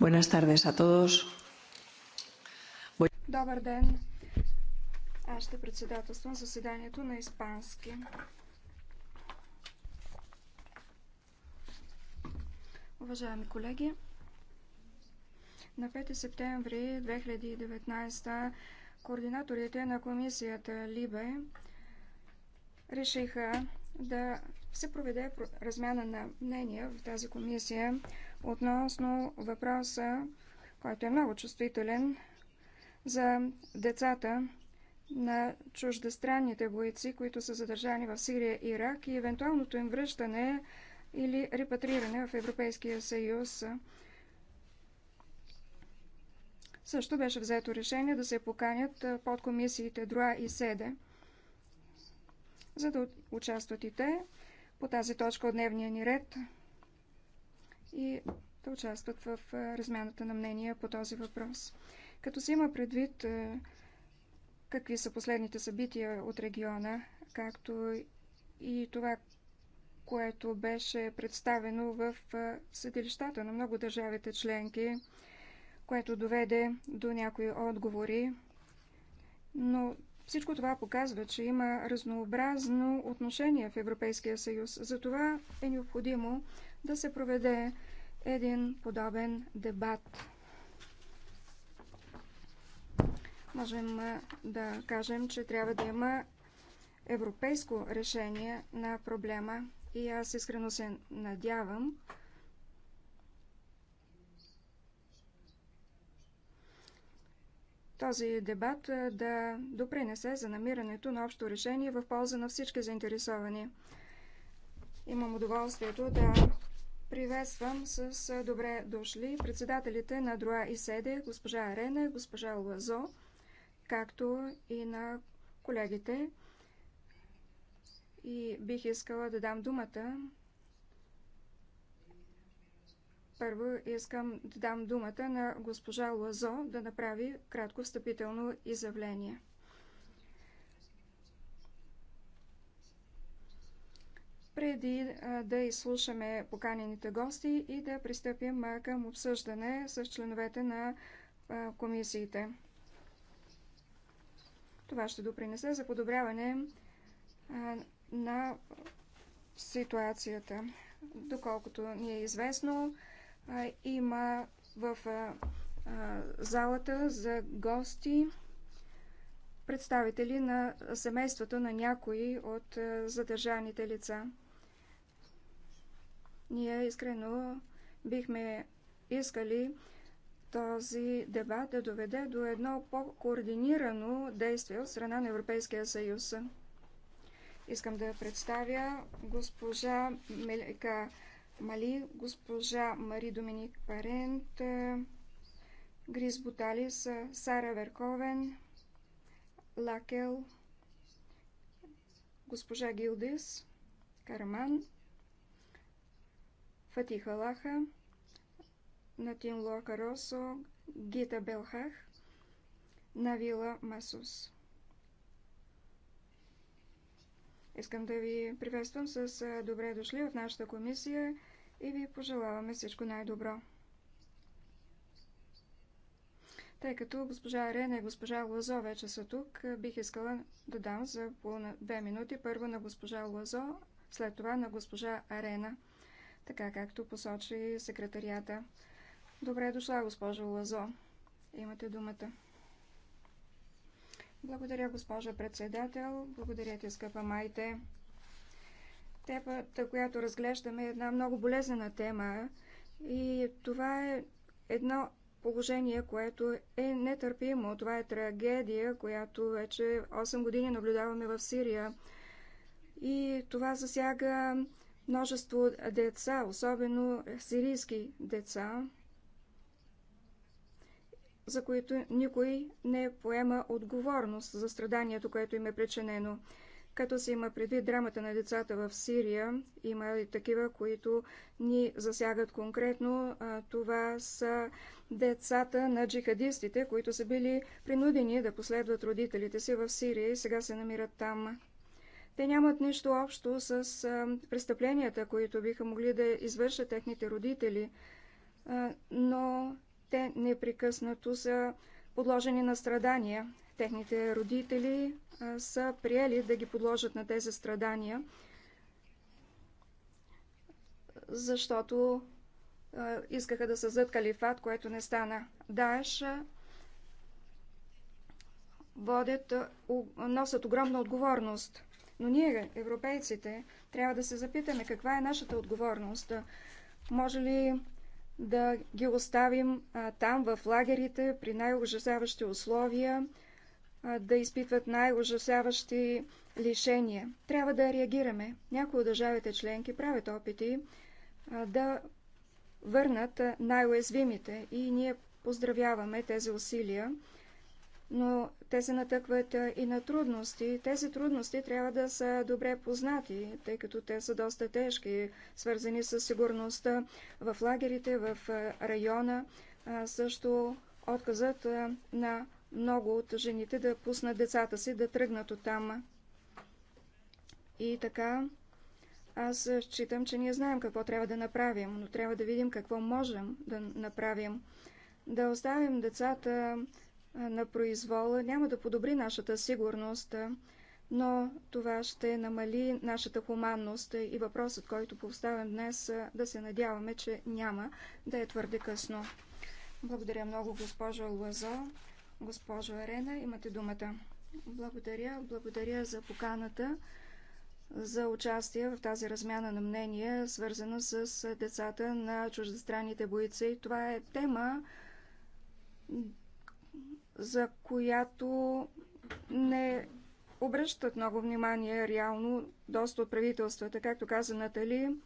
Buenas tardes a todos. Добър ден! Аз ще председателствам заседанието на испански. Уважаеми колеги, на 5 септември 2019 координаторите на комисията Либе решиха да се проведе размяна на мнения в тази комисия относно въпроса, който е много чувствителен за децата на чуждестранните бойци, които са задържани в Сирия и Ирак и евентуалното им връщане или репатриране в Европейския съюз. Също беше взето решение да се поканят под комисиите Друа и СЕДЕ, за да участват и те по тази точка от дневния ни ред и да участват в размяната на мнения по този въпрос. Като се има предвид какви са последните събития от региона, както и това, което беше представено в съдилищата на много държавите членки, което доведе до някои отговори. Но всичко това показва, че има разнообразно отношение в Европейския съюз. Затова е необходимо да се проведе един подобен дебат. Можем да кажем, че трябва да има европейско решение на проблема и аз искрено се надявам, този дебат да допринесе за намирането на общо решение в полза на всички заинтересовани. Имам удоволствието да Приветствам с добре дошли председателите на Друа и Седе, госпожа Арена госпожа Лазо, както и на колегите. И бих искала да дам думата. Първо искам да дам думата на госпожа Лазо да направи кратко встъпително изявление. преди да изслушаме поканените гости и да пристъпим към обсъждане с членовете на комисиите. Това ще допринесе за подобряване на ситуацията. Доколкото ни е известно, има в залата за гости представители на семейството на някои от задържаните лица. Ние искрено бихме искали този дебат да доведе до едно по-координирано действие от страна на Европейския съюз. Искам да представя госпожа Мелика Мали, госпожа Мари Доминик Парент, е, Грис Буталис, е, Сара Верковен, Лакел, госпожа Гилдис, Караман, Фатиха Лаха, Натин Лока Росо, Гита Белхах, Навила Масус. Искам да ви приветствам с добре дошли в нашата комисия и ви пожелаваме всичко най-добро. Тъй като госпожа Арена и госпожа Лазо вече са тук, бих искала да дам за по две минути първо на госпожа Лазо, след това на госпожа Арена – така както посочи секретарията. Добре дошла, госпожо Лазо. Имате думата. Благодаря, госпожа председател. Благодаря ти, скъпа майте. Темата, която разглеждаме, е една много болезнена тема и това е едно положение, което е нетърпимо. Това е трагедия, която вече 8 години наблюдаваме в Сирия. И това засяга Множество деца, особено сирийски деца, за които никой не поема отговорност за страданието, което им е причинено. Като се има предвид драмата на децата в Сирия, има и такива, които ни засягат конкретно. Това са децата на джихадистите, които са били принудени да последват родителите си в Сирия и сега се намират там. Те нямат нищо общо с престъпленията, които биха могли да извършат техните родители, но те непрекъснато са подложени на страдания. Техните родители са приели да ги подложат на тези страдания, защото искаха да създадат калифат, което не стана. Даеш водят, носят огромна отговорност. Но ние, европейците, трябва да се запитаме каква е нашата отговорност. Може ли да ги оставим а, там, в лагерите, при най-ужасяващи условия, а, да изпитват най-ужасяващи лишения. Трябва да реагираме. Някои от държавите членки правят опити а, да върнат най-уязвимите и ние поздравяваме тези усилия но те се натъкват и на трудности. Тези трудности трябва да са добре познати, тъй като те са доста тежки, свързани с сигурността в лагерите, в района, също отказът на много от жените да пуснат децата си да тръгнат от там. И така, аз считам, че ние знаем какво трябва да направим, но трябва да видим какво можем да направим. Да оставим децата на произвола няма да подобри нашата сигурност, но това ще намали нашата хуманност и въпросът, който поставям днес, да се надяваме, че няма да е твърде късно. Благодаря много, госпожо Лазо. Госпожо Арена, имате думата. Благодаря. Благодаря за поканата за участие в тази размяна на мнение, свързана с децата на чуждестранните бойци. Това е тема, за която не обръщат много внимание реално доста от правителствата, както каза Натали.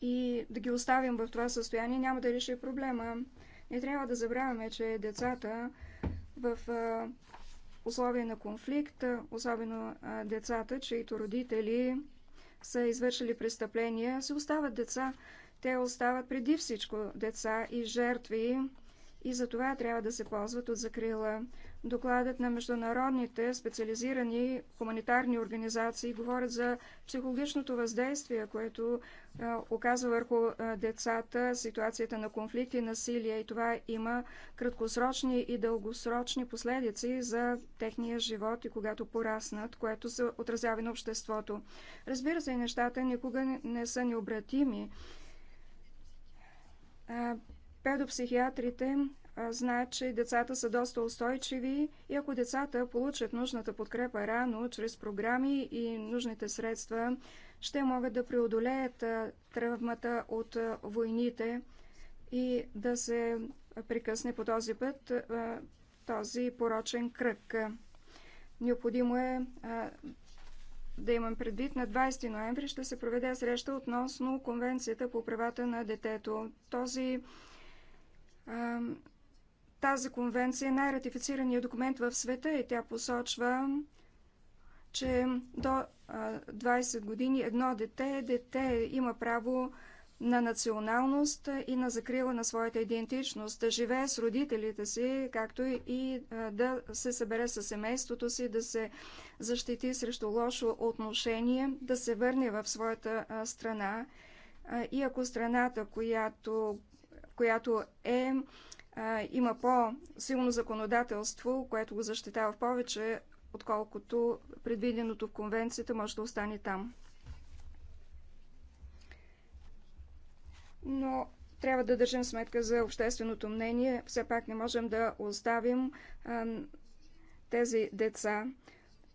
И да ги оставим в това състояние няма да реши проблема. Не трябва да забравяме, че децата в условия на конфликт, особено децата, чието родители са извършили престъпления, се остават деца. Те остават преди всичко деца и жертви и за това трябва да се ползват от закрила. Докладът на международните специализирани хуманитарни организации говорят за психологичното въздействие, което е, оказва върху е, децата ситуацията на конфликт и насилие и това има краткосрочни и дългосрочни последици за техния живот и когато пораснат, което се отразява на обществото. Разбира се, нещата никога не са необратими Педопсихиатрите знаят, че децата са доста устойчиви и ако децата получат нужната подкрепа рано, чрез програми и нужните средства, ще могат да преодолеят травмата от войните и да се прекъсне по този път този порочен кръг. Необходимо е да имам предвид, на 20 ноември ще се проведе среща относно Конвенцията по правата на детето. Този тази конвенция е най-ратифицираният документ в света и тя посочва, че до 20 години едно дете, дете има право на националност и на закрила на своята идентичност, да живее с родителите си, както и да се събере с семейството си, да се защити срещу лошо отношение, да се върне в своята страна. И ако страната, която която е, а, има по-силно законодателство, което го защитава повече, отколкото предвиденото в конвенцията може да остане там. Но трябва да държим сметка за общественото мнение. Все пак не можем да оставим а, тези деца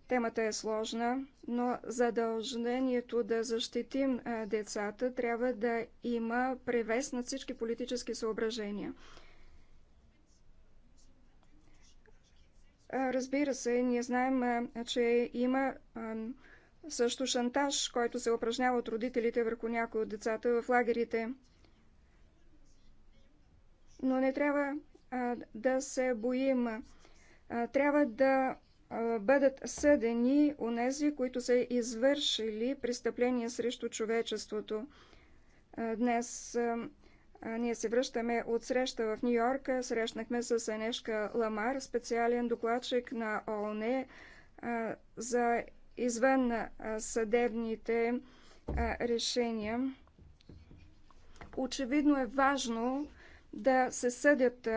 Темата е сложна, но задължението да защитим децата трябва да има превес на всички политически съображения. Разбира се, ние знаем, че има също шантаж, който се упражнява от родителите върху някои от децата в лагерите. Но не трябва да се боим. Трябва да бъдат съдени онези, които са извършили престъпления срещу човечеството. Днес ние се връщаме от среща в Нью Йорка. Срещнахме с Енешка Ламар, специален докладчик на ООН за извън съдебните решения. Очевидно е важно да се съдят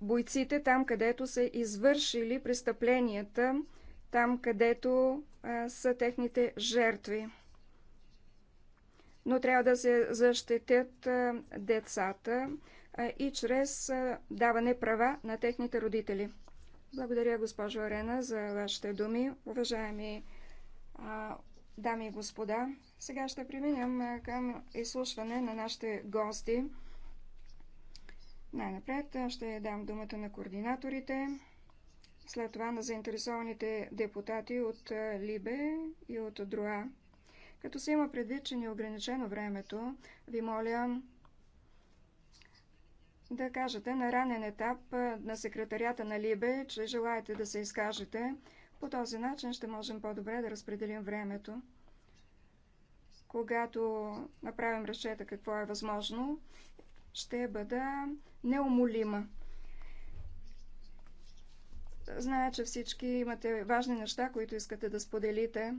бойците там, където са извършили престъпленията, там, където а, са техните жертви. Но трябва да се защитят а, децата а, и чрез а, даване права на техните родители. Благодаря, госпожо Арена, за вашите думи. Уважаеми а, дами и господа, сега ще преминем към изслушване на нашите гости. Най-напред ще дам думата на координаторите, след това на заинтересованите депутати от Либе и от Друа. Като се има предвид, че ни е ограничено времето, ви моля да кажете на ранен етап на секретарията на Либе, че желаете да се изкажете. По този начин ще можем по-добре да разпределим времето. Когато направим разчета какво е възможно, ще бъда неумолима. Зная, че всички имате важни неща, които искате да споделите.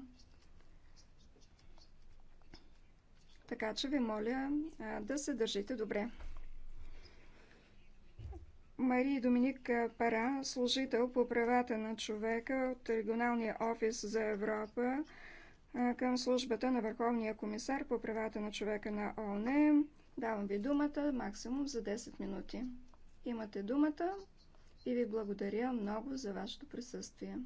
Така че ви моля да се държите добре. Мария Доминик Пара, служител по правата на човека от Регионалния офис за Европа към службата на Върховния комисар по правата на човека на ОНЕ. Давам ви думата максимум за 10 минути. Имате думата и ви благодаря много за вашето присъствие.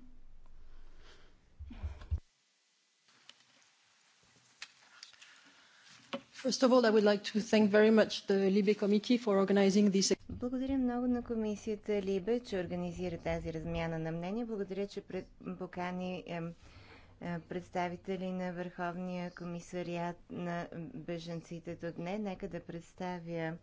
Благодаря много на комисията Либе, че организира тази размяна на мнение. Благодаря, че пред покани е, представители на Върховния комисариат на беженците до дне. Нека да представя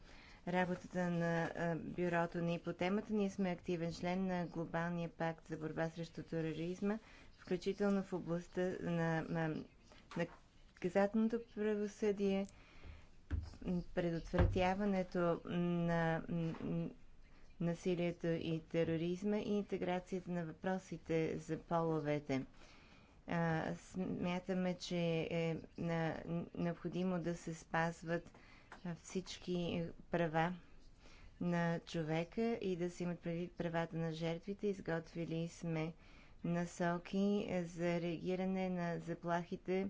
работата на е, бюрото ни по темата. Ние сме активен член на Глобалния пакт за борба срещу тероризма, включително в областта на, е, на наказателното правосъдие, предотвратяването на насилието и тероризма и интеграцията на въпросите за половете. Смятаме, че е необходимо да се спазват всички права на човека и да се имат предвид правата на жертвите. Изготвили сме насоки за реагиране на заплахите,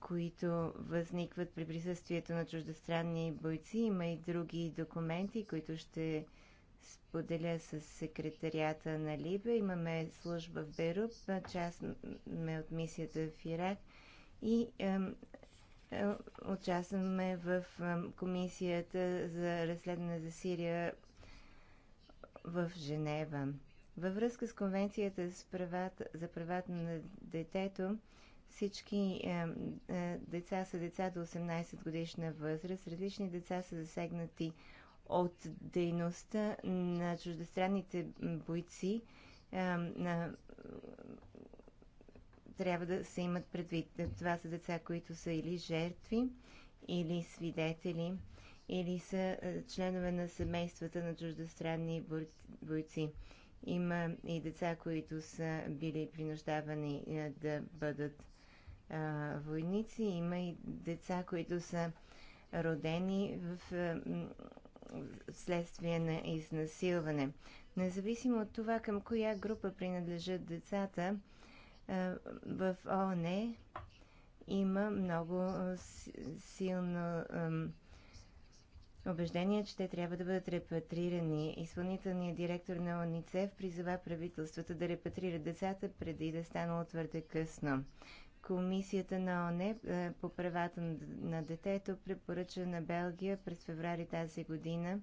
които възникват при присъствието на чуждестранни бойци. Има и други документи, които ще споделя с секретарията на Либе. Имаме служба в Беруп, част ме от мисията в Ирак и е, е, участваме в е, комисията за разследване за Сирия в Женева. Във връзка с конвенцията за правата, за правата на детето, всички е, е, деца са деца до 18 годишна възраст. Различни деца са засегнати от дейността на чуждестранните бойци а, на, трябва да се имат предвид. Това са деца, които са или жертви, или свидетели, или са членове на семействата на чуждестранни бойци. Има и деца, които са били принуждавани да бъдат а, войници. Има и деца, които са родени в а, следствие на изнасилване. Независимо от това към коя група принадлежат децата, е, в ООН има много е, силно убеждение, че те трябва да бъдат репатрирани. Изпълнителният директор на ОНИЦЕВ призова правителствата да репатрират децата преди да е станало твърде късно. Комисията на ОНЕ по правата на детето препоръча на Белгия през феврари тази година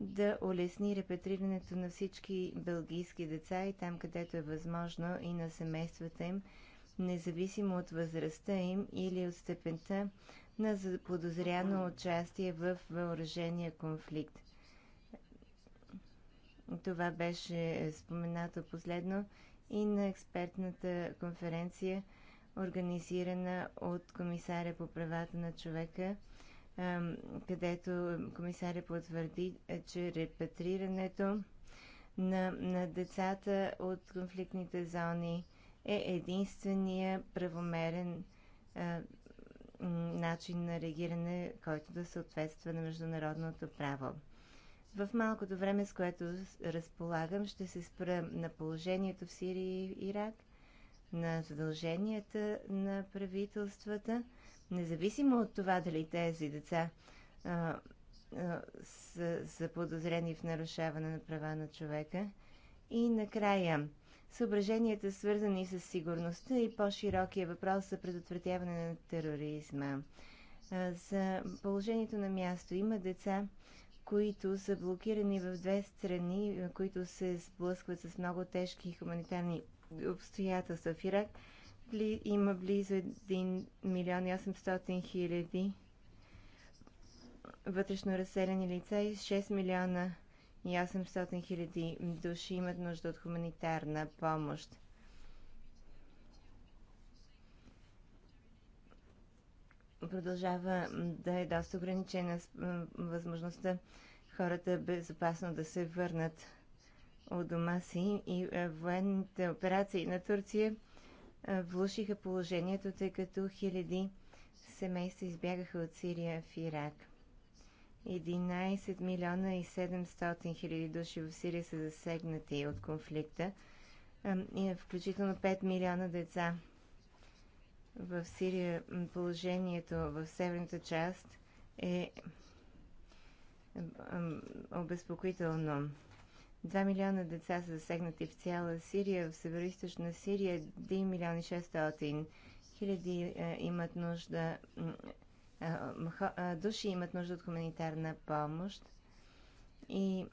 да улесни репетирането на всички белгийски деца и там, където е възможно и на семействата им, независимо от възрастта им или от степента на подозряно участие в въоръжения конфликт. Това беше споменато последно и на експертната конференция – организирана от комисаря по правата на човека, където комисаря потвърди, е, че репатрирането на, на децата от конфликтните зони е единствения правомерен а, начин на реагиране, който да съответства на международното право. В малкото време, с което разполагам, ще се спра на положението в Сирия и Ирак на задълженията на правителствата, независимо от това дали тези деца а, а, са, са подозрени в нарушаване на права на човека. И накрая, съображенията свързани с сигурността и по-широкия въпрос за предотвратяване на тероризма. А, за положението на място има деца, които са блокирани в две страни, които се сблъскват с много тежки хуманитарни обстоятелства. В Ирак има близо 1 милион и 800 хиляди вътрешно разселени лица и 6 милиона и 800 хиляди души имат нужда от хуманитарна помощ. Продължава да е доста ограничена възможността хората безопасно да се върнат у дома си и военните операции на Турция влушиха положението, тъй като хиляди семейства избягаха от Сирия в Ирак. 11 милиона и 700 хиляди души в Сирия са засегнати от конфликта, включително 5 милиона деца. В Сирия положението в северната част е обезпокоително. 2 милиона деца са засегнати в цяла Сирия, в северо Сирия 1 милион и 600 хиляди е, имат нужда, е, е, души имат нужда от хуманитарна помощ и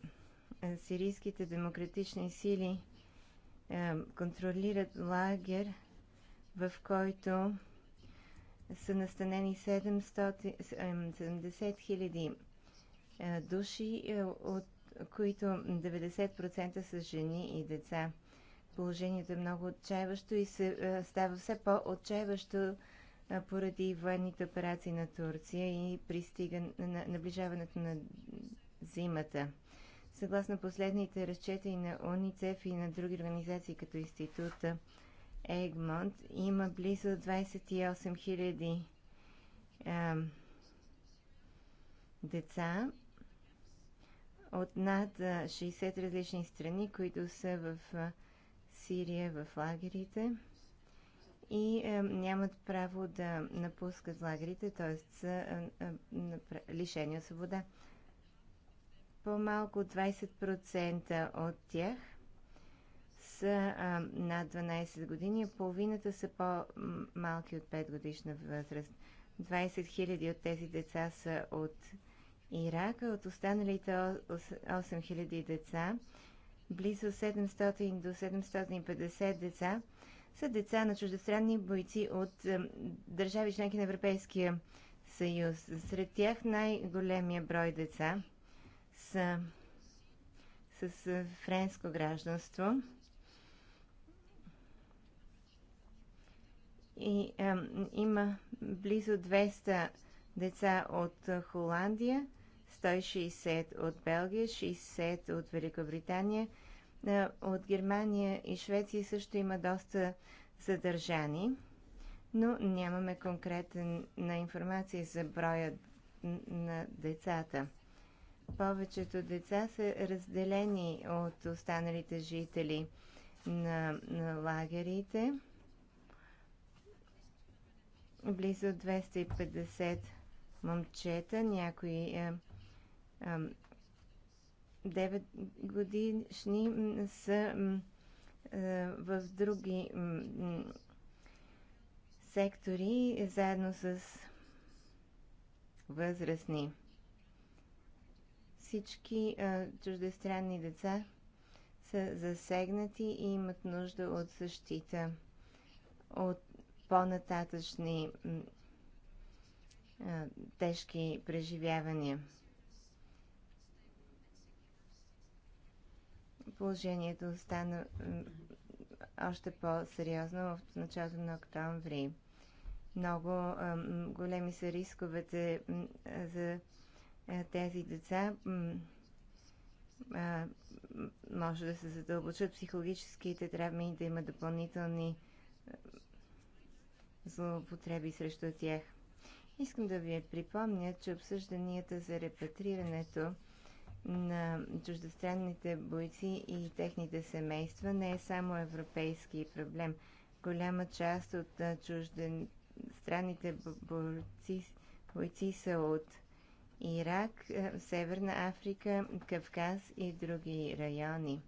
сирийските демократични сили контролират лагер, в който са настанени 770 хиляди души от които 90% са жени и деца. Положението е много отчаиващо и се, става все по отчаяващо поради военните операции на Турция и пристига на, наближаването на зимата. Съгласно последните разчети на УНИЦЕФ и на други организации като института Егмонт, има близо 28 000 а, деца от над 60 различни страни, които са в Сирия, в лагерите и е, нямат право да напускат лагерите, т.е. са е, е, лишени от свобода. По-малко 20% от тях са е, над 12 години, половината са по-малки от 5 годишна възраст. 20 000 от тези деца са от Ирак, от останалите 8000 деца, близо 700 до 750 деца са деца на чуждестранни бойци от е, държави членки на Европейския съюз. Сред тях най-големия брой деца са с е, френско гражданство. И а, е, има близо 200 деца от е, Холандия, 160 от Белгия, 60 от Великобритания. Е, от Германия и Швеция също има доста задържани, но нямаме конкретна информация за броя на децата. Повечето деца са разделени от останалите жители на, на лагерите. Близо 250 момчета, някои е, 9 годишни са в други сектори, заедно с възрастни. Всички чуждестранни деца са засегнати и имат нужда от защита от по-нататъчни тежки преживявания. положението стана още по-сериозно в началото на октомври. Много големи са рисковете за тези деца. може да се задълбочат психологическите травми и да има допълнителни злоупотреби срещу тях. Искам да ви припомня, че обсъжданията за репатрирането на чуждестранните бойци и техните семейства не е само европейски проблем. Голяма част от чуждестранните бойци, бойци са от Ирак, Северна Африка, Кавказ и други райони.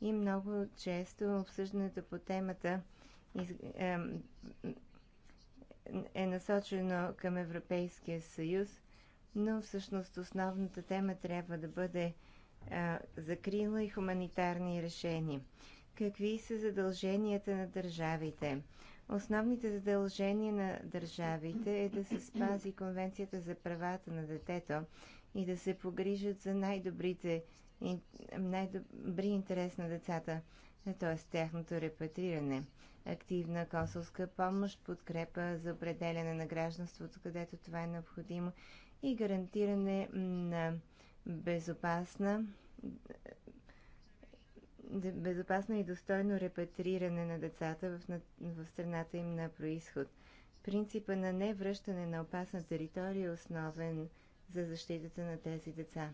И много често обсъждането по темата е насочено към Европейския съюз – но всъщност основната тема трябва да бъде а, закрила и хуманитарни решения. Какви са задълженията на държавите? Основните задължения на държавите е да се спази Конвенцията за правата на детето и да се погрижат за най-добрите най-добри интерес на децата, т.е. тяхното репатриране. Активна консулска помощ, подкрепа за определяне на гражданството, където това е необходимо и гарантиране на безопасна безопасно и достойно репатриране на децата в, в страната им на происход. Принципа на невръщане на опасна територия е основен за защитата на тези деца.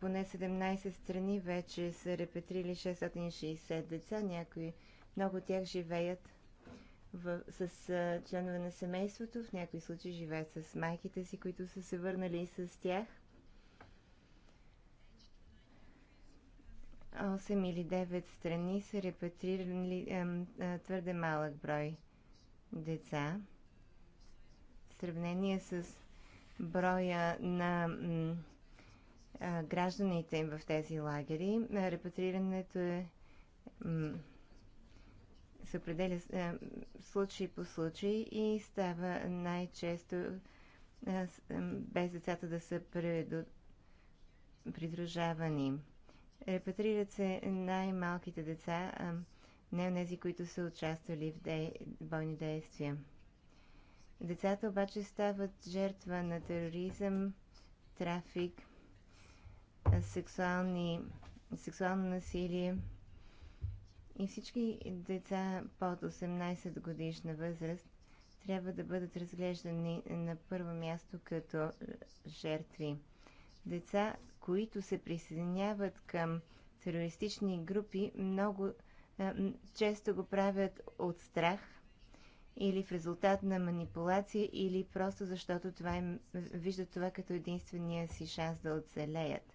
Поне 17 страни вече са репатрили 660 деца, някои много от тях живеят в, с а, членове на семейството, в някои случаи живеят с майките си, които са се върнали и с тях. 8 или 9 страни са репатрирали а, а, твърде малък брой деца в сравнение с броя на а, гражданите им в тези лагери. Репатрирането е се определя е, случай по случай и става най-често е, е, без децата да са предо... придружавани. Репатрират се най-малките деца, е, не тези, които са участвали в де... бойни действия. Децата обаче стават жертва на тероризъм, трафик, сексуални, сексуално насилие – и всички деца под 18 годишна възраст трябва да бъдат разглеждани на първо място като жертви. Деца, които се присъединяват към терористични групи, много често го правят от страх или в резултат на манипулация, или просто защото това им, виждат това като единствения си шанс да оцелеят.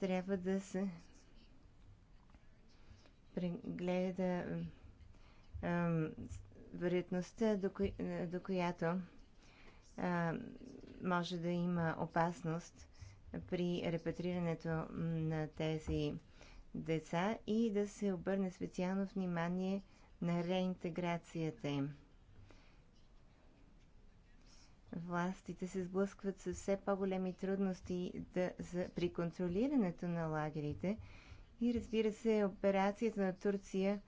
Трябва да се прегледа вероятността, до, коя, до която а, може да има опасност при репатрирането на тези деца и да се обърне специално внимание на реинтеграцията им. Властите се сблъскват с все по-големи трудности да, за, при контролирането на лагерите, и разбира се, операцията на Турция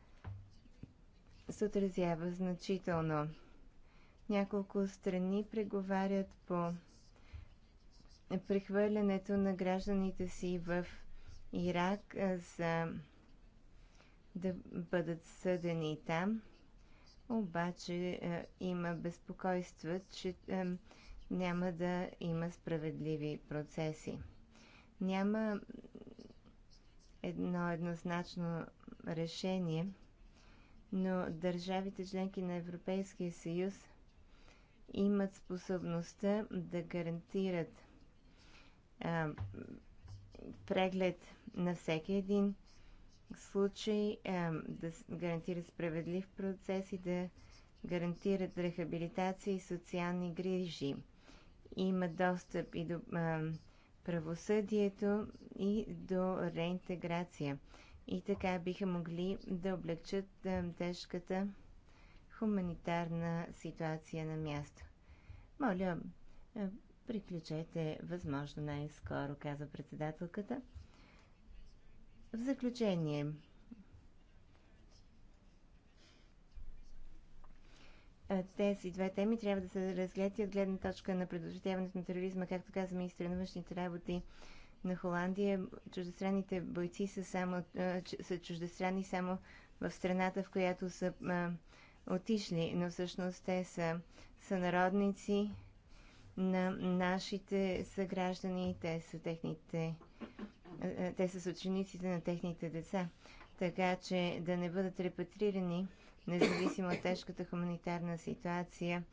се отразява значително. Няколко страни преговарят по прехвърлянето на гражданите си в Ирак за да бъдат съдени там. Обаче е, има безпокойства, че е, няма да има справедливи процеси. Няма едно еднозначно решение, но държавите членки на Европейския съюз имат способността да гарантират а, преглед на всеки един случай, а, да гарантират справедлив процес и да гарантират рехабилитация и социални грижи. Има достъп и до а, правосъдието и до реинтеграция. И така биха могли да облегчат е, тежката хуманитарна ситуация на място. Моля, е, приключете възможно най-скоро, каза председателката. В заключение, Е, тези две теми трябва да се разгледат от гледна точка на предотвратяването на тероризма, както каза министър на външните работи на Холандия. Чуждестранните бойци са, само, е, са чуждестранни само в страната, в която са е, отишли, но всъщност те са сънародници на нашите съграждани, те са техните те са с учениците на техните деца. Така че да не бъдат репатрирани независимо от тежката хуманитарна ситуация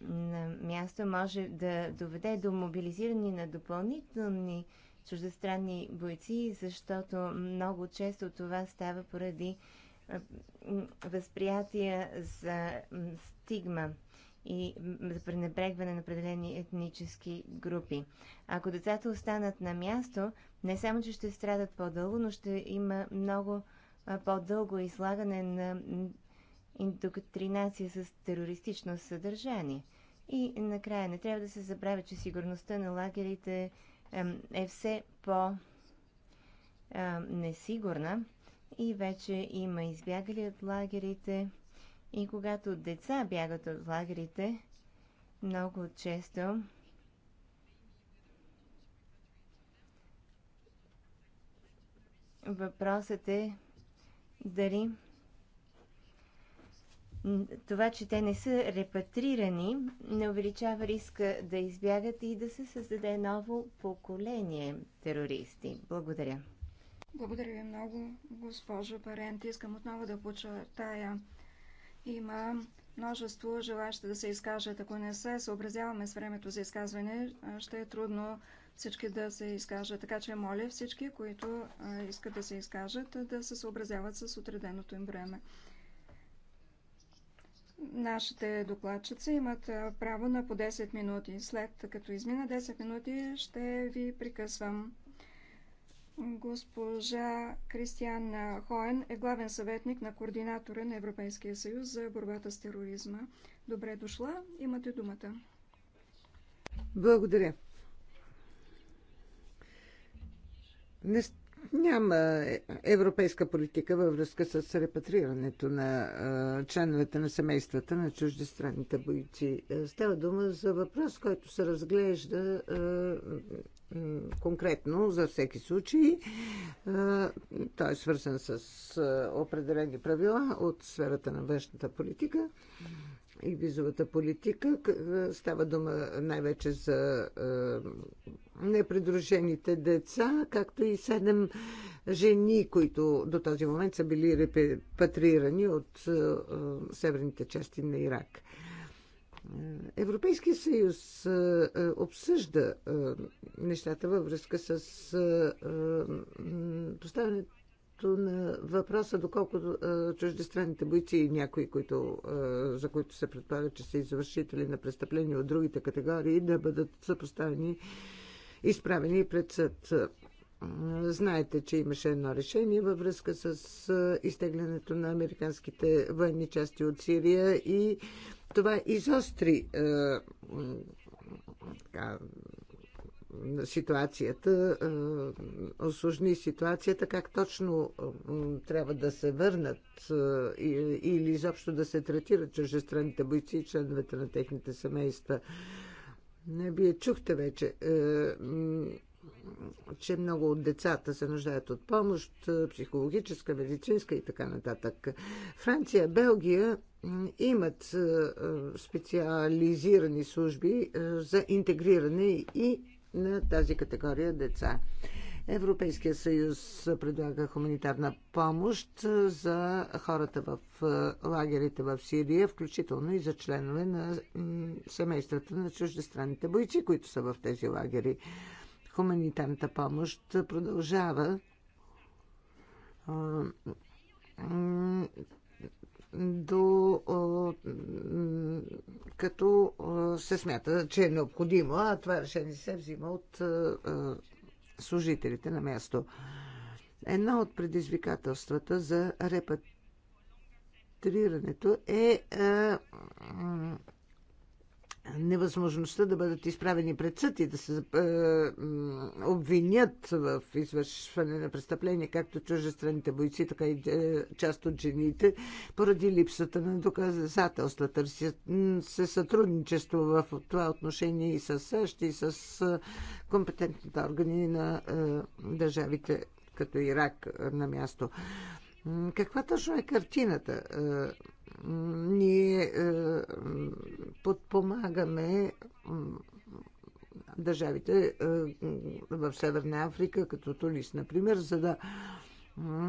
на място, може да доведе до мобилизиране на допълнителни чуждестранни бойци, защото много често това става поради възприятия за стигма и за пренебрегване на определени етнически групи. Ако децата останат на място, не само, че ще страдат по-дълго, но ще има много по-дълго излагане на индоктринация с терористично съдържание. И накрая не трябва да се забравя, че сигурността на лагерите е все по-несигурна и вече има избягали от лагерите. И когато деца бягат от лагерите, много често въпросът е дали това, че те не са репатрирани, не увеличава риска да избягат и да се създаде ново поколение терористи. Благодаря. Благодаря ви много, госпожо Парент. Искам отново да почертая. Има множество желащи да се изкажат. Ако не се съобразяваме с времето за изказване, ще е трудно всички да се изкажат. Така че моля всички, които искат да се изкажат, да се съобразяват с отреденото им време. Нашите докладчици имат право на по 10 минути. След като измина 10 минути, ще ви прекъсвам. Госпожа Кристиан Хоен е главен съветник на координатора на Европейския съюз за борбата с тероризма. Добре дошла, имате думата. Благодаря. Не, няма европейска политика във връзка с репатрирането на а, членовете на семействата на чуждестранните бойци. Е, става дума за въпрос, който се разглежда а, е, конкретно за всеки случай. А, е, той е свързан с а, определени правила от сферата на външната политика и визовата политика. Е, става дума най-вече за е, непридружените деца, както и седем жени, които до този момент са били репатрирани от е, северните части на Ирак. Европейския съюз обсъжда нещата във връзка с поставянето колкото на въпроса, доколко чуждестранните бойци и някои, които, за които се предполага, че са извършители на престъпления от другите категории, да бъдат съпоставени, изправени пред съд. Знаете, че имаше едно решение във връзка с изтеглянето на американските военни части от Сирия и това изостри така, ситуацията, осложни ситуацията, как точно трябва да се върнат или изобщо да се третират чужестранните бойци и членовете на техните семейства. Не Вие чухте вече, че много от децата се нуждаят от помощ, психологическа, медицинска и така нататък. Франция, Белгия имат специализирани служби за интегриране и на тази категория деца. Европейския съюз предлага хуманитарна помощ за хората в лагерите в Сирия, включително и за членове на семействата на чуждестранните бойци, които са в тези лагери. Хуманитарната помощ продължава до, като се смята, че е необходимо, а това решение се взима от служителите на място. Едно от предизвикателствата за репатрирането е невъзможността да бъдат изправени пред съд и да се е, обвинят в извършване на престъпления, както чужестранните бойци, така и е, част от жените, поради липсата на доказателства. Търси се сътрудничество в това отношение и с САЩ, и с е, компетентните органи на е, държавите, като Ирак е, на място. Каква точно е картината? Е, ние е, подпомагаме държавите е, в Северна Африка, като Тунис, например, за да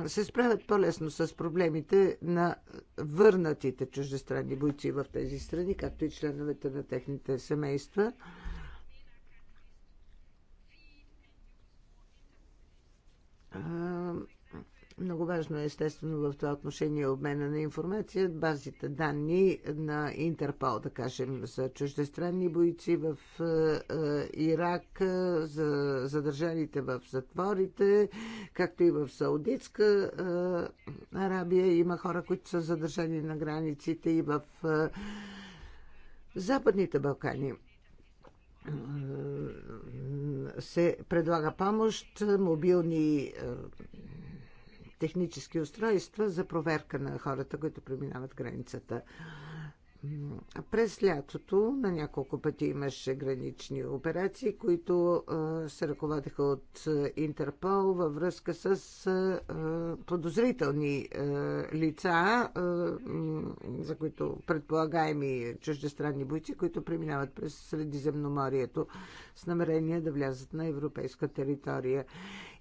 се справят по-лесно с проблемите на върнатите чуждестранни бойци в тези страни, както и членовете на техните семейства. Много важно е, естествено, в това отношение обмена на информация, базите данни на Интерпол, да кажем, за чуждестранни бойци в е, е, Ирак, е, за задържаните в затворите, както и в Саудитска Арабия. Има хора, които са задържани на границите и в Западните Балкани се предлага помощ, мобилни технически устройства за проверка на хората, които преминават границата. През лятото на няколко пъти имаше гранични операции, които се ръководеха от Интерпол във връзка с подозрителни лица, за които предполагаеми чуждестранни бойци, които преминават през Средиземноморието с намерение да влязат на европейска територия.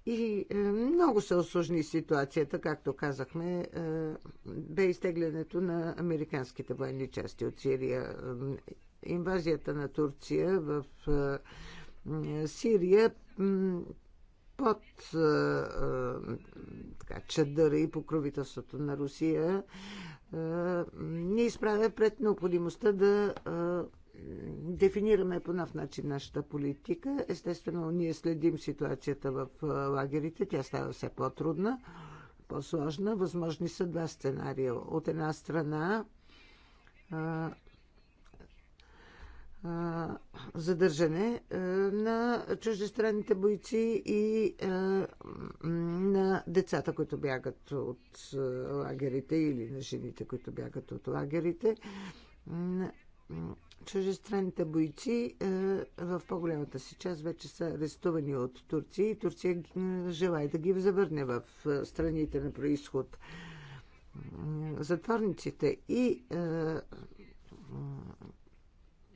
И е, много се осложни ситуацията, както казахме, е, бе изтеглянето на американските военни части от Сирия. Е, инвазията на Турция в Сирия под така, чадъра и покровителството на Русия ни изправя пред необходимостта да дефинираме по нов начин нашата политика. Естествено, ние следим ситуацията в лагерите. Тя става все по-трудна, по-сложна. Възможни са два сценария. От една страна, задържане на чуждестранните бойци и на децата, които бягат от лагерите или на жените, които бягат от лагерите чужестранните бойци е, в по-голямата си част вече са арестувани от Турция и Турция е, желая да ги завърне в е, страните на происход. Затворниците и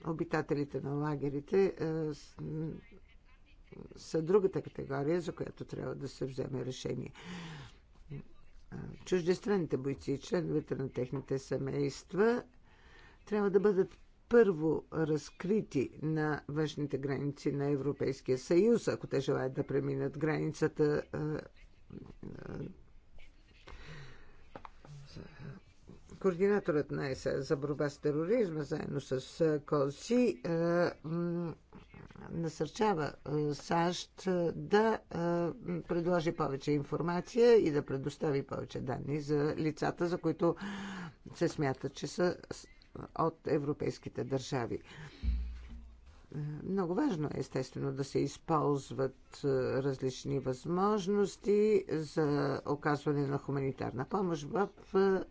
обитателите на лагерите са другата категория, за която трябва да се вземе решение. Чуждестранните бойци и членовете на техните семейства трябва да бъдат първо разкрити на външните граници на Европейския съюз, ако те желаят да преминат границата координаторът на ЕС за борба с тероризма, заедно с Коси, насърчава САЩ да предложи повече информация и да предостави повече данни за лицата, за които се смята, че са от европейските държави. Е, много важно е, естествено, да се използват е, различни възможности за оказване на хуманитарна помощ в е,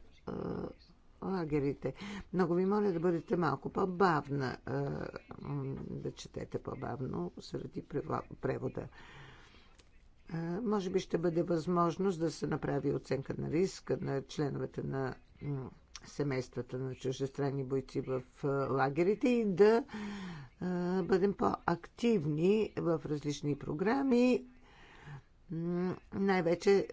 лагерите. Много ви моля да бъдете малко по-бавна, да четете по-бавно заради превода. Може би ще бъде възможност да се направи оценка на риска на членовете на семействата на чуждестранни бойци в лагерите и да бъдем по-активни в различни програми, най-вече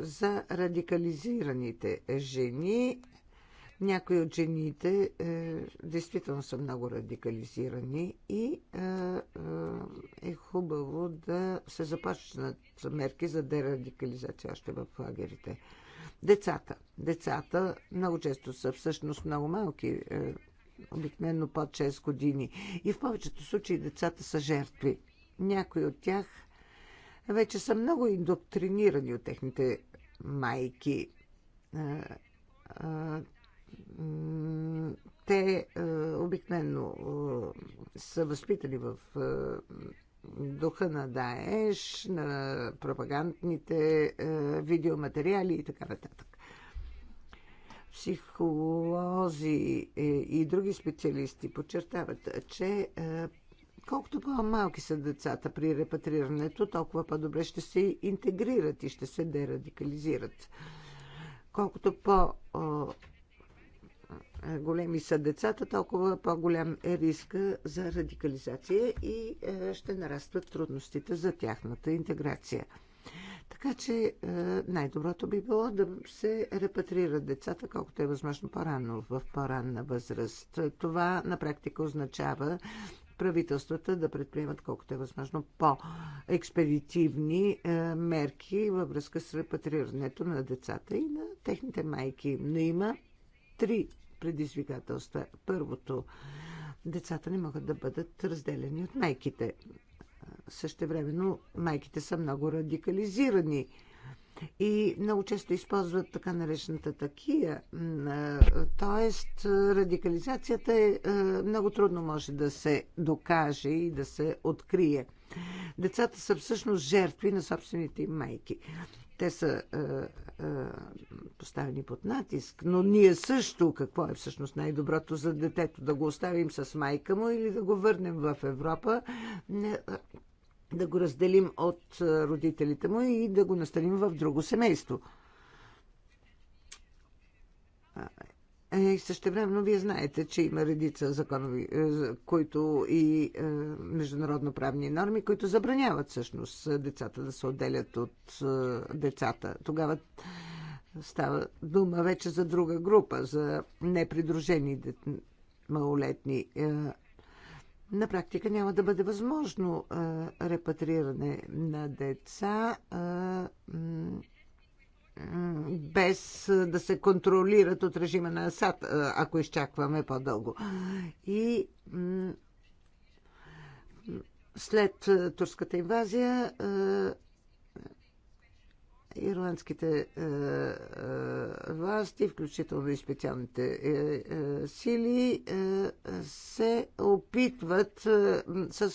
за радикализираните жени. Някои от жените е, действително са много радикализирани и е, е, е хубаво да се започнат мерки за дерадикализация още в лагерите. Децата. Децата много често са всъщност много малки, е, обикновено под 6 години. И в повечето случаи децата са жертви. Някои от тях вече са много индоктринирани от техните майки. Е, е, те обикновено са възпитани в духа на Даеш, на пропагандните е, видеоматериали и така нататък. Психолози е, и други специалисти подчертават, че е, колкото по-малки са децата при репатрирането, толкова по-добре ще се интегрират и ще се дерадикализират. Колкото по- големи са децата, толкова по-голям е риска за радикализация и е, ще нарастват трудностите за тяхната интеграция. Така че е, най-доброто би било да се репатрират децата колкото е възможно по-рано, в по-ранна възраст. Това на практика означава правителствата да предприемат колкото е възможно по-експедитивни е, мерки във връзка с репатрирането на децата и на техните майки. Но има три предизвикателства. Първото, децата не могат да бъдат разделени от майките. Същевременно майките са много радикализирани и много често използват така наречената такия. Тоест, радикализацията е, много трудно може да се докаже и да се открие. Децата са всъщност жертви на собствените им майки. Те са а, е, а, е, поставени под натиск, но ние също, какво е всъщност най-доброто за детето? Да го оставим с майка му или да го върнем в Европа, не, е, да го разделим от родителите му и да го настаним в друго семейство? Е, и същевременно вие знаете, че има редица законови, е, които и е, международно-правни норми, които забраняват всъщност децата да се отделят от децата. Тогава става дума вече за друга група, за непридружени малолетни. На практика няма да бъде възможно репатриране на деца без да се контролират от режима на Асад, ако изчакваме по-дълго. И след турската инвазия ирландските е, е, власти, включително и специалните е, е, сили, е, се опитват е, с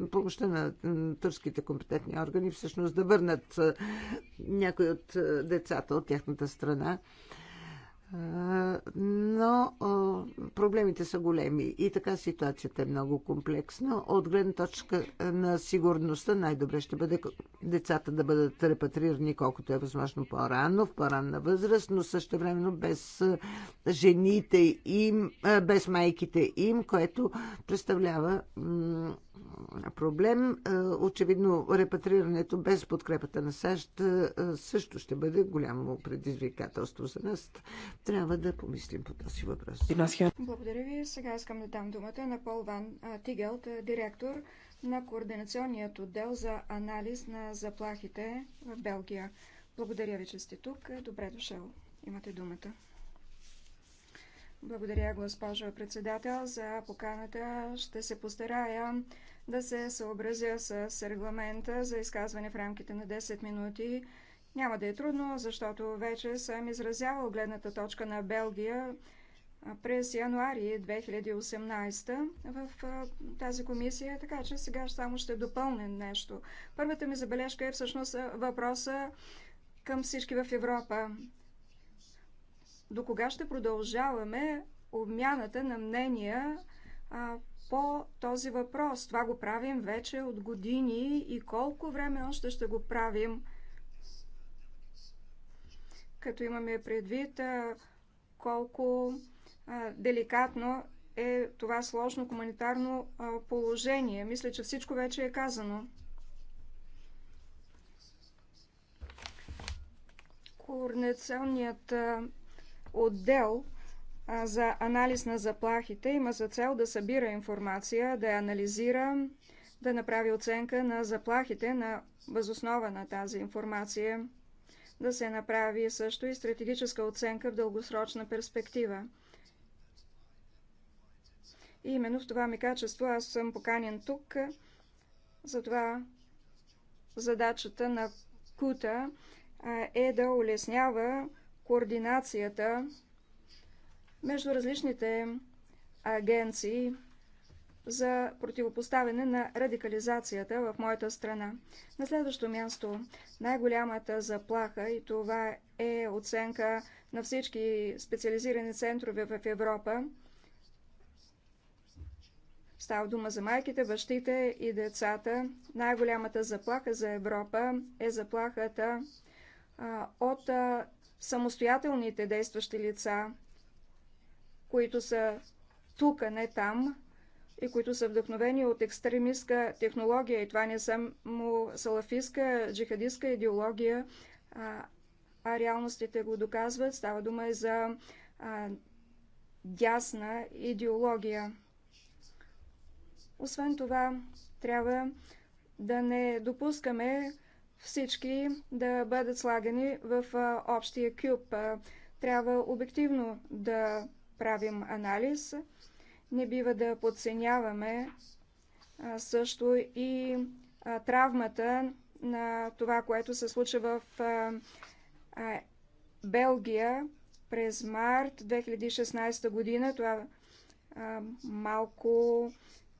е, помощта на турските компетентни органи всъщност да върнат е, някои от е, децата от тяхната страна. Е, но проблемите са големи и така ситуацията е много комплексна. От гледна точка на сигурността най-добре ще бъде децата да бъдат репатрирани колкото е възможно по-рано, в по-ранна възраст, но също времено без жените им, без майките им, което представлява проблем. Очевидно, репатрирането без подкрепата на САЩ също ще бъде голямо предизвикателство за нас. Трябва да помислим по този въпрос. Благодаря ви. Сега искам да дам думата на Пол Ван Тигелт, директор на Координационният отдел за анализ на заплахите в Белгия. Благодаря ви, че сте тук. Добре дошъл. Имате думата. Благодаря, госпожо председател, за поканата. Ще се постарая да се съобразя с регламента за изказване в рамките на 10 минути, няма да е трудно, защото вече съм изразявал гледната точка на Белгия през януари 2018 в тази комисия, така че сега само ще допълня нещо. Първата ми забележка е всъщност въпроса към всички в Европа. До кога ще продължаваме обмяната на мнения по този въпрос? Това го правим вече от години и колко време още ще го правим? като имаме предвид колко деликатно е това сложно хуманитарно положение. Мисля, че всичко вече е казано. Координационният отдел за анализ на заплахите има за цел да събира информация, да я анализира, да направи оценка на заплахите на възоснова на тази информация да се направи също и стратегическа оценка в дългосрочна перспектива. И именно в това ми качество аз съм поканен тук. Затова задачата на КУТА е да улеснява координацията между различните агенции за противопоставяне на радикализацията в моята страна. На следващо място, най-голямата заплаха, и това е оценка на всички специализирани центрове в Европа, Става дума за майките, бащите и децата. Най-голямата заплаха за Европа е заплахата а, от а, самостоятелните действащи лица, които са тук, а не там, и които са вдъхновени от екстремистска технология. И това не само салафистска, джихадистска идеология, а, а реалностите го доказват. Става дума и за а, дясна идеология. Освен това, трябва да не допускаме всички да бъдат слагани в общия кюб. Трябва обективно да правим анализ – не бива да подценяваме също и травмата на това, което се случва в Белгия през март 2016 година. Това малко,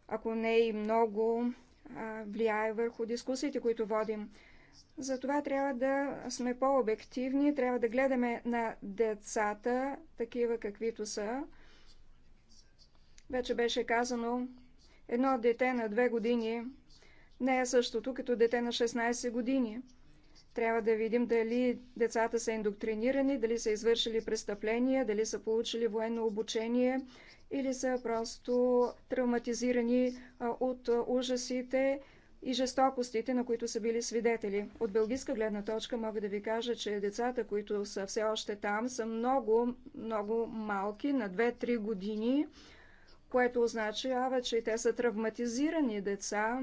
ако не и много, влияе върху дискусиите, които водим. Затова трябва да сме по-обективни, трябва да гледаме на децата, такива каквито са, вече беше казано, едно дете на две години не е същото като дете на 16 години. Трябва да видим дали децата са индоктринирани, дали са извършили престъпления, дали са получили военно обучение или са просто травматизирани от ужасите и жестокостите, на които са били свидетели. От белгийска гледна точка мога да ви кажа, че децата, които са все още там, са много, много малки, на 2-3 години което означава, че те са травматизирани деца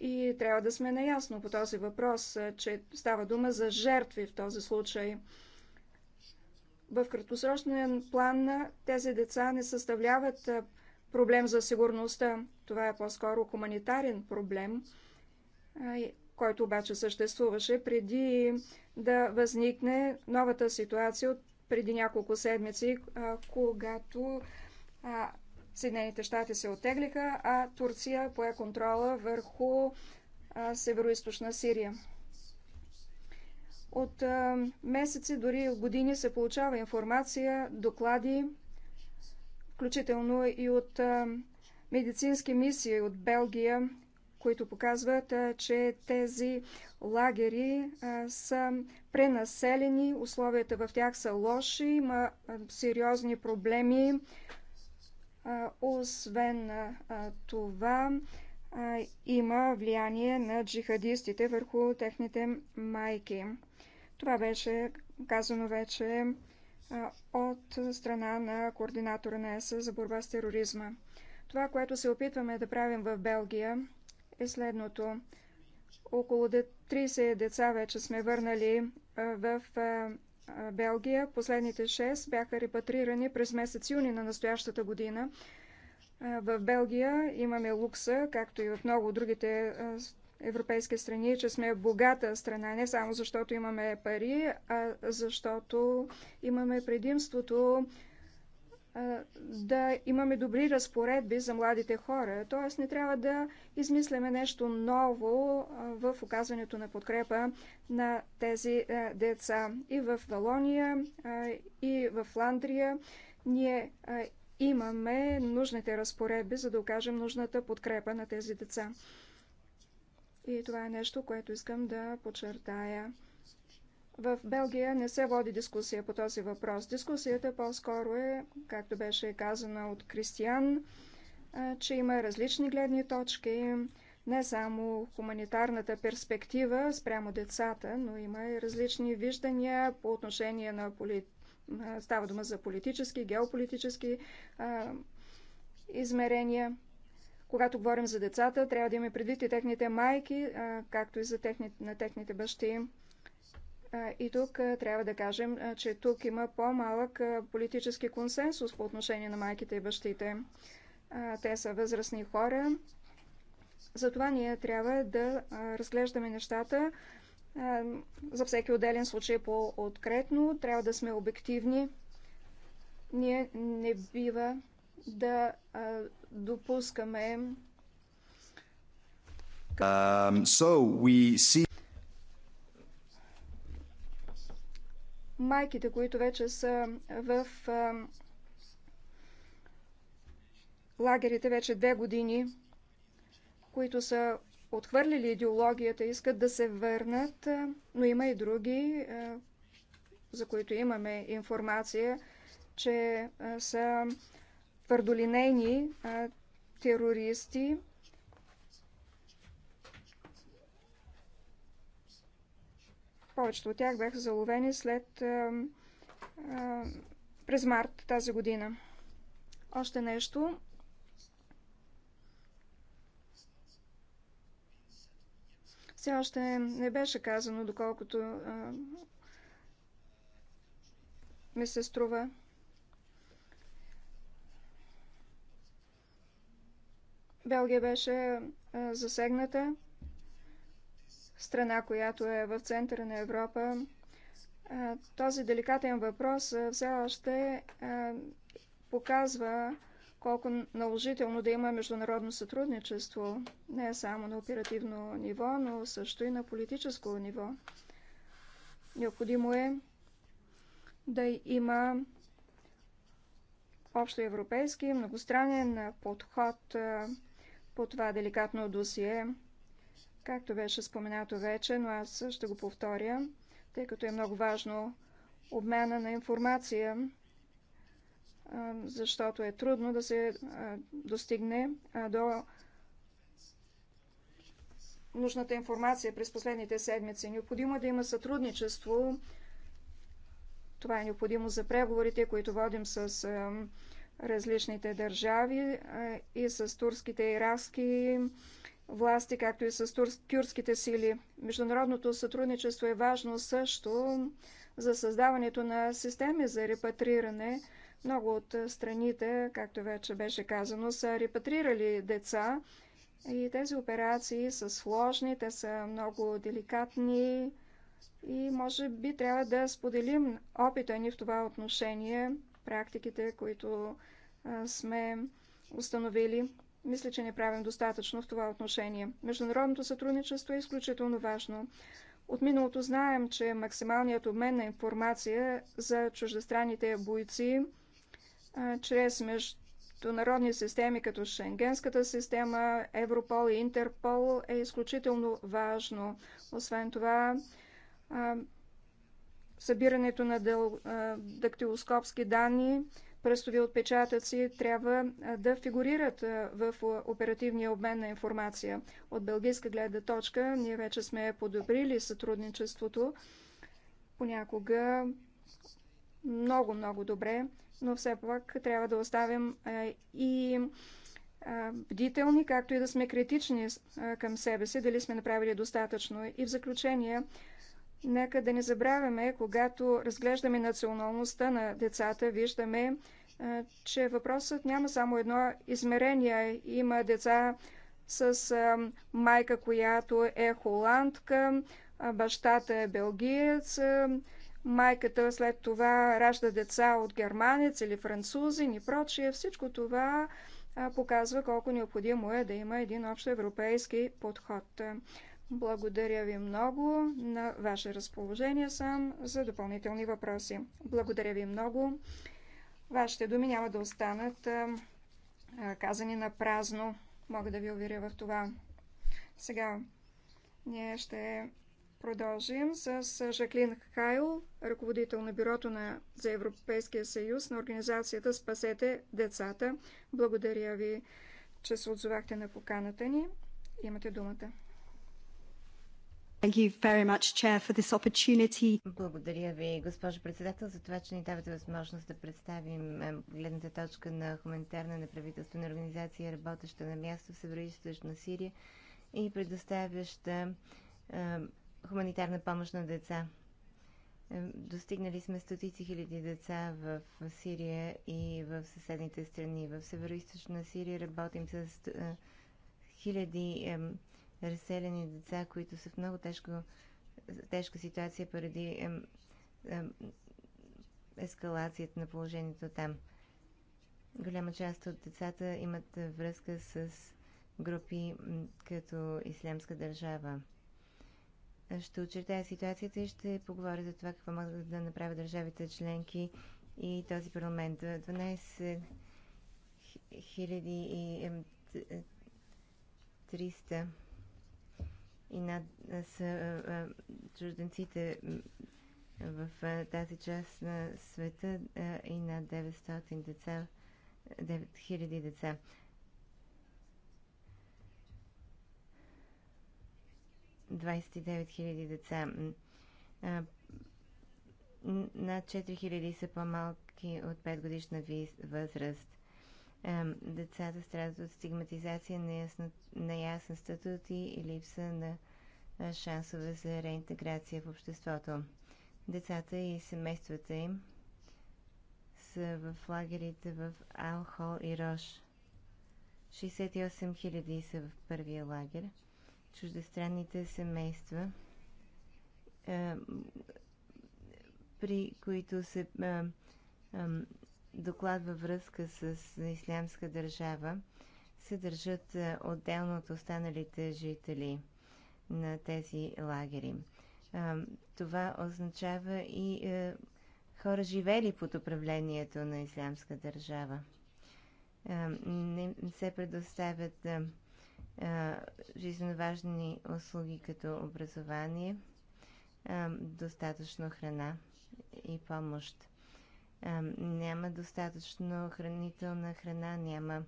и трябва да сме наясно по този въпрос, че става дума за жертви в този случай. В краткосрочен план тези деца не съставляват проблем за сигурността. Това е по-скоро хуманитарен проблем, който обаче съществуваше преди да възникне новата ситуация от преди няколко седмици, когато Съединените щати се оттеглиха, а Турция пое контрола върху северо Сирия. От месеци, дори от години се получава информация, доклади, включително и от медицински мисии от Белгия, които показват, че тези лагери са пренаселени, условията в тях са лоши, има сериозни проблеми освен това, има влияние на джихадистите върху техните майки. Това беше казано вече от страна на координатора на ЕС за борба с тероризма. Това, което се опитваме да правим в Белгия, е следното. Около 30 деца вече сме върнали в Белгия. Последните 6 бяха репатрирани през месец юни на настоящата година. В Белгия имаме лукса, както и в много от другите европейски страни, че сме богата страна, не само защото имаме пари, а защото имаме предимството да имаме добри разпоредби за младите хора. Т.е. не трябва да измисляме нещо ново в оказването на подкрепа на тези деца. И в Валония, и в Фландрия ние имаме нужните разпоредби, за да окажем нужната подкрепа на тези деца. И това е нещо, което искам да подчертая. В Белгия не се води дискусия по този въпрос. Дискусията по-скоро е, както беше казано от Кристиян, че има различни гледни точки, не само хуманитарната перспектива спрямо децата, но има и различни виждания по отношение на поли... става дума за политически, геополитически а, измерения. Когато говорим за децата, трябва да имаме предвид и техните майки, а, както и за техни... на техните бащи. И тук трябва да кажем, че тук има по-малък политически консенсус по отношение на майките и бащите. Те са възрастни хора. Затова ние трябва да разглеждаме нещата за всеки отделен случай по-откретно. Трябва да сме обективни. Ние не бива да допускаме. Um, so we see... майките, които вече са в лагерите вече две години, които са отхвърлили идеологията, искат да се върнат, но има и други, за които имаме информация, че са твърдолинейни терористи, Повечето от тях бяха заловени след а, а, през март тази година. Още нещо. Все още не беше казано, доколкото а, ми се струва. Белгия беше а, засегната страна, която е в центъра на Европа, този деликатен въпрос все още показва колко наложително да има международно сътрудничество, не само на оперативно ниво, но също и на политическо ниво. Необходимо е да има общоевропейски многостранен подход по това деликатно досие. Както беше споменато вече, но аз ще го повторя, тъй като е много важно обмена на информация, защото е трудно да се достигне до нужната информация през последните седмици. Необходимо е да има сътрудничество. Това е необходимо за преговорите, които водим с различните държави и с турските, иракски, власти, както и с тюркските сили. Международното сътрудничество е важно също за създаването на системи за репатриране. Много от страните, както вече беше казано, са репатрирали деца и тези операции са сложни, те са много деликатни и може би трябва да споделим опита ни в това отношение, практиките, които сме установили. Мисля, че не правим достатъчно в това отношение. Международното сътрудничество е изключително важно. От миналото знаем, че максималният обмен на информация за чуждестранните бойци а, чрез международни системи като Шенгенската система, Европол и Интерпол е изключително важно. Освен това, а, събирането на дактилоскопски данни пръстови отпечатъци трябва да фигурират в оперативния обмен на информация. От белгийска гледна точка ние вече сме подобрили сътрудничеството понякога много-много добре, но все пак трябва да оставим и бдителни, както и да сме критични към себе си, дали сме направили достатъчно. И в заключение Нека да не забравяме, когато разглеждаме националността на децата, виждаме, че въпросът няма само едно измерение. Има деца с майка, която е холандка, бащата е белгиец, майката след това ражда деца от германец или французин и прочие. Всичко това показва колко необходимо е да има един европейски подход. Благодаря ви много. На ваше разположение съм за допълнителни въпроси. Благодаря ви много. Вашите думи няма да останат казани на празно. Мога да ви уверя в това. Сега ние ще продължим с Жаклин Хайл, ръководител на Бюрото на, за Европейския съюз на организацията Спасете децата. Благодаря ви, че се отзовахте на поканата ни. Имате думата. Благодаря ви, госпожо председател, за това, че ни давате възможност да представим е, гледната точка на хуманитарна неправителствена организация, работеща на място в Северо-Источна Сирия и предоставяща е, хуманитарна помощ на деца. Е, достигнали сме стотици хиляди деца в Сирия и в съседните страни. В Северо-Источна Сирия работим с хиляди разселени деца, които са в много тежко, тежка ситуация поради е, е, ескалацията на положението там. Голяма част от децата имат връзка с групи като Ислямска държава. Ще очертая ситуацията и ще поговоря за това какво могат да направят държавите членки и този парламент. 12 300 и над, с а, чужденците в а, тази част на света а, и над 900 деца, 9000 деца. хиляди деца. А, над 4000 са по-малки от 5 годишна възраст. Децата страдат от стигматизация, неясна, неясен статут и липса на шансове за реинтеграция в обществото. Децата и семействата им са в лагерите в Алхол и Рош. 68 000 са в първия лагер. Чуждестранните семейства, при които се доклад във връзка с Ислямска държава се държат е, отделно от останалите жители на тези лагери. Е, това означава и е, хора живели под управлението на Ислямска държава. Не се предоставят жизненно важни услуги като образование, достатъчно храна и помощ няма достатъчно хранителна храна, няма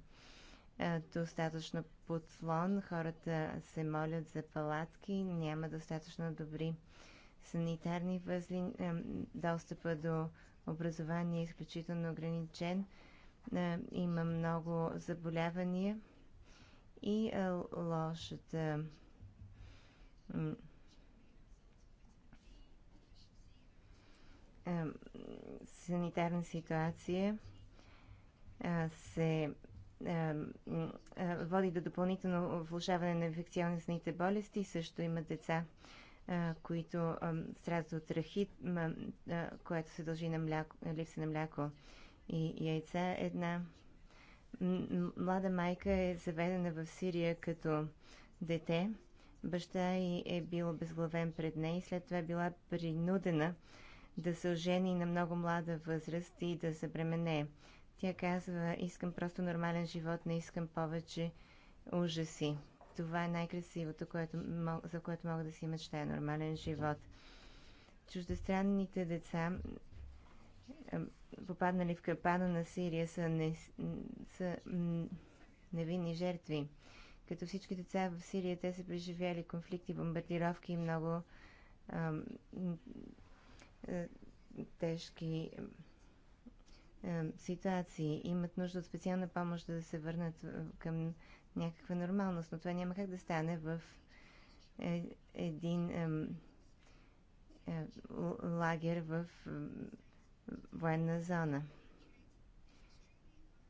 достатъчно подслон, хората се молят за палатки, няма достатъчно добри санитарни възли, достъпа до образование е изключително ограничен, има много заболявания и лошата санитарна ситуация се води до допълнително влушаване на инфекционните болести. Също има деца, които страдат от рахит, което се дължи на мляко, липса на мляко и яйца. Една млада майка е заведена в Сирия като дете. Баща й е бил обезглавен пред нея и след това е била принудена да се ожени на много млада възраст и да забремене. Тя казва, искам просто нормален живот, не искам повече ужаси. Това е най-красивото, което, за което мога да си мечтая. Нормален живот. Чуждестранните деца, попаднали в капана на Сирия, са, не, са невинни жертви. Като всички деца в Сирия, те са преживяли конфликти, бомбардировки и много е, тежки е, е, ситуации, имат нужда от специална помощ да се върнат към някаква нормалност, но това няма как да стане в един лагер в военна зона.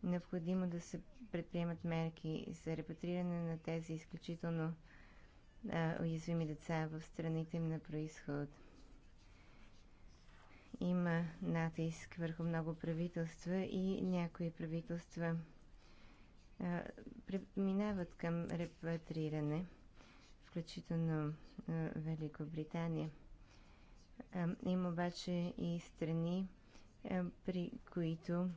Необходимо да се предприемат мерки за репатриране на тези изключително уязвими деца в страните им на происход – има натиск върху много правителства и някои правителства а, преминават към репатриране, включително а, Великобритания. А, има обаче и страни, при които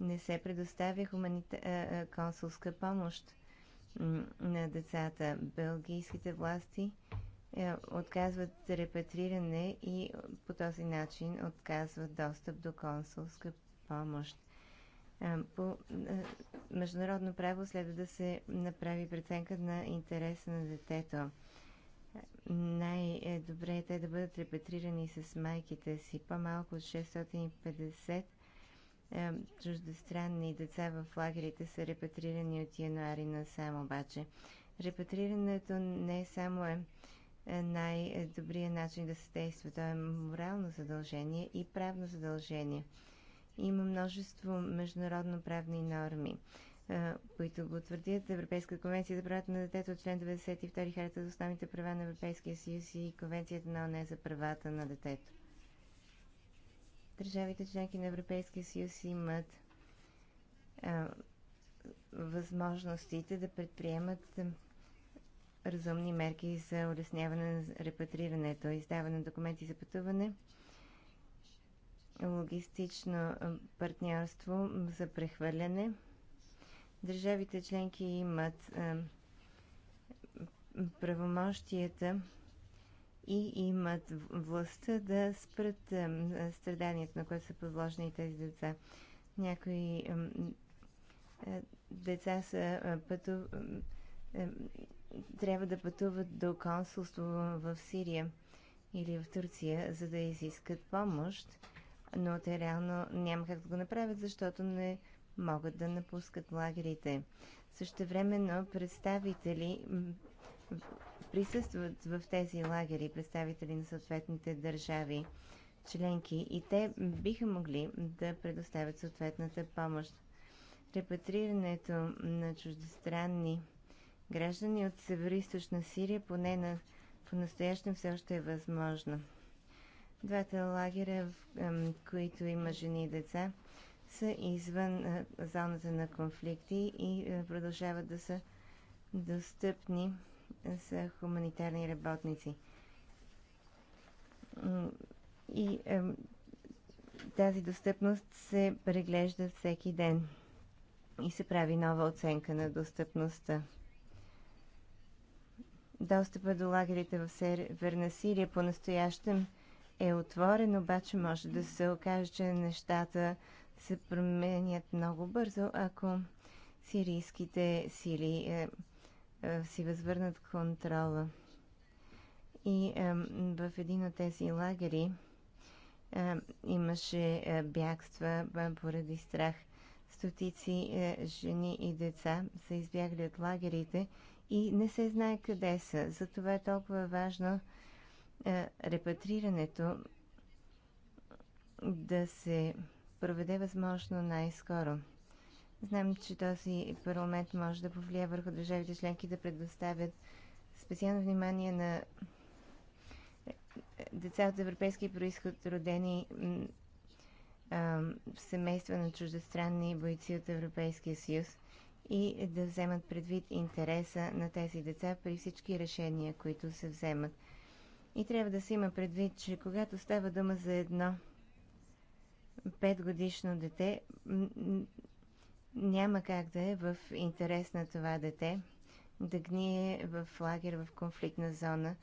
не се предоставя хуманита... консулска помощ на децата. Белгийските власти е, отказват репатриране и по този начин отказват достъп до консулска помощ. Е, по е, международно право следва да се направи преценка на интереса на детето. Най-добре е те да бъдат репатрирани с майките си. По-малко от 650 чуждестранни деца в лагерите са репатрирани от януари насам обаче. Репатрирането не само е е най-добрият начин да се действа. Той е морално задължение и правно задължение. Има множество международно правни норми, които го твърдят. Европейска конвенция за правата на детето, член 92 Харта за основните права на Европейския съюз и Конвенцията на ОНЕ за правата на детето. Държавите членки на Европейския съюз имат възможностите да предприемат разумни мерки за улесняване на репатрирането, издаване на документи за пътуване, логистично партньорство за прехвърляне. Държавите членки имат правомощията и имат властта да спрат страданието, на което са подложени тези деца. Някои деца са пътували трябва да пътуват до консулство в Сирия или в Турция, за да изискат помощ, но те реално няма как да го направят, защото не могат да напускат лагерите. Същевременно представители присъстват в тези лагери, представители на съответните държави членки и те биха могли да предоставят съответната помощ. Репатрирането на чуждестранни граждани от Северо-Источна Сирия, поне на, по-настоящем все още е възможно. Двата лагера, в които има жени и деца, са извън е, зоната на конфликти и е, продължават да са достъпни за хуманитарни работници. И е, тази достъпност се преглежда всеки ден и се прави нова оценка на достъпността. Достъпа до лагерите в Северна Сирия по-настоящем е отворен, обаче може да се окаже, че нещата се променят много бързо, ако сирийските сили е, е, си възвърнат контрола. И е, в един от тези лагери е, имаше е, бягства е, поради страх. Стотици е, жени и деца са избягали от лагерите и не се знае къде са. Затова е толкова важно е, репатрирането да се проведе възможно най-скоро. Знам, че този парламент може да повлия върху държавите членки да предоставят специално внимание на е, деца от европейски происход, родени в семейства на чуждестранни бойци от Европейския съюз и да вземат предвид интереса на тези деца при всички решения, които се вземат. И трябва да се има предвид, че когато става дума за едно петгодишно дете, няма как да е в интерес на това дете да гние в лагер, в конфликтна зона,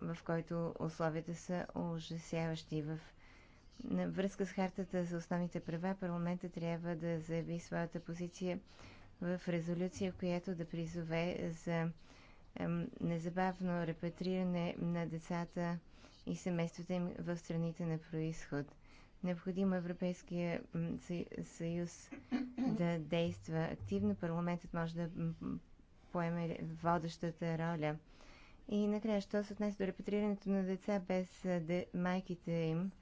в който условията са ужасяващи. В на връзка с хартата за основните права, парламента трябва да заяви своята позиция в резолюция, в която да призове за незабавно репатриране на децата и семействата им в страните на происход. Необходимо е Европейския съюз да действа активно. Парламентът може да поеме водещата роля. И накрая, що се отнесе до репатрирането на деца без е, майките им –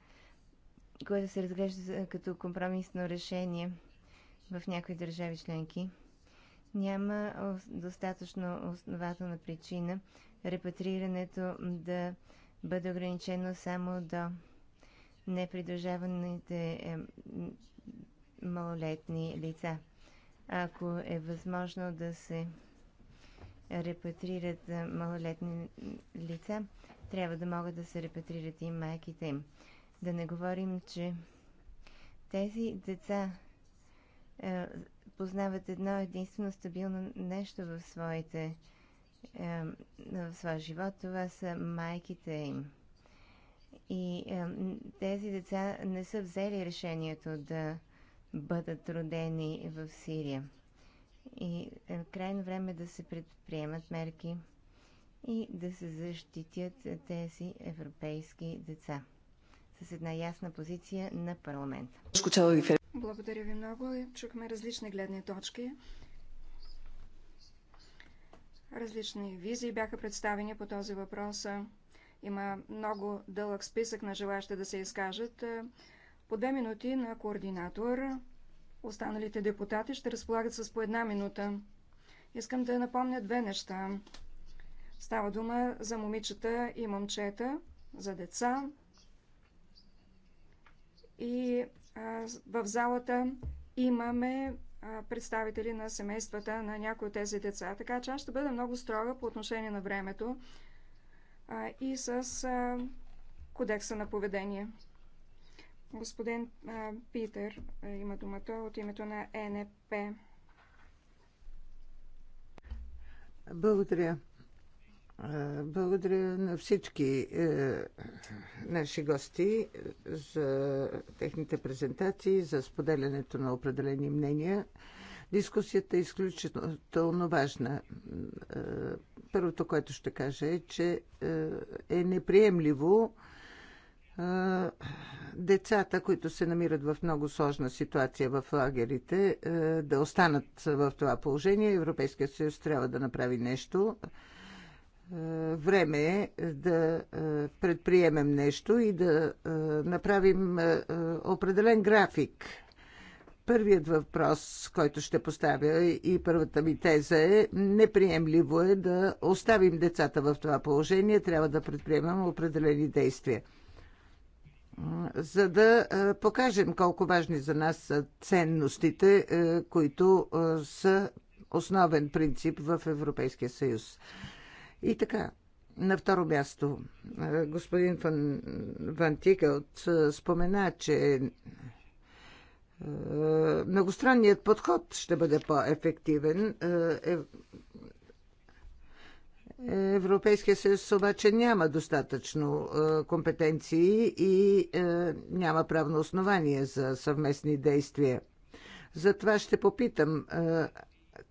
което се разглежда като компромисно решение в някои държави членки, няма достатъчно основателна причина репатрирането да бъде ограничено само до непридържаваните малолетни лица. Ако е възможно да се репатрират малолетни лица, трябва да могат да се репатрират и майките им. Да не говорим, че тези деца е, познават едно единствено стабилно нещо в своите е, в своя живот. Това са майките им. И е, тези деца не са взели решението да бъдат родени в Сирия. И е крайно време да се предприемат мерки и да се защитят тези европейски деца с една ясна позиция на парламента. Благодаря ви много. Чухме различни гледни точки. Различни визии бяха представени по този въпрос. Има много дълъг списък на желащи да се изкажат. По две минути на координатор. Останалите депутати ще разполагат с по една минута. Искам да напомня две неща. Става дума за момичета и момчета, за деца, и в залата имаме представители на семействата на някои от тези деца. Така че аз ще бъда много строга по отношение на времето и с кодекса на поведение. Господин Питер е, има думата от името на ЕНП. Благодаря. Благодаря на всички е, наши гости е, за техните презентации, за споделянето на определени мнения. Дискусията е изключително важна. Е, първото, което ще кажа е, че е неприемливо децата, които се намират в много сложна ситуация в лагерите, да останат в това положение. Европейския съюз трябва да направи нещо. Е, време е да е, предприемем нещо и да е, направим определен график. Първият въпрос, който ще поставя и първата ми теза е, неприемливо е да оставим децата в това положение, трябва да предприемем определени действия. За да покажем колко важни за нас са ценностите, които са основен принцип в Европейския съюз. И така, на второ място, господин Ван, Ван Тигълт спомена, че многостранният подход ще бъде по-ефективен. Европейския съюз обаче няма достатъчно компетенции и няма правно основание за съвместни действия. Затова ще попитам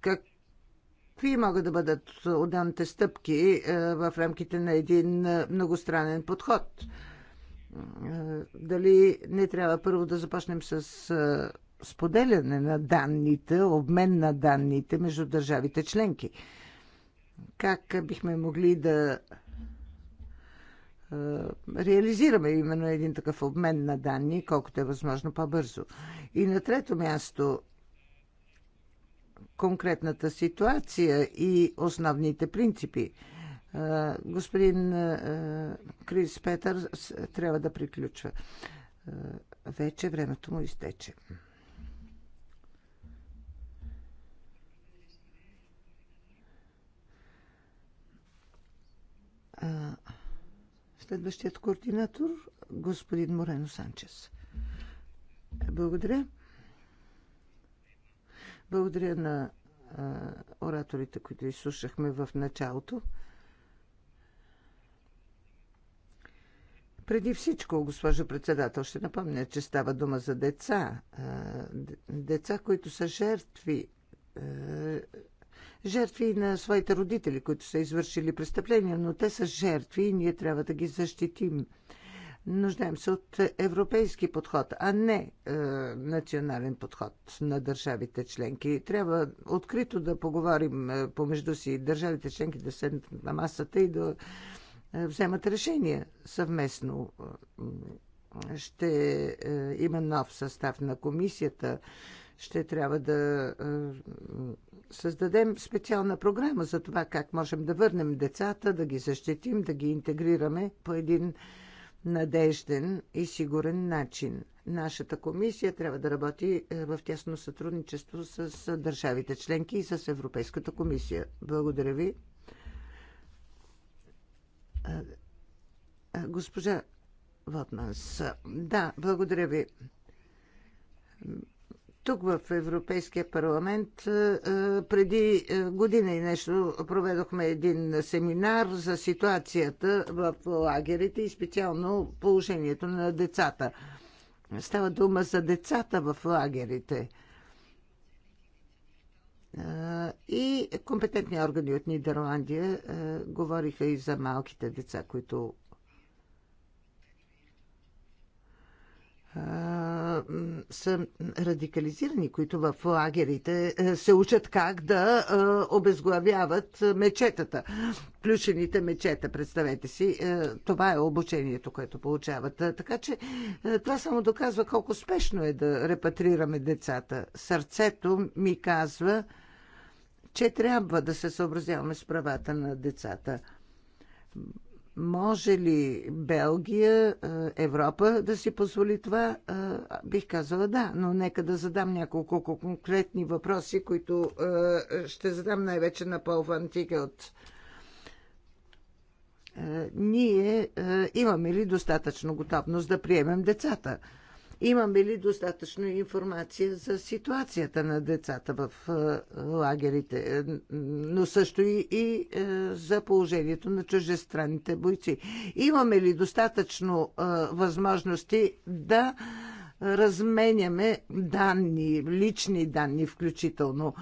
как Какви могат да бъдат отделните стъпки е, в рамките на един е, многостранен подход? Е, дали не трябва първо да започнем с споделяне на данните, обмен на данните между държавите членки? Как бихме могли да реализираме именно един такъв обмен на данни, колкото е възможно по-бързо. И на трето място, конкретната ситуация и основните принципи. Е, господин е, Крис Петър трябва да приключва. Е, вече времето му изтече. Следващият координатор, господин Морено Санчес. Благодаря. Благодаря на ораторите, които изслушахме в началото. Преди всичко, госпожо председател, ще напомня, че става дума за деца. Деца, които са жертви. Жертви на своите родители, които са извършили престъпления, но те са жертви и ние трябва да ги защитим. Нуждаем се от европейски подход, а не е, национален подход на държавите членки. Трябва открито да поговорим е, помежду си държавите членки да седнат на масата и да е, вземат решения съвместно. Ще е, има нов състав на комисията. Ще трябва да е, създадем специална програма за това как можем да върнем децата, да ги защитим, да ги интегрираме по един надежден и сигурен начин. Нашата комисия трябва да работи е, в тясно сътрудничество с държавите членки и с Европейската комисия. Благодаря ви. Госпожа Вотманс, да, благодаря ви. Тук в Европейския парламент е, е, преди е, година и нещо проведохме един семинар за ситуацията в лагерите и специално положението на децата. Става дума за децата в лагерите. И компетентни органи от Нидерландия говориха и за малките деца, които са радикализирани, които в лагерите се учат как да обезглавяват мечетата, включените мечета, представете си. Това е обучението, което получават. Така че това само доказва колко спешно е да репатрираме децата. Сърцето ми казва, че трябва да се съобразяваме с правата на децата. Може ли Белгия, Европа да си позволи това? Бих казала да, но нека да задам няколко конкретни въпроси, които ще задам най-вече на Пол Ван Тигелт. Ние имаме ли достатъчно готовност да приемем децата? Имаме ли достатъчно информация за ситуацията на децата в е, лагерите, е, но също и, и е, за положението на чужестранните бойци? Имаме ли достатъчно възможности да разменяме данни, лични данни включително.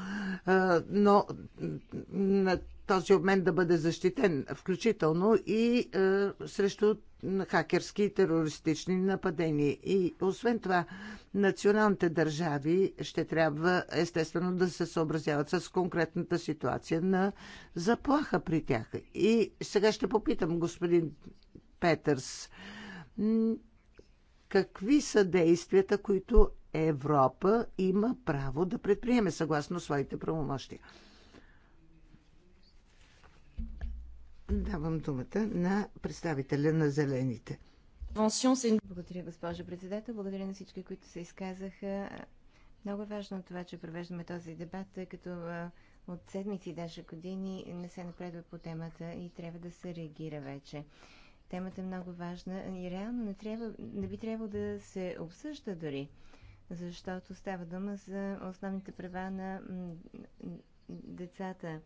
Но на този обмен да бъде защитен, включително и е, срещу хакерски и терористични нападения. И освен това, националните държави ще трябва естествено да се съобразяват с конкретната ситуация на заплаха при тях. И сега ще попитам господин Петърс, какви са действията, които Европа има право да предприеме съгласно своите правомощия? Давам думата на представителя на Зелените. Благодаря, госпожо председател. Благодаря на всички, които се изказаха. Много е важно това, че провеждаме този дебат, тъй като от седмици, даже години не се напредва по темата и трябва да се реагира вече. Темата е много важна и реално не, трябва, не би трябвало да се обсъжда дори, защото става дума за основните права на децата.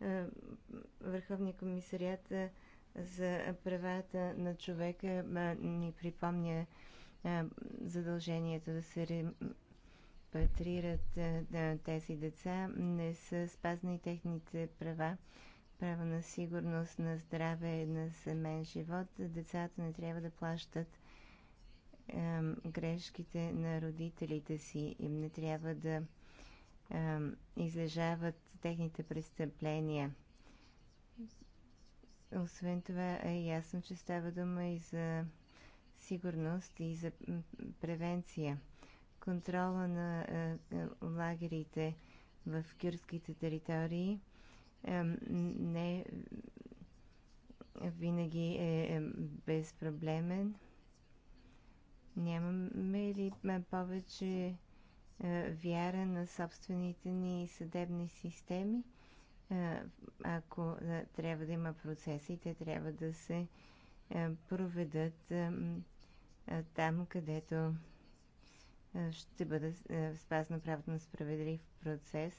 Е, Върховния комисариат е, за правата на човека е, ни припомня задължението да се репатрират тези деца. Не са спазни техните права право на сигурност, на здраве, на семейен живот. Децата не трябва да плащат грешките на родителите си. Им не трябва да излежават техните престъпления. Освен това е ясно, че става дума и за сигурност и за превенция. Контрола на е, е, лагерите в кюрските територии е, не винаги е, е безпроблемен. Нямаме ли повече е, вяра на собствените ни съдебни системи, е, ако е, трябва да има процеси, те трябва да се проведат там, където ще бъде спазна правото на справедлив процес.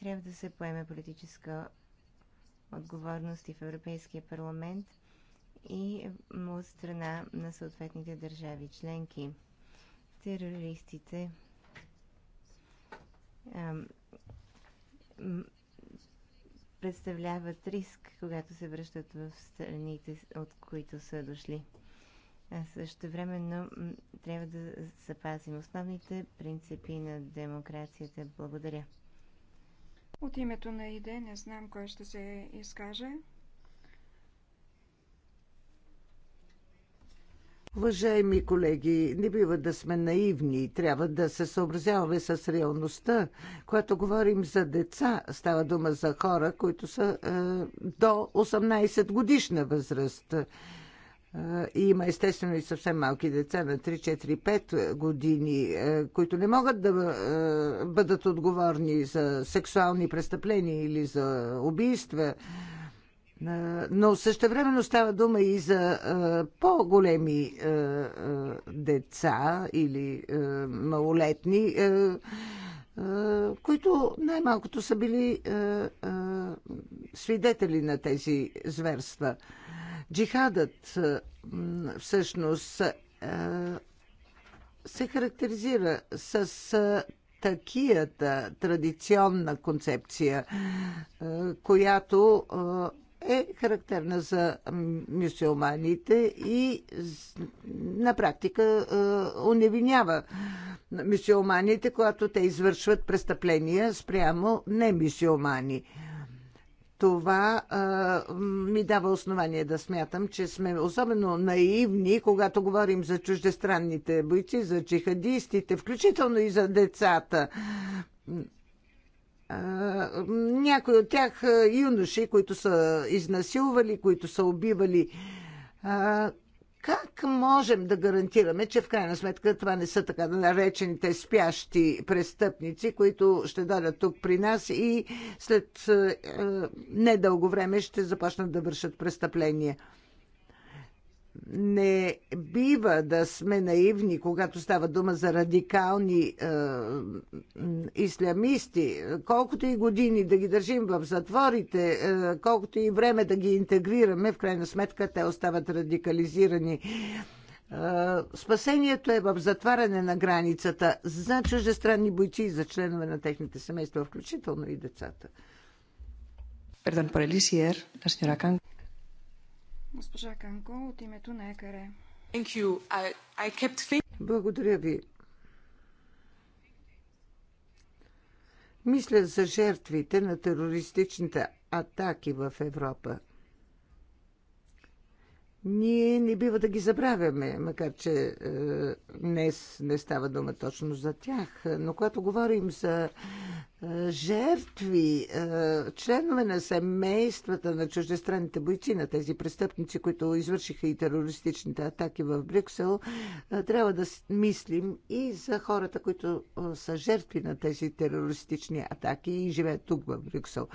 Трябва да се поеме политическа отговорност и в Европейския парламент и от страна на съответните държави членки. Терористите представляват риск, когато се връщат в страните, от които са дошли. Също също времено трябва да запазим основните принципи на демокрацията. Благодаря. От името на ИДЕ не знам кой ще се изкаже. Уважаеми колеги, не бива да сме наивни. Трябва да се съобразяваме с реалността. Когато говорим за деца, става дума за хора, които са е, до 18 годишна възраст. Е, има естествено и съвсем малки деца на 3-4-5 години, е, които не могат да е, бъдат отговорни за сексуални престъпления или за убийства. Но времено става дума и за по-големи деца или малолетни, които най-малкото са били свидетели на тези зверства. Джихадът всъщност се характеризира с такията традиционна концепция, която е характерна за мюсюлманите и на практика оневинява е, мюсюлманите, когато те извършват престъпления спрямо не мюсюлмани. Това а, е, ми дава основание да смятам, че сме особено наивни, когато говорим за чуждестранните бойци, за джихадистите, включително и за децата някои от тях юноши, които са изнасилвали, които са убивали. Как можем да гарантираме, че в крайна сметка това не са така наречените спящи престъпници, които ще дадат тук при нас и след недълго време ще започнат да вършат престъпления? не бива да сме наивни, когато става дума за радикални е, ислямисти. Колкото и години да ги държим в затворите, е, колкото и време да ги интегрираме, в крайна сметка те остават радикализирани. Е, спасението е в затваряне на границата за чуждестранни бойци и за членове на техните семейства, включително и децата. Perdón по el Госпожа Канко от името на ЕКАРЕ. Благодаря ви. Мисля за жертвите на терористичните атаки в Европа – ние не бива да ги забравяме, макар че е, днес не става дума точно за тях. Но когато говорим за е, жертви, е, членове на семействата на чуждестранните бойци, на тези престъпници, които извършиха и терористичните атаки в Брюксел, е, трябва да мислим и за хората, които е, са жертви на тези терористични атаки и живеят тук в Брюксел.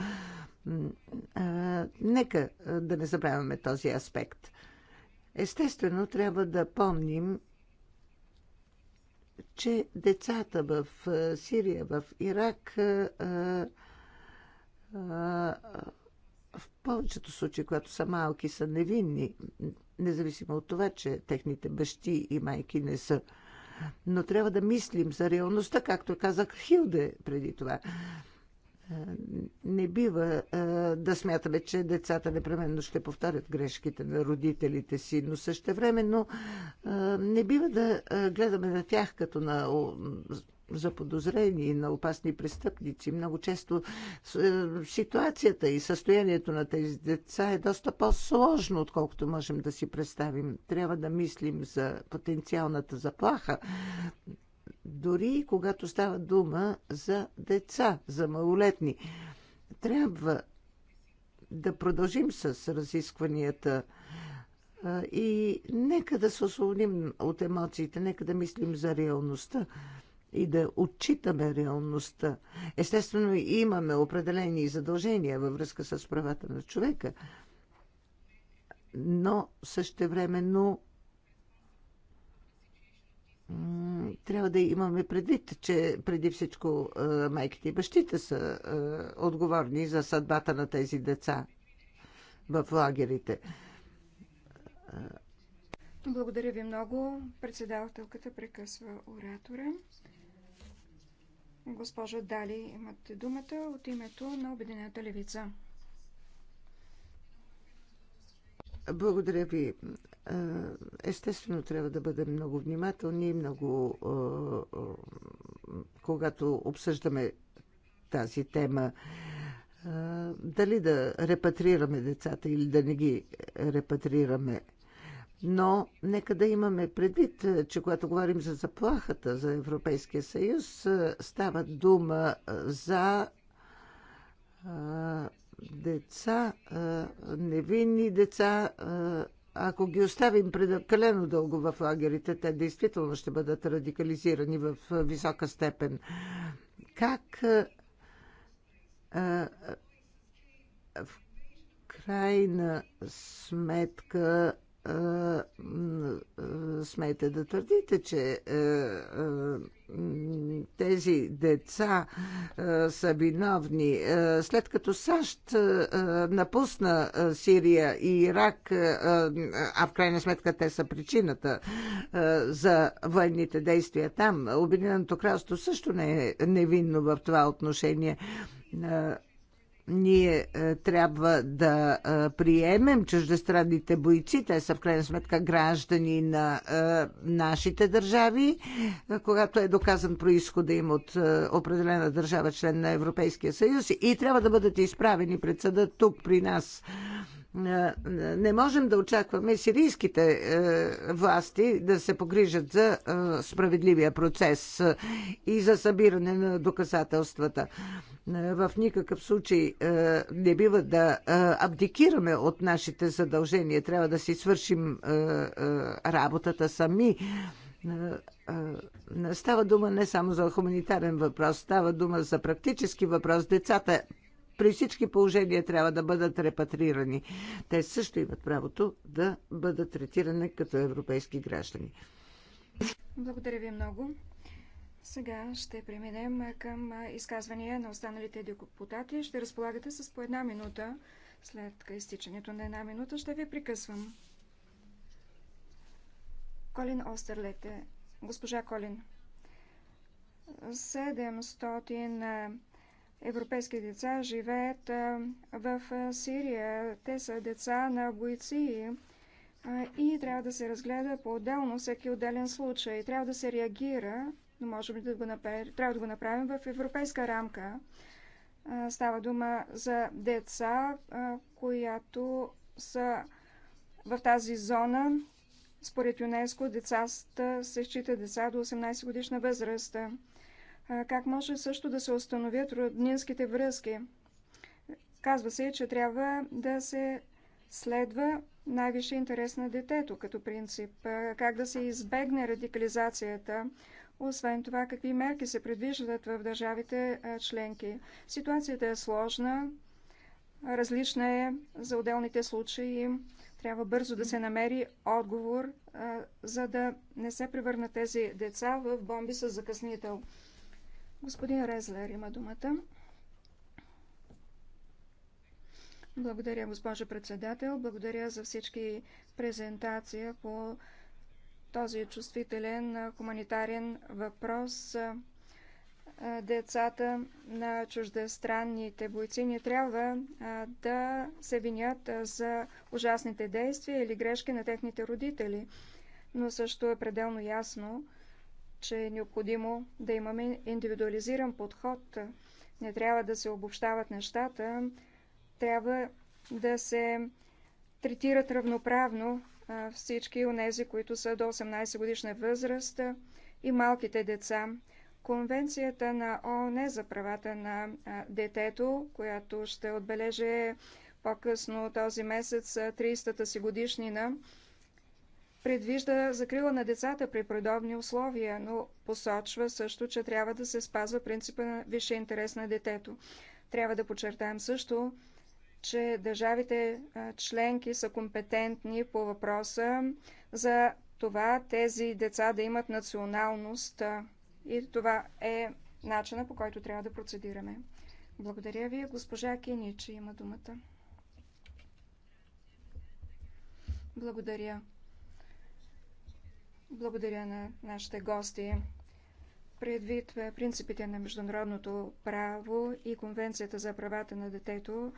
Е, нека е, да не забравяме този аспект. Естествено, трябва да помним, че децата в Сирия, в Ирак, в повечето случаи, когато са малки, са невинни, независимо от това, че техните бащи и майки не са. Но трябва да мислим за реалността, както казах Хилде преди това. Не бива да смятаме, че децата непременно ще повтарят грешките на родителите си, но същевременно не бива да гледаме на тях като на заподозрени на опасни престъпници. Много често е, ситуацията и състоянието на тези деца е доста по-сложно, отколкото можем да си представим. Трябва да мислим за потенциалната заплаха дори и когато става дума за деца, за малолетни. Трябва да продължим с разискванията и нека да се освободим от емоциите, нека да мислим за реалността и да отчитаме реалността. Естествено, имаме определени задължения във връзка с правата на човека, но същевременно трябва да имаме предвид, че преди всичко е, майките и бащите са е, отговорни за съдбата на тези деца в лагерите. Благодаря ви много. Председателката прекъсва оратора. Госпожа Дали имате думата от името на Обединената левица. Благодаря ви. Естествено, трябва да бъдем много внимателни, много когато обсъждаме тази тема. Дали да репатрираме децата или да не ги репатрираме. Но нека да имаме предвид, че когато говорим за заплахата за Европейския съюз, става дума за деца, невинни деца, ако ги оставим прекалено дълго в лагерите, те действително ще бъдат радикализирани в висока степен. Как в крайна сметка смеете да твърдите, че тези деца са виновни. След като САЩ напусна Сирия и Ирак, а в крайна сметка те са причината за военните действия там, Обединеното кралство също не е невинно в това отношение ние е, трябва да е, приемем чуждестранните бойци. Те са в крайна сметка граждани на е, нашите държави. Когато е доказан происхода им от определена държава, член на Европейския съюз, и трябва да бъдат изправени пред съда тук при нас не можем да очакваме сирийските е, власти да се погрижат за е, справедливия процес е, и за събиране на доказателствата. В никакъв случай не бива да абдикираме от нашите задължения. Трябва да си свършим работата сами. Става дума не само за хуманитарен въпрос, става дума за практически въпрос. Децата при всички положения трябва да бъдат репатрирани. Те също имат правото да бъдат третирани като европейски граждани. Благодаря ви много. Сега ще преминем към изказвания на останалите депутати. Ще разполагате с по една минута. След изтичането на една минута ще ви прекъсвам. Колин Остерлете. Госпожа Колин. 700 европейски деца живеят в Сирия. Те са деца на бойци и трябва да се разгледа по-отделно всеки отделен случай. Трябва да се реагира, но можем да го направим, трябва да го направим в европейска рамка. Става дума за деца, която са в тази зона. Според ЮНЕСКО децата се счита деца до 18 годишна възраст как може също да се установят роднинските връзки. Казва се, че трябва да се следва най-висше интерес на детето като принцип, как да се избегне радикализацията, освен това какви мерки се предвиждат в държавите членки. Ситуацията е сложна, различна е за отделните случаи. Трябва бързо да се намери отговор, за да не се превърнат тези деца в бомби с закъснител. Господин Резлер има думата. Благодаря, госпожо председател. Благодаря за всички презентации по този чувствителен хуманитарен въпрос. Децата на чуждестранните бойци не трябва да се винят за ужасните действия или грешки на техните родители. Но също е пределно ясно, че е необходимо да имаме индивидуализиран подход. Не трябва да се обобщават нещата, трябва да се третират равноправно всички от тези, които са до 18 годишна възраст и малките деца. Конвенцията на ООН за правата на детето, която ще отбележи по-късно този месец 30-та си годишнина, предвижда закрила на децата при подобни условия, но посочва също, че трябва да се спазва принципа на висше интерес на детето. Трябва да подчертаем също, че държавите членки са компетентни по въпроса за това тези деца да имат националност и това е начина по който трябва да процедираме. Благодаря ви. Госпожа Кеничи има думата. Благодаря. Благодаря на нашите гости. Предвид е, принципите на международното право и Конвенцията за правата на детето,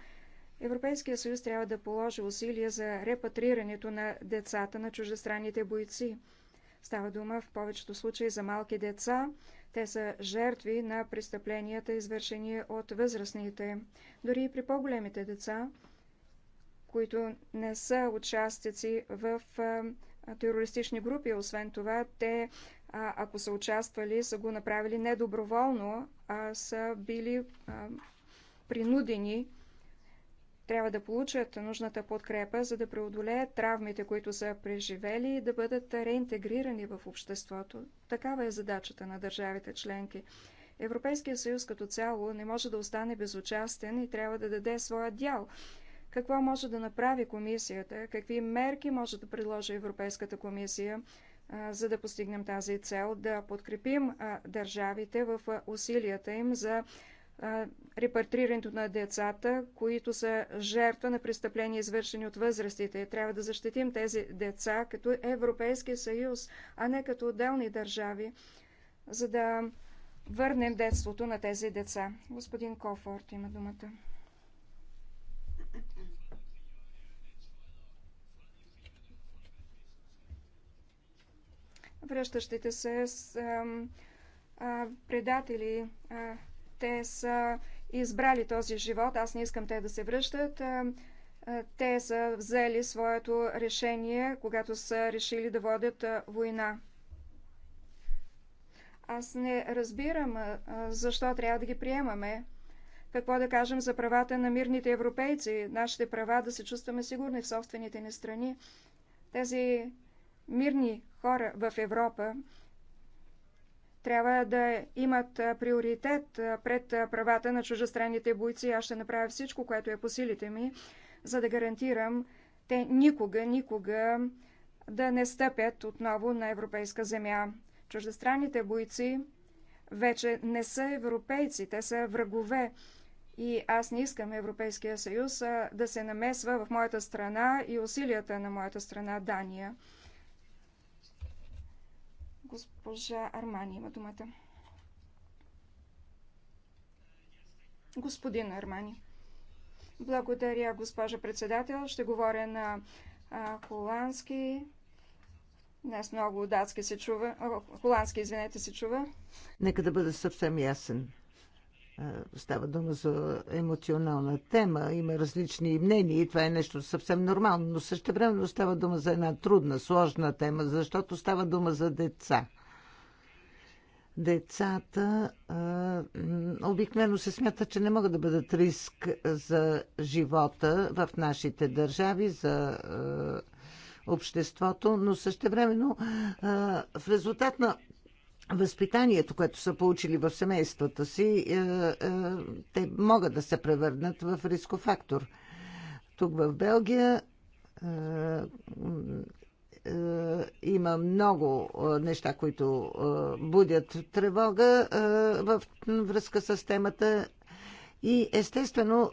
Европейския съюз трябва да положи усилия за репатрирането на децата на чуждестранните бойци. Става дума в повечето случаи за малки деца. Те са жертви на престъпленията, извършени от възрастните. Дори и при по-големите деца, които не са участници в е, терористични групи. Освен това, те, ако са участвали, са го направили недоброволно, а са били принудени трябва да получат нужната подкрепа, за да преодолеят травмите, които са преживели и да бъдат реинтегрирани в обществото. Такава е задачата на държавите членки. Европейския съюз като цяло не може да остане безучастен и трябва да даде своя дял какво може да направи комисията? Какви мерки може да предложи Европейската комисия, за да постигнем тази цел? Да подкрепим държавите в усилията им за репатрирането на децата, които са жертва на престъпления, извършени от възрастите. Трябва да защитим тези деца като Европейски съюз, а не като отделни държави, за да върнем детството на тези деца. Господин Кофорт има думата. връщащите се с а, предатели. А, те са избрали този живот. Аз не искам те да се връщат. А, а, те са взели своето решение, когато са решили да водят а, война. Аз не разбирам а, защо трябва да ги приемаме. Какво да кажем за правата на мирните европейци, нашите права да се чувстваме сигурни в собствените ни страни. Тези мирни хора в Европа трябва да имат приоритет пред правата на чужестранните бойци. Аз ще направя всичко, което е по силите ми, за да гарантирам те никога, никога да не стъпят отново на европейска земя. Чуждестранните бойци вече не са европейци, те са врагове. И аз не искам Европейския съюз да се намесва в моята страна и усилията на моята страна Дания. Госпожа Армани има думата. Господин Армани. Благодаря, госпожа председател. Ще говоря на а, холандски. Днес много датски се чува. А, холандски, извинете, се чува. Нека да бъда съвсем ясен. Става дума за емоционална тема, има различни мнения и това е нещо съвсем нормално, но също времено става дума за една трудна, сложна тема, защото става дума за деца. Децата а, обикновено се смята, че не могат да бъдат риск за живота в нашите държави, за а, обществото, но същевременно а, в резултат на възпитанието, което са получили в семействата си, е, е, те могат да се превърнат в рискофактор. Тук в Белгия е, има много неща, които будят тревога в връзка с темата и естествено,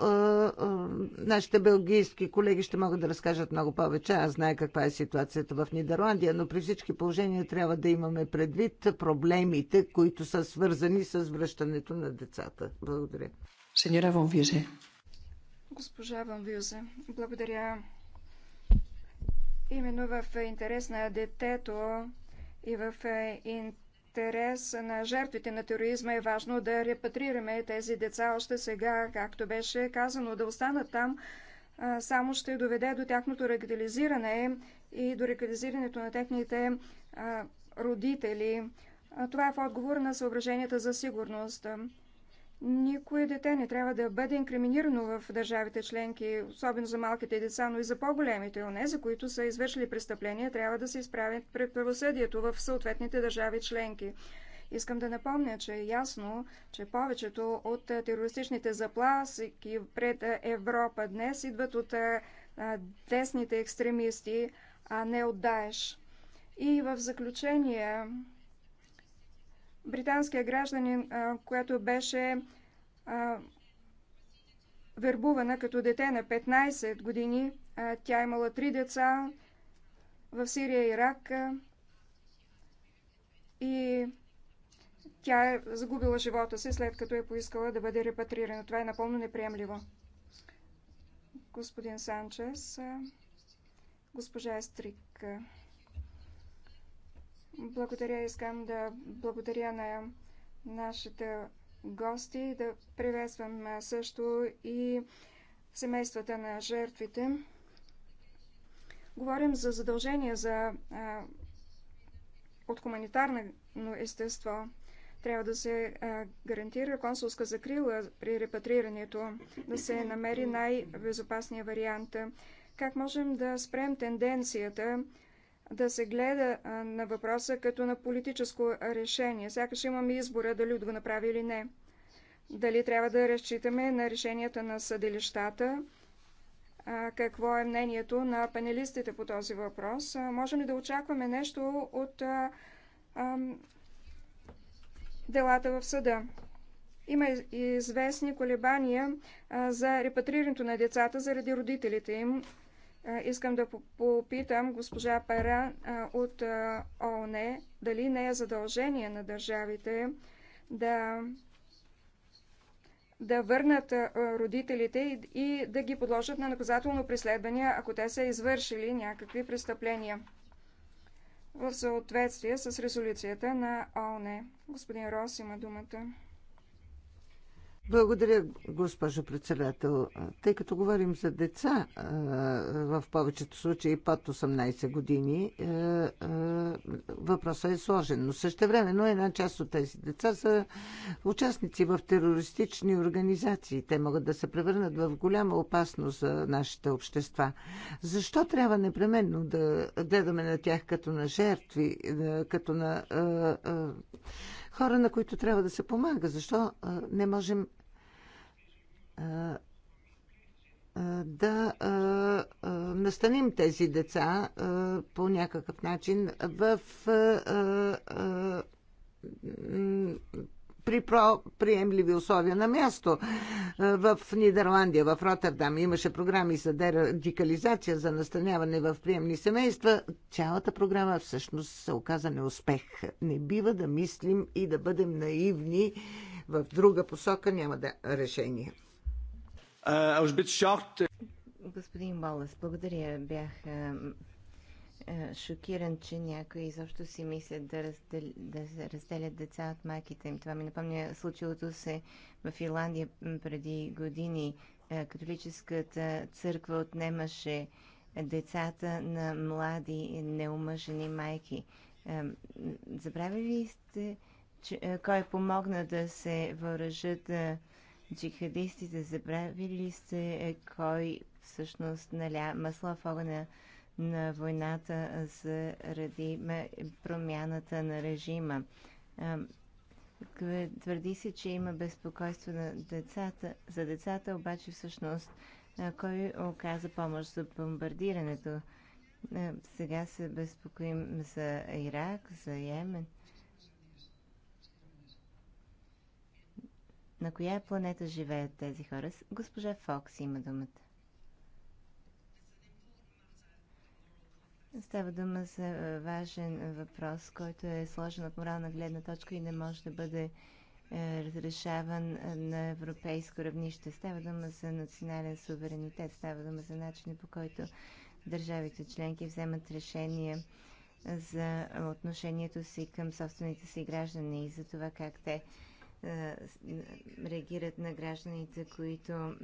нашите белгийски колеги ще могат да разкажат много повече. Аз знае каква е ситуацията в Нидерландия, но при всички положения трябва да имаме предвид проблемите, които са свързани с връщането на децата. Благодаря. Сеньора Вон Вюзе. Госпожа Вон Вюзе, благодаря. Именно в интерес на детето и в е, интерес интерес на жертвите на тероризма е важно да репатрираме тези деца още сега, както беше казано, да останат там, само ще доведе до тяхното радикализиране и до радикализирането на техните родители. Това е в отговор на съображенията за сигурност. Никое дете не трябва да бъде инкриминирано в държавите членки, особено за малките деца, но и за по-големите. Оне, за които са извършили престъпления, трябва да се изправят пред правосъдието в съответните държави членки. Искам да напомня, че е ясно, че повечето от терористичните запласки пред Европа днес идват от десните екстремисти, а не от Даеш. И в заключение британския гражданин, която беше вербувана като дете на 15 години. Тя е имала три деца в Сирия и Ирак и тя е загубила живота си, след като е поискала да бъде репатрирана. Това е напълно неприемливо. Господин Санчес, госпожа Естрик. Благодаря, искам да благодаря на нашите гости, да приветствам също и семействата на жертвите. Говорим за задължения за, а, от хуманитарно естество. Трябва да се а, гарантира консулска закрила при репатрирането, да се намери най-безопасния вариант. Как можем да спрем тенденцията да се гледа на въпроса като на политическо решение. Сякаш имаме избора дали да го направи или не. Дали трябва да разчитаме на решенията на съдилищата, какво е мнението на панелистите по този въпрос. Можем ли да очакваме нещо от а, делата в съда? Има известни колебания за репатрирането на децата заради родителите им Искам да попитам госпожа Пера от ООН дали не е задължение на държавите да, да върнат родителите и, и да ги подложат на наказателно преследване, ако те са извършили някакви престъпления в съответствие с резолюцията на ООН. Господин Рос има думата. Благодаря, госпожо председател. Тъй като говорим за деца, в повечето случаи под 18 години, въпросът е сложен. Но също времено една част от тези деца са участници в терористични организации. Те могат да се превърнат в голяма опасност за нашите общества. Защо трябва непременно да гледаме на тях като на жертви, като на хора, на които трябва да се помага. Защо не можем да настаним тези деца по някакъв начин в при приемливи условия на място. Е, в Нидерландия, в Роттердам имаше програми за дерадикализация, за настаняване в приемни семейства. Цялата програма всъщност се оказа неуспех. Не бива да мислим и да бъдем наивни. В друга посока няма да решение. Е, Господин Молес, благодаря. Бях е, е, шокиран, че някои изобщо си мислят да, раздел... да разделят деца от майките им. Това ми напомня случилото се в Ирландия преди години. Е, католическата църква отнемаше децата на млади неумъжени майки. Е, забравили ли сте че, кой помогна да се въоръжат джихадистите? Забравили ли сте кой всъщност наля масло в огъня на войната заради промяната на режима. Твърди се, че има безпокойство на децата. За децата обаче всъщност кой оказа помощ за бомбардирането? Сега се безпокоим за Ирак, за Йемен. На коя планета живеят тези хора? Госпожа Фокс има думата. Става дума за важен въпрос, който е сложен от морална гледна точка и не може да бъде е, разрешаван на европейско равнище. Става дума за национален суверенитет, става дума за начина по който държавите членки вземат решения за отношението си към собствените си граждани и за това как те е, реагират на гражданите, които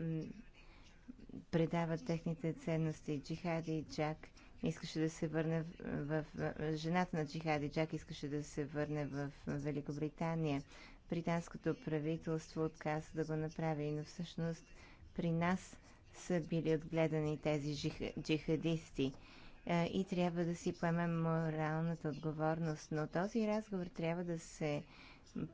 предават техните ценности. Джихади и Джак искаше да се върне в, в жената на Джихади Джак искаше да се върне в Великобритания. Британското правителство отказа да го направи, но всъщност при нас са били отгледани тези джихадисти е, и трябва да си поемем моралната отговорност. Но този разговор трябва да се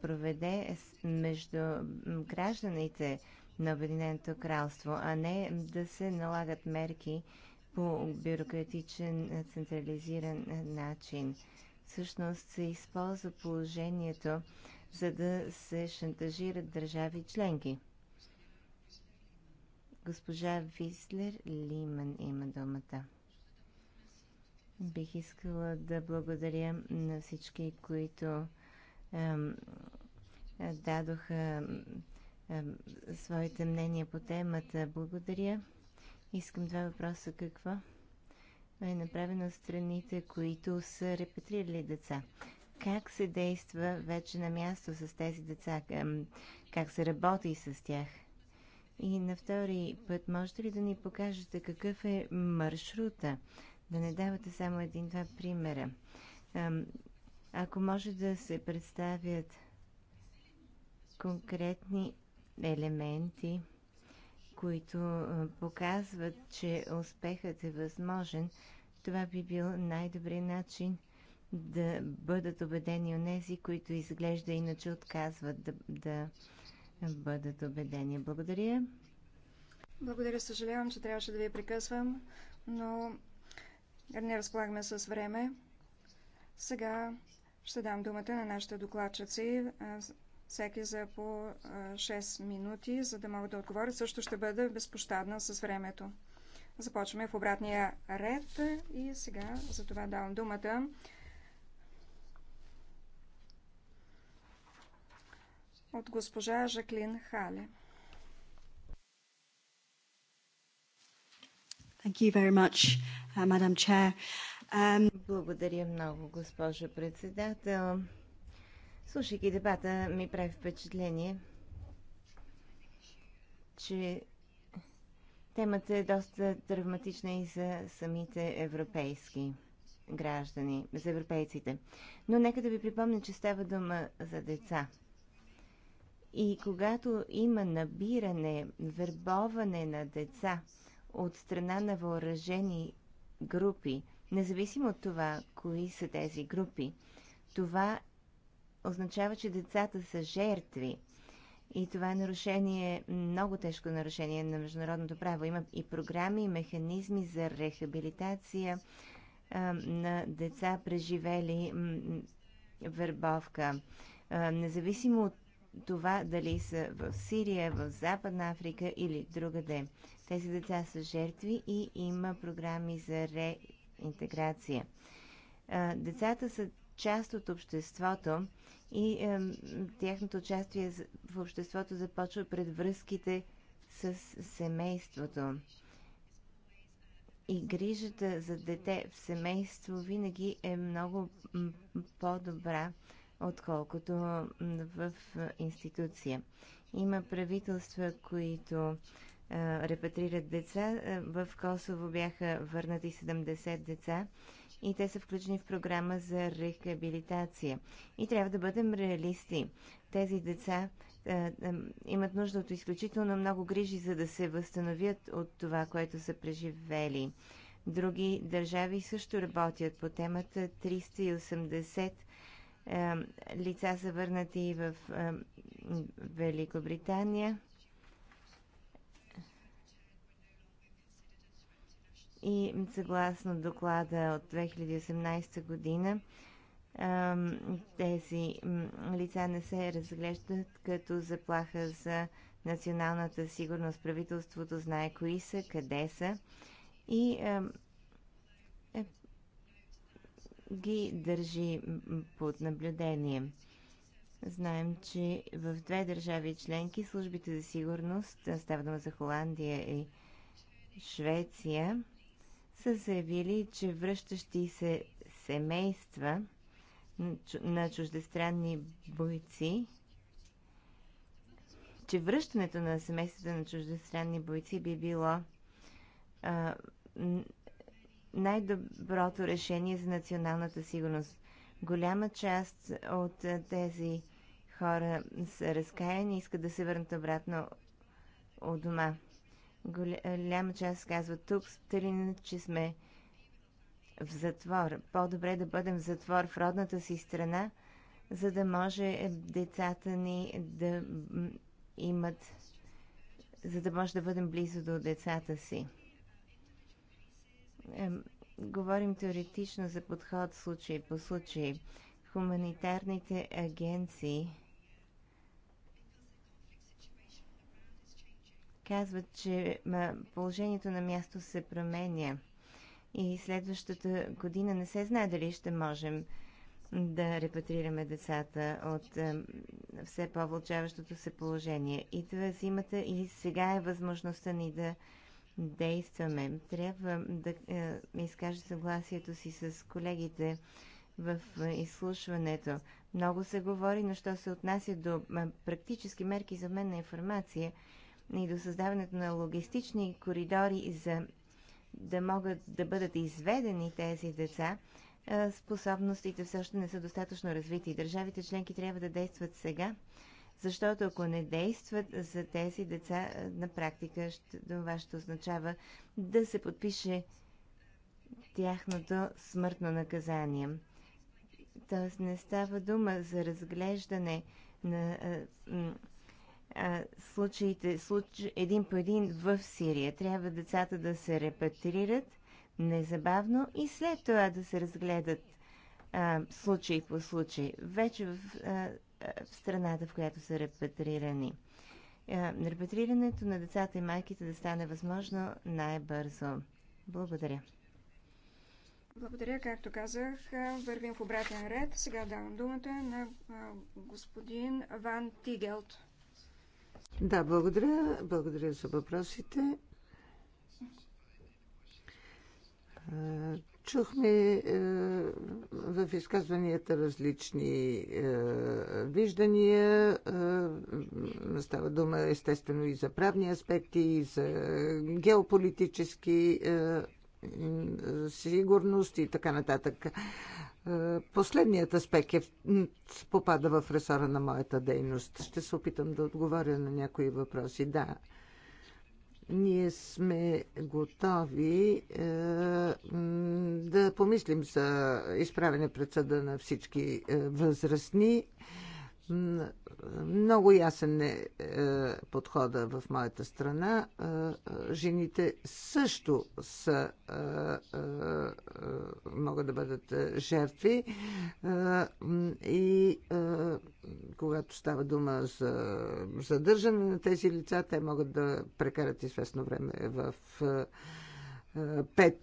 проведе между гражданите на Обединеното кралство, а не да се налагат мерки по бюрократичен, централизиран начин. Всъщност се използва положението, за да се шантажират държави членки. Госпожа Вислер Лиман има думата. Бих искала да благодаря на всички, които ем, дадоха ем, своите мнения по темата. Благодаря Искам два въпроса. Какво е направено от страните, които са репатрирали деца? Как се действа вече на място с тези деца? Как се работи с тях? И на втори път, можете ли да ни покажете какъв е маршрута? Да не давате само един-два примера. Ако може да се представят конкретни елементи които показват, че успехът е възможен, това би бил най-добрият начин да бъдат убедени тези, които изглежда иначе отказват да, да бъдат убедени. Благодаря. Благодаря, съжалявам, че трябваше да ви прекъсвам, но не разполагаме с време. Сега ще дам думата на нашите докладчици всеки за по 6 минути, за да могат да отговорят. Също ще бъда безпощадна с времето. Започваме в обратния ред и сега за това давам думата от госпожа Жаклин Хале. Thank you very much, uh, Madam Chair. Um... Благодаря много, госпожа председател. Слушайки дебата, ми прави впечатление, че темата е доста травматична и за самите европейски граждани, за европейците. Но нека да ви припомня, че става дума за деца. И когато има набиране, вербоване на деца от страна на въоръжени групи, независимо от това, кои са тези групи, това означава, че децата са жертви. И това е нарушение, много тежко нарушение на международното право. Има и програми, и механизми за рехабилитация а, на деца, преживели вербовка. А, независимо от това дали са в Сирия, в Западна Африка или другаде. Тези деца са жертви и има програми за реинтеграция. А, децата са част от обществото и е, тяхното участие в обществото започва пред връзките с семейството. И грижата за дете в семейство винаги е много по-добра, отколкото в институция. Има правителства, които репатрират деца. В Косово бяха върнати 70 деца и те са включени в програма за рехабилитация. И трябва да бъдем реалисти. Тези деца а, а, имат нужда от изключително много грижи, за да се възстановят от това, което са преживели. Други държави също работят по темата. 380 лица са върнати в Великобритания. и съгласно доклада от 2018 година тези лица не се разглеждат като заплаха за националната сигурност. Правителството знае кои са, къде са и е, ги държи под наблюдение. Знаем, че в две държави членки службите за сигурност, става дума за Холандия и Швеция, са заявили, че връщащи се семейства на чуждестранни бойци, че връщането на семействата на чуждестранни бойци би било най-доброто решение за националната сигурност. Голяма част от тези хора са разкаяни и искат да се върнат обратно от дома. Голяма е, част казва тук, Сталин, че сме в затвор. По-добре да бъдем в затвор в родната си страна, за да може децата ни да имат, за да може да бъдем близо до децата си. Говорим теоретично за подход случай по случай. Хуманитарните агенции казват, че положението на място се променя и следващата година не се знае дали ще можем да репатрираме децата от е, все по-вълчаващото се положение. И това зимата и сега е възможността ни да действаме. Трябва да е, изкажа съгласието си с колегите в е, изслушването. Много се говори, но що се отнася до практически мерки за мен на информация – и до създаването на логистични коридори, за да могат да бъдат изведени тези деца, способностите все още не са достатъчно развити. Държавите членки трябва да действат сега, защото ако не действат за тези деца, на практика това ще означава да се подпише тяхното смъртно наказание. Тоест не става дума за разглеждане на случаите случ... един по един в Сирия. Трябва децата да се репатрират незабавно и след това да се разгледат а, случай по случай, вече в, а, в страната, в която са репатрирани. А, репатрирането на децата и майките да стане възможно най-бързо. Благодаря. Благодаря, както казах, вървим в обратен ред. Сега давам думата на господин Ван Тигелт. Да, благодаря. Благодаря за въпросите. Чухме в изказванията различни виждания. Става дума естествено и за правни аспекти, и за геополитически сигурност и така нататък. Е, последният аспект е, попада в ресора на моята дейност. Ще се опитам да отговоря на някои въпроси. Да, ние сме готови е, да помислим за изправене пред съда на всички е, възрастни. Е, много ясен е, е подхода в моята страна. Е, е, жените също са, могат да бъдат жертви. И когато става дума за задържане на тези лица, те могат да прекарат известно време в пет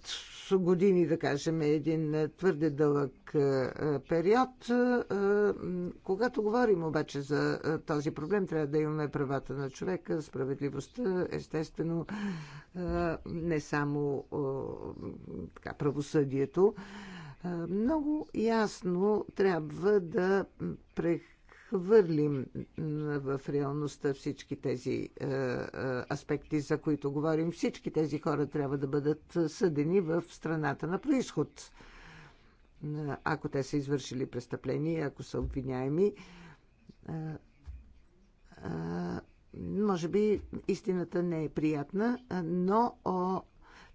години, да кажем, е един твърде дълъг е, период. Е, когато говорим обаче за този проблем, трябва да имаме правата на човека, справедливостта, естествено, не само така, правосъдието. Много ясно трябва да прех хвърлим в реалността всички тези е, е, аспекти, за които говорим. Всички тези хора трябва да бъдат съдени в страната на происход. Е, ако те са извършили престъпление, ако са обвиняеми, може би истината не е приятна, но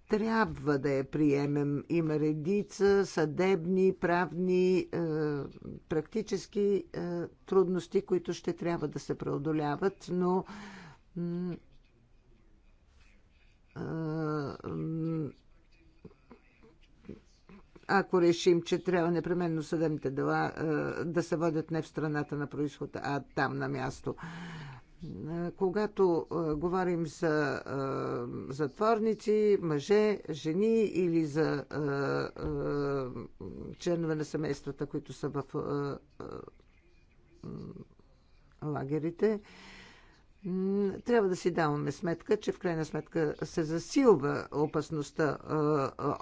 трябва да я приемем. Има редица съдебни, правни, е, практически е, трудности, които ще трябва да се преодоляват, но е, ако решим, че трябва непременно съдебните дела е, да се водят не в страната на происход, а там на място. Е, когато е, говорим за е, затворници, мъже, жени или за членове на семействата, които са в лагерите, трябва да си даваме сметка, че в крайна сметка се засилва опасността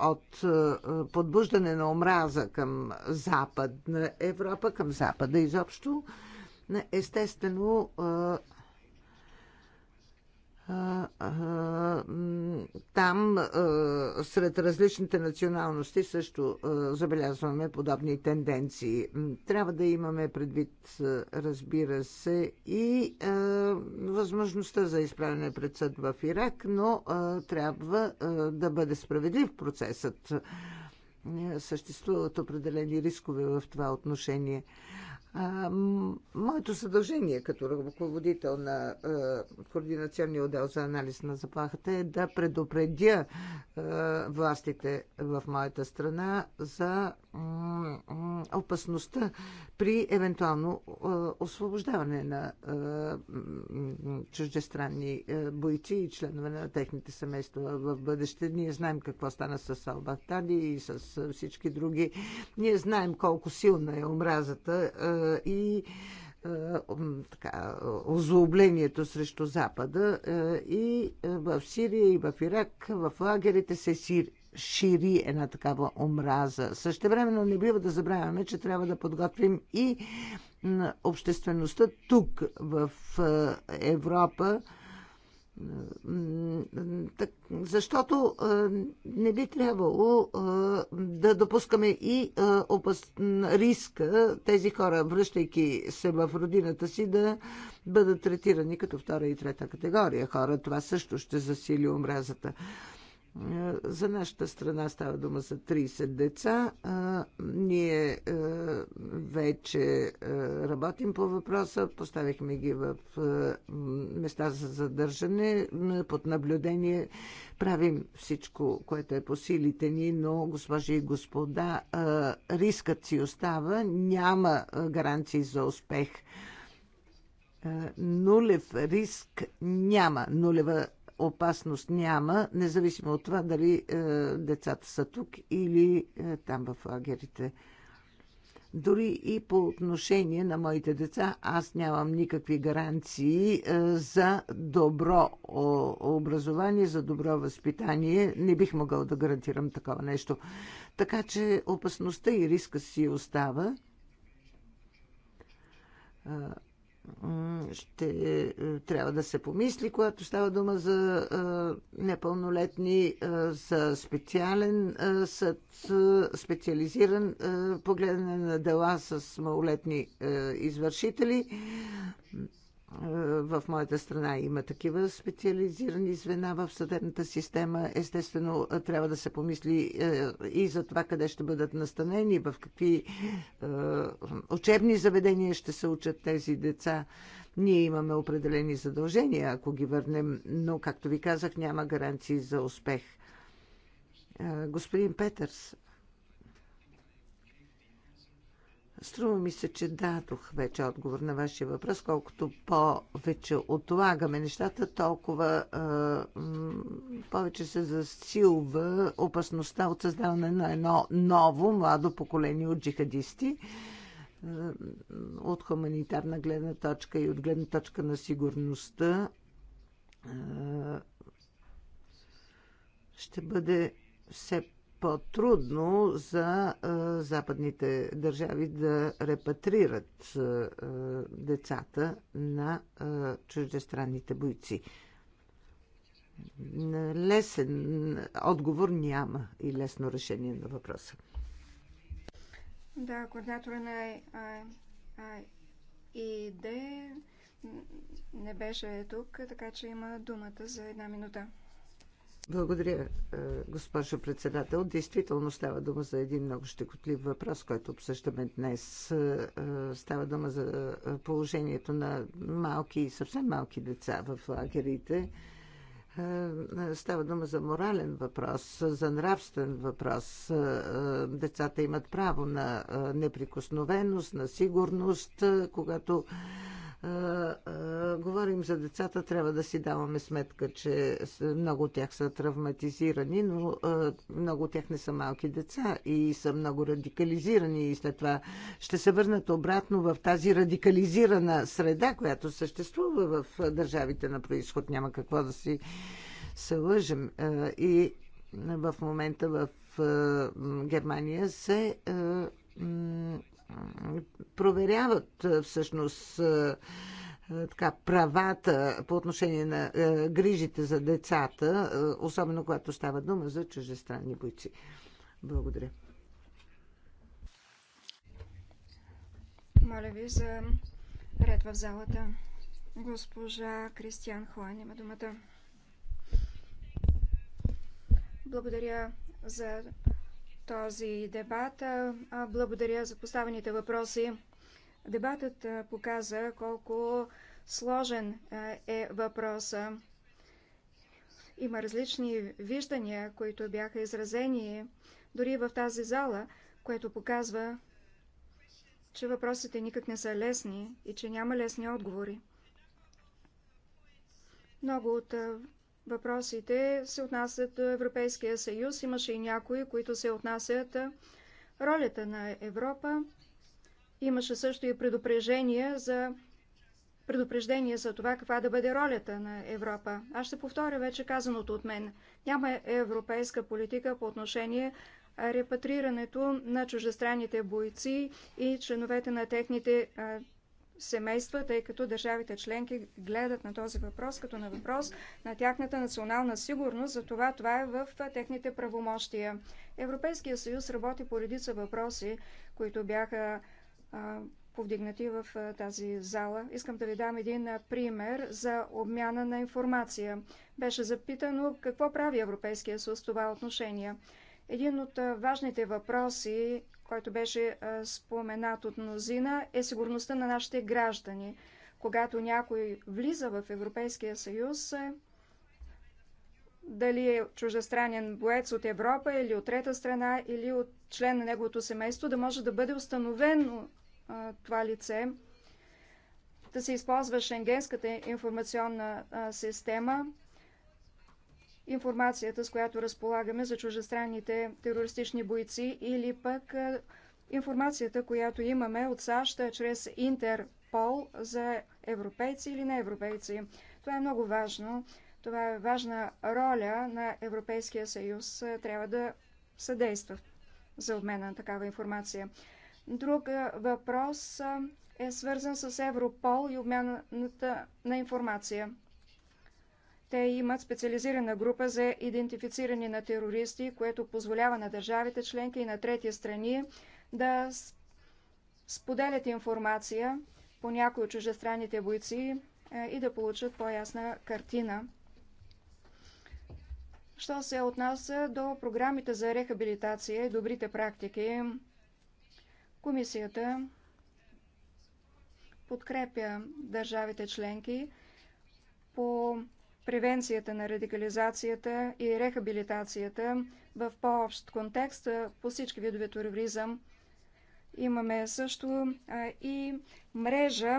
от подбуждане на омраза към Западна Европа, към Запада изобщо. Естествено, там сред различните националности също забелязваме подобни тенденции. Трябва да имаме предвид, разбира се, и възможността за изправяне пред съд в Ирак, но трябва да бъде справедлив процесът. Е, съществуват определени рискове в това отношение моето съдължение като ръководител на координационния отдел за анализ на заплахата е да предупредя властите в моята страна за опасността при евентуално освобождаване на чуждестранни бойци и членове на техните семейства в бъдеще. Ние знаем какво стана с Салбатали и с всички други. Ние знаем колко силна е омразата и така, озлоблението срещу Запада и в Сирия и в Ирак, в лагерите се сир, шири една такава омраза. времено не бива да забравяме, че трябва да подготвим и обществеността тук в Европа защото не би трябвало да допускаме и риска тези хора, връщайки се в родината си, да бъдат третирани като втора и трета категория хора. Това също ще засили омразата. Е, за нашата страна става дума за 30 деца. Е, ние е, вече работим по въпроса, поставихме ги в места за задържане, под наблюдение. Правим всичко, което е по силите ни, но, госпожи и господа, рискът си остава. Няма гаранции за успех нулев риск няма, нулева опасност няма, независимо от това дали е, децата са тук или е, там в лагерите. Дори и по отношение на моите деца, аз нямам никакви гаранции е, за добро образование, за добро възпитание. Не бих могъл да гарантирам такова нещо. Така че опасността и риска си остава е, ще е, трябва да се помисли, когато става дума за е, непълнолетни, е, за специален съд, специализиран погледане на дела с малолетни извършители. В моята страна има такива специализирани звена в съдебната система. Естествено, трябва да се помисли е, и за това къде ще бъдат настанени, в какви е, учебни заведения ще се учат тези деца. Ние имаме определени задължения, ако ги върнем, но, както ви казах, няма гаранции за успех. Е, господин Петърс, Струва ми се, че дадох вече отговор на вашия въпрос. Колкото повече отлагаме нещата, толкова е, повече се засилва опасността от създаване на едно ново младо поколение от джихадисти от хуманитарна гледна точка и от гледна точка на сигурността. Е, ще бъде все по-трудно за западните държави да репатрират децата на чуждестранните бойци. Лесен отговор няма и лесно решение на въпроса. Да, координатора на ИД не беше тук, така че има думата за една минута. Благодаря, е, госпожо председател. Действително става дума за един много щекотлив въпрос, който обсъждаме днес. Е, е, става дума за положението на малки и съвсем малки деца в лагерите. Става дума за морален въпрос, за нравствен въпрос. Децата имат право на неприкосновеност, на сигурност, когато говорим за децата, трябва да си даваме сметка, че много от тях са травматизирани, но много от тях не са малки деца и са много радикализирани и след това ще се върнат обратно в тази радикализирана среда, която съществува в държавите на происход. Няма какво да си се лъжем. И в момента в Германия се проверяват всъщност така, правата по отношение на грижите за децата, особено когато става дума за чужестранни бойци. Благодаря. Моля ви за ред в залата. Госпожа Кристиан Хоен има думата. Благодаря за този дебат. Благодаря за поставените въпроси. Дебатът показа колко сложен е въпроса. Има различни виждания, които бяха изразени дори в тази зала, което показва, че въпросите никак не са лесни и че няма лесни отговори. Много от Въпросите се отнасят до Европейския съюз. Имаше и някои, които се отнасят ролята на Европа. Имаше също и предупреждение за предупреждение за това каква да бъде ролята на Европа. Аз ще повторя вече казаното от мен. Няма европейска политика по отношение репатрирането на чуждестранните бойци и членовете на техните а, семейства, тъй като държавите членки гледат на този въпрос като на въпрос на тяхната национална сигурност, затова това е в техните правомощия. Европейския съюз работи по редица въпроси, които бяха повдигнати в тази зала. Искам да ви дам един пример за обмяна на информация. Беше запитано какво прави Европейския съюз в това отношение. Един от важните въпроси, който беше споменат от мнозина, е сигурността на нашите граждани. Когато някой влиза в Европейския съюз, е, дали е чуждестранен боец от Европа или от трета страна, или от член на неговото семейство, да може да бъде установено това лице, да се използва шенгенската информационна система, информацията, с която разполагаме за чужестранните терористични бойци или пък информацията, която имаме от САЩ чрез Интерпол за европейци или не европейци. Това е много важно. Това е важна роля на Европейския съюз. Трябва да съдейства за обмена на такава информация. Друг въпрос е свързан с Европол и обмяната на информация. Те имат специализирана група за идентифициране на терористи, което позволява на държавите членки и на трети страни да споделят информация по някои от чужестранните бойци е, и да получат по-ясна картина. Що се отнася до програмите за рехабилитация и добрите практики, комисията подкрепя държавите членки по превенцията на радикализацията и рехабилитацията в по-общ контекст по всички видове тероризъм. Имаме също и мрежа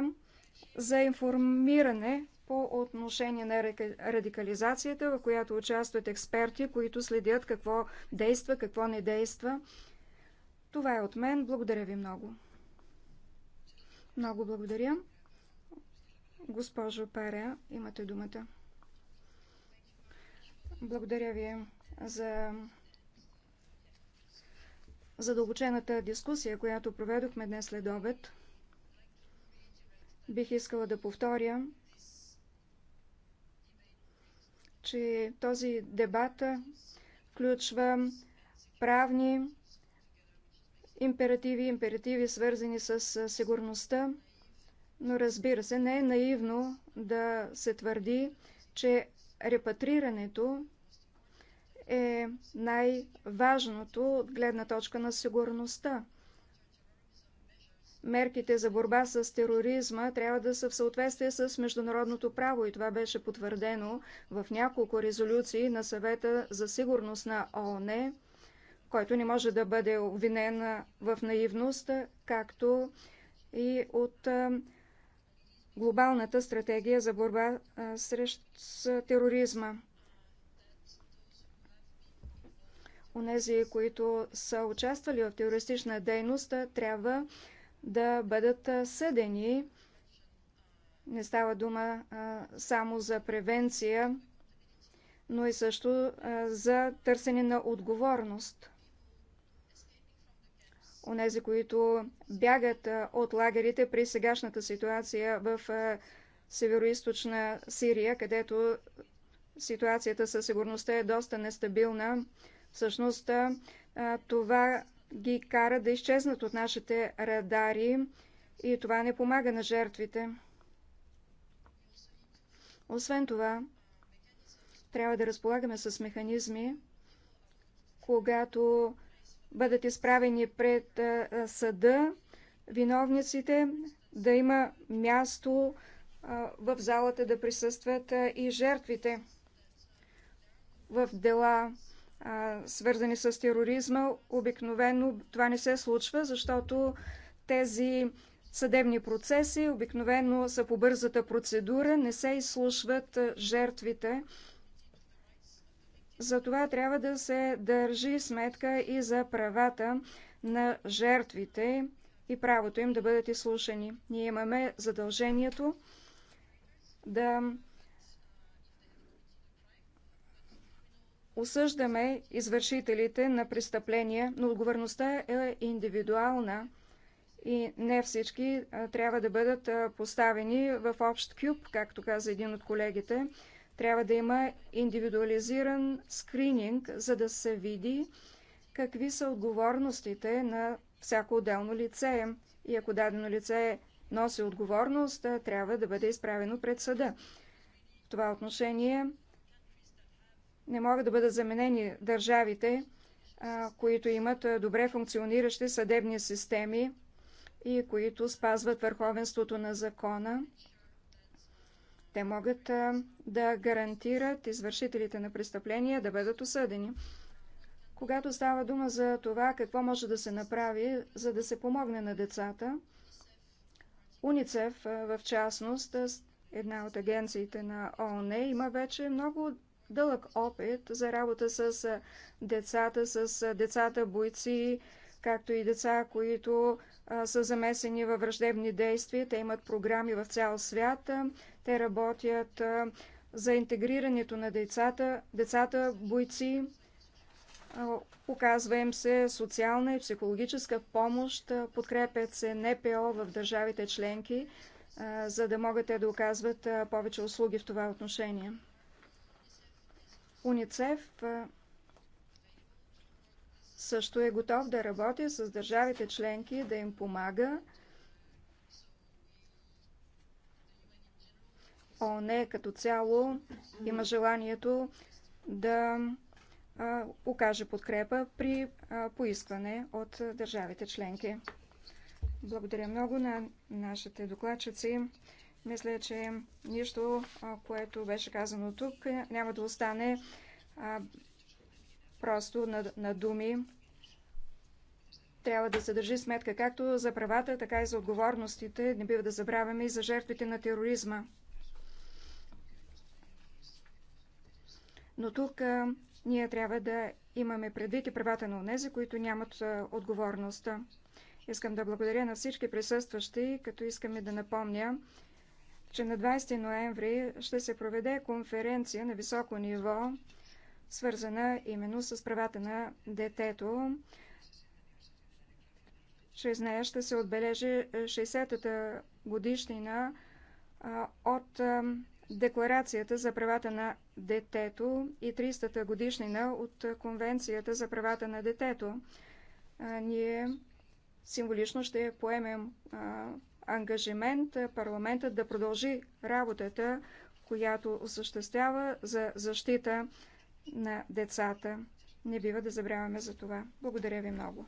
за информиране по отношение на радикализацията, в която участват експерти, които следят какво действа, какво не действа. Това е от мен. Благодаря ви много. Много благодаря. Госпожо Паря, имате думата. Благодаря ви за задълбочената дискусия, която проведохме днес след обед. Бих искала да повторя, че този дебат включва правни императиви, императиви свързани с сигурността, но разбира се, не е наивно да се твърди, че репатрирането е най-важното от гледна точка на сигурността. Мерките за борба с тероризма трябва да са в съответствие с международното право и това беше потвърдено в няколко резолюции на съвета за сигурност на ООН, който не може да бъде обвинен в наивност, както и от глобалната стратегия за борба срещу тероризма. Онези, които са участвали в терористична дейност, трябва да бъдат съдени. Не става дума само за превенция, но и също за търсене на отговорност. Онези, които бягат от лагерите при сегашната ситуация в Северо-Источна Сирия, където ситуацията със сигурността е доста нестабилна, Всъщност това ги кара да изчезнат от нашите радари и това не помага на жертвите. Освен това, трябва да разполагаме с механизми, когато бъдат изправени пред съда, виновниците да има място в залата да присъстват и жертвите. В дела свързани с тероризма. Обикновено това не се случва, защото тези съдебни процеси обикновено са по бързата процедура, не се изслушват жертвите. Затова трябва да се държи сметка и за правата на жертвите и правото им да бъдат изслушани. Ние имаме задължението да осъждаме извършителите на престъпления, но отговорността е индивидуална и не всички трябва да бъдат поставени в общ кюб, както каза един от колегите. Трябва да има индивидуализиран скрининг, за да се види какви са отговорностите на всяко отделно лице. И ако дадено лице носи отговорност, трябва да бъде изправено пред съда. В това отношение не могат да бъдат заменени държавите, които имат добре функциониращи съдебни системи и които спазват върховенството на закона. Те могат да гарантират извършителите на престъпления да бъдат осъдени. Когато става дума за това какво може да се направи, за да се помогне на децата, УНИЦЕФ в частност, една от агенциите на ООН, има вече много дълъг опит за работа с децата, с децата бойци, както и деца, които а, са замесени във враждебни действия. Те имат програми в цял свят. Те работят а, за интегрирането на децата, децата бойци. Оказва им се социална и психологическа помощ, подкрепят се НПО в държавите членки, за да могат те да оказват повече услуги в това отношение. УНИЦЕФ също е готов да работи с държавите членки, да им помага. ООН е като цяло има желанието да а, окаже подкрепа при а, поискване от държавите членки. Благодаря много на нашите докладчици. Мисля, че нищо, което беше казано тук, няма да остане а, просто на, на думи. Трябва да се държи сметка както за правата, така и за отговорностите. Не бива да забравяме и за жертвите на тероризма. Но тук а, ние трябва да имаме предвид и правата на онези, които нямат а, отговорността. Искам да благодаря на всички присъстващи, като искаме да напомня, че на 20 ноември ще се проведе конференция на високо ниво, свързана именно с правата на детето. Чрез нея ще се отбележи 60-та годишнина от Декларацията за правата на детето и 300-та годишнина от Конвенцията за правата на детето. Ние символично ще поемем ангажимент парламентът да продължи работата, която осъществява за защита на децата. Не бива да забравяме за това. Благодаря ви много.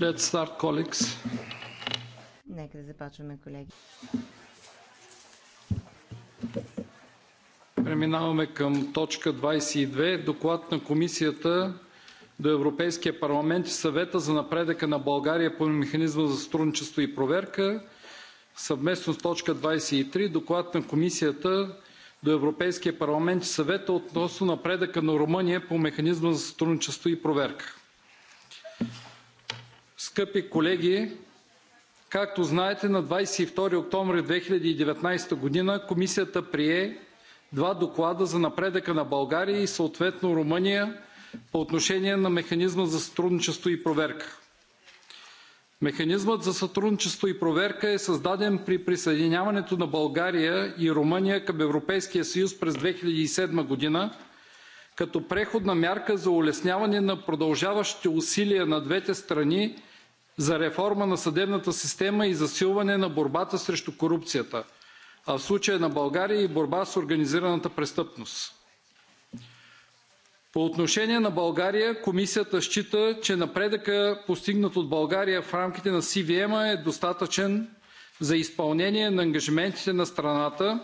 Let's start, colleagues. Нека да започваме, колеги. Преминаваме към точка 22. Доклад на Комисията до Европейския парламент и Съвета за напредъка на България по механизма за сътрудничество и проверка. Съвместно с точка 23. Доклад на Комисията до Европейския парламент и Съвета относно напредъка на Румъния по механизма за сътрудничество и проверка. Скъпи колеги, както знаете, на 22 октомври 2019 година Комисията прие два доклада за напредъка на България и съответно Румъния по отношение на механизма за сътрудничество и проверка. Механизмът за сътрудничество и проверка е създаден при присъединяването на България и Румъния към Европейския съюз през 2007 година като преходна мярка за улесняване на продължаващите усилия на двете страни за реформа на съдебната система и засилване на борбата срещу корупцията, а в случая на България и борба с организираната престъпност. По отношение на България Комисията счита, че напредъкът, постигнат от България в рамките на CVM, е достатъчен за изпълнение на ангажиментите на страната,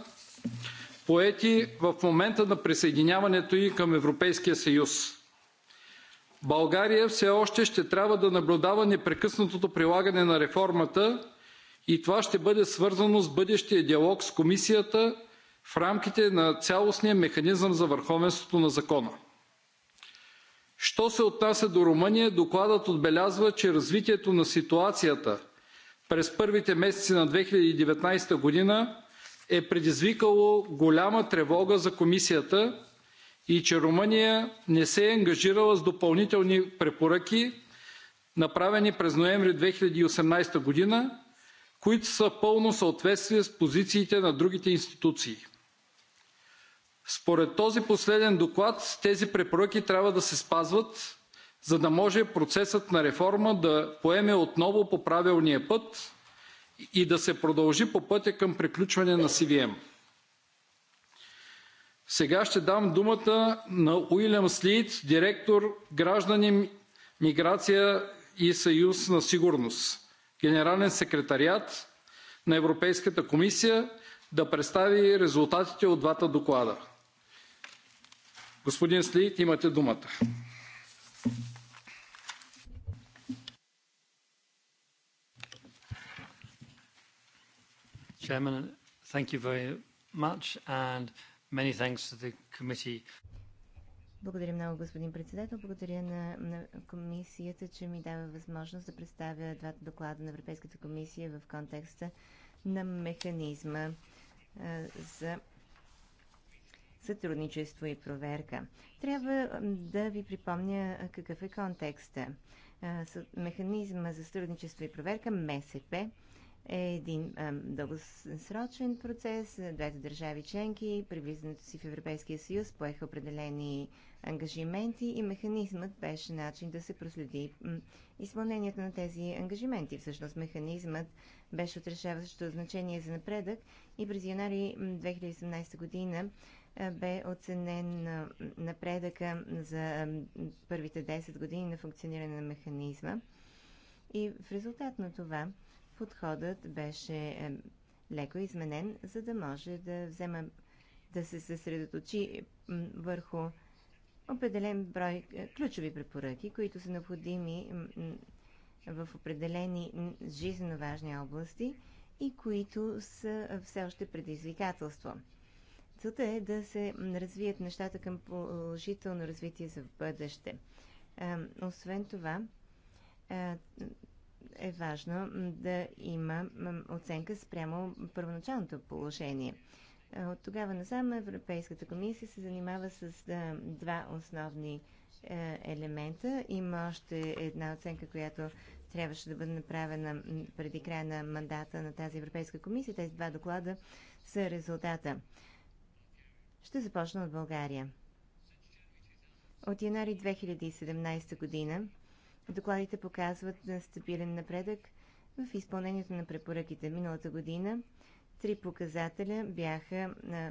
поети в момента на присъединяването ѝ към Европейския съюз. България все още ще трябва да наблюдава непрекъснатото прилагане на реформата и това ще бъде свързано с бъдещия диалог с Комисията в рамките на цялостния механизъм за върховенството на закона. Що се отнася до Румъния, докладът отбелязва, че развитието на ситуацията през първите месеци на 2019 година е предизвикало голяма тревога за Комисията и че Румъния не се е ангажирала с допълнителни препоръки, направени през ноември 2018 година, които са в пълно съответствие с позициите на другите институции. Според този последен доклад тези препоръки трябва да се спазват, за да може процесът на реформа да поеме отново по правилния път и да се продължи по пътя към приключване на CVM. Сега ще дам думата на Уилям Слит, директор „Граждани, миграция и съюз на сигурност“, Генерален секретариат на Европейската комисия, да представи резултатите от двата доклада. Господин Слит, имате думата. Chairman, thank you very much. And Many thanks to the committee. Благодаря много, господин председател. Благодаря на, на комисията, че ми дава възможност да представя двата доклада на Европейската комисия в контекста на механизма а, за сътрудничество и проверка. Трябва да ви припомня какъв е контекста. Механизма за сътрудничество и проверка МСП е един а, дългосрочен процес. Двете държави членки, приблизането си в Европейския съюз, поеха определени ангажименти и механизмът беше начин да се проследи изпълнението на тези ангажименти. Всъщност механизмът беше отрешаващо значение за напредък и през януари 2017 година бе оценен напредъка за първите 10 години на функциониране на механизма. И в резултат на това подходът беше е, леко изменен, за да може да взема да се съсредоточи върху определен брой е, ключови препоръки, които са необходими в определени жизненно важни области и които са все още предизвикателство. Целта е да се развият нещата към положително развитие за в бъдеще. Освен това, е, е важно да има оценка спрямо първоначалното положение. От тогава насам Европейската комисия се занимава с два основни е, елемента. Има още една оценка, която трябваше да бъде направена преди края на мандата на тази Европейска комисия. Тези два доклада са резултата. Ще започна от България. От януари 2017 година Докладите показват на стабилен напредък в изпълнението на препоръките. Миналата година три показателя бяха а,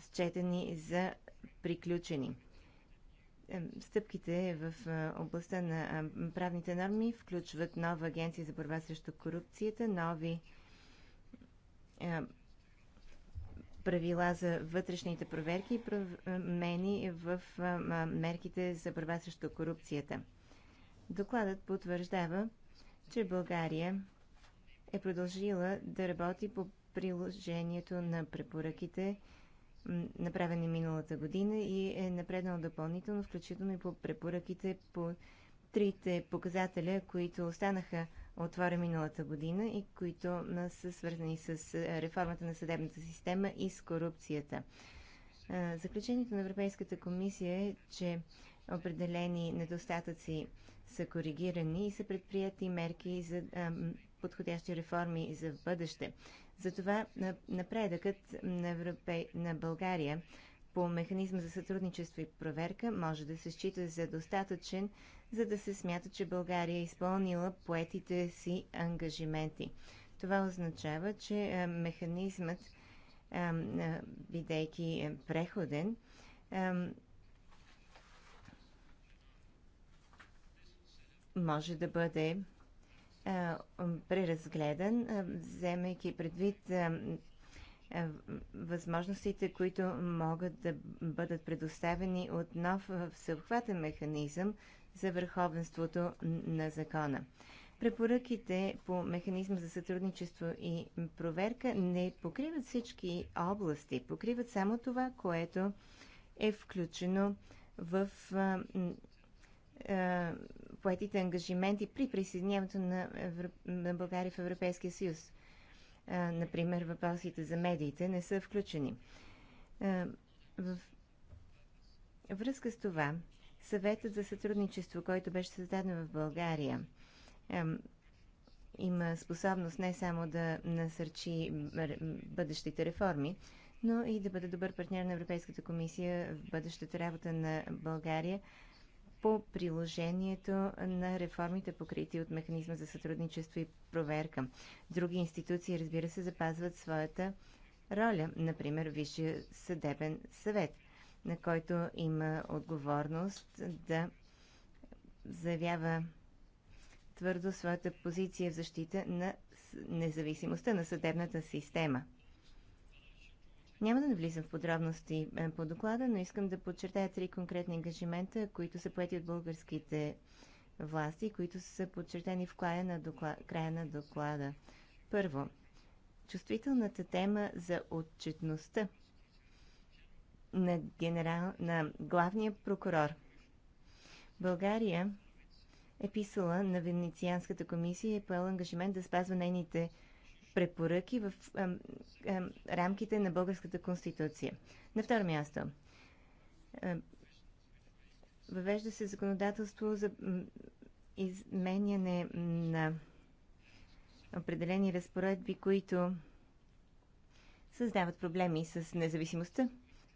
счетени за приключени. Стъпките в областта на правните норми включват нова агенция за борба срещу корупцията, нови правила за вътрешните проверки и промени в мерките за борба срещу корупцията. Докладът потвърждава, че България е продължила да работи по приложението на препоръките, направени миналата година и е напреднала допълнително, включително и по препоръките по трите показателя, които останаха отворя миналата година и които са свързани с е, реформата на съдебната система и с корупцията. Е, заключението на Европейската комисия е, че определени недостатъци са коригирани и са предприяти мерки за а, подходящи реформи за бъдеще. Затова напредъкът на, Европе... на България по механизма за сътрудничество и проверка може да се счита за достатъчен, за да се смята, че България е изпълнила поетите си ангажименти. Това означава, че механизмът, бидейки преходен, може да бъде е, преразгледан, е, вземайки предвид е, възможностите, които могат да бъдат предоставени от нов всеобхватен механизъм за върховенството на закона. Препоръките по механизма за сътрудничество и проверка не покриват всички области, покриват само това, което е включено в поетите ангажименти при присъединяването на, Евро... на България в Европейския съюз. А, например, въпросите за медиите не са включени. А, в връзка с това, съветът за сътрудничество, който беше създаден в България, а, има способност не само да насърчи бъдещите реформи, но и да бъде добър партньор на Европейската комисия в бъдещата работа на България по приложението на реформите, покрити от механизма за сътрудничество и проверка. Други институции, разбира се, запазват своята роля, например Висшия съдебен съвет, на който има отговорност да заявява твърдо своята позиция в защита на независимостта на съдебната система – няма да навлизам в подробности е, по доклада, но искам да подчертая три конкретни ангажимента, които са поети от българските власти, които са подчертани в края на, доклад, края на доклада. Първо, чувствителната тема за отчетността на, генерал, на главния прокурор. България е писала на Венецианската комисия и е поел ангажимент да спазва нейните препоръки в ам, ам, рамките на Българската конституция. На второ място. Ам, въвежда се законодателство за изменяне на определени разпоредби, които създават проблеми с независимостта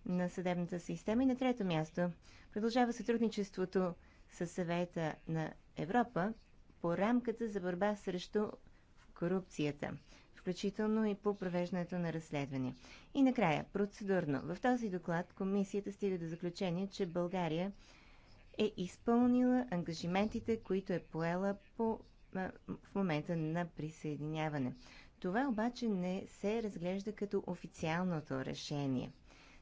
на съдебната система. И на трето място продължава сътрудничеството с съвета на Европа по рамката за борба срещу корупцията включително и по провеждането на разследвания. И накрая, процедурно, в този доклад комисията стига до заключение, че България е изпълнила ангажиментите, които е поела по, в момента на присъединяване. Това обаче не се разглежда като официалното решение.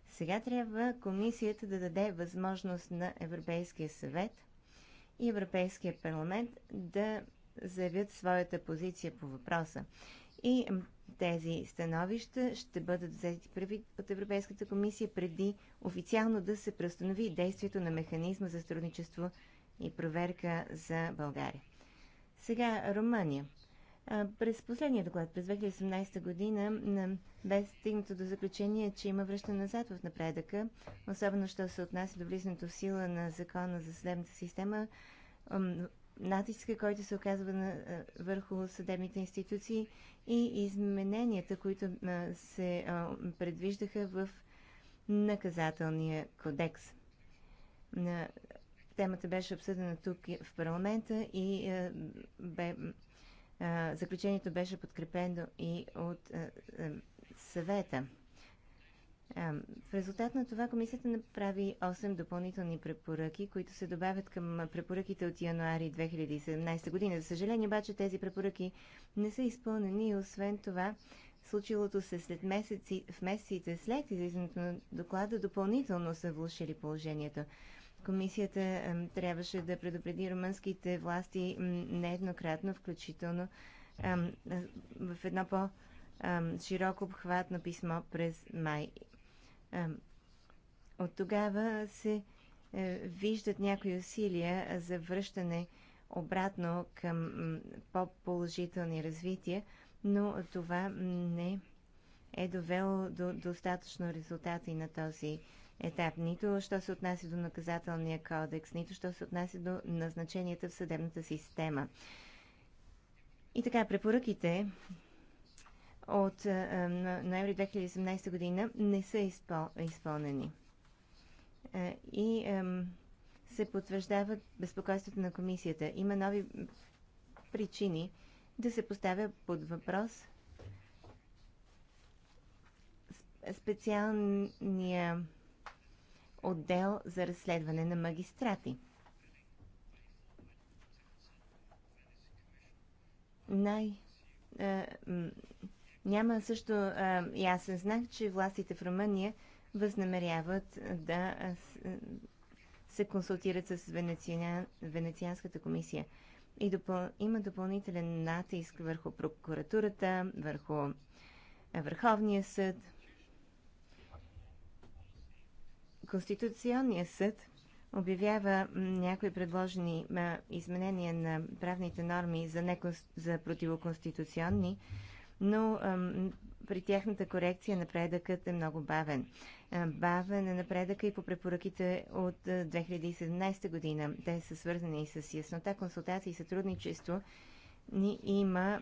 Сега трябва комисията да даде възможност на Европейския съвет и Европейския парламент да заявят своята позиция по въпроса. И тези становища ще бъдат взети прави от Европейската комисия преди официално да се преустанови действието на механизма за сътрудничество и проверка за България. Сега Румъния. През последния доклад, през 2018 година, бе стигнато до заключение, че има връщане назад в напредъка, особено що се отнася до влизането в сила на закона за съдебната система натиска, който се оказва на, върху съдебните институции и измененията, които се предвиждаха в наказателния кодекс. Темата беше обсъдена тук в парламента и бе, заключението беше подкрепено и от съвета. В резултат на това комисията направи 8 допълнителни препоръки, които се добавят към препоръките от януари 2017 година. За съжаление обаче тези препоръки не са изпълнени и освен това случилото се след месеци, в месеците след излизането на доклада допълнително са влушили положението. Комисията трябваше да предупреди румънските власти нееднократно, включително в едно по- широко обхватно писмо през май от тогава се е, виждат някои усилия за връщане обратно към по-положителни развития, но това не е довело до достатъчно резултати на този етап. Нито що се отнася до наказателния кодекс, нито що се отнася до назначенията в съдебната система. И така, препоръките от е, е, ноември 2017 година не са изпълнени. Е, и се потвърждава безпокойството на комисията. Има нови причини да се поставя под въпрос специалния отдел за разследване на магистрати. Най- няма също а, ясен знак, че властите в Румъния възнамеряват да се консултират с Венециан... Венецианската комисия. И допъл... има допълнителен натиск върху прокуратурата, върху Върховния съд, Конституционния съд обявява някои предложени изменения на правните норми за, некон... за противоконституционни, но ам, при тяхната корекция напредъкът е много бавен. Бавен е напредъка и по препоръките от 2017 година. Те са свързани и с яснота, консултации и сътрудничество. Ни има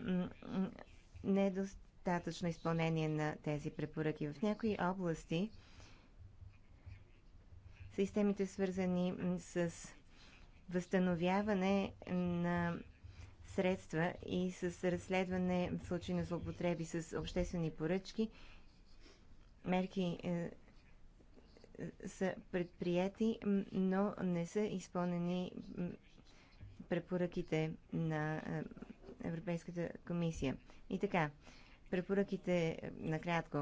недостатъчно изпълнение на тези препоръки. В някои области системите свързани с възстановяване на средства и с разследване в случай на злоупотреби с обществени поръчки. Мерки е, са предприяти, но не са изпълнени препоръките на е, Европейската комисия. И така, препоръките, е, накратко,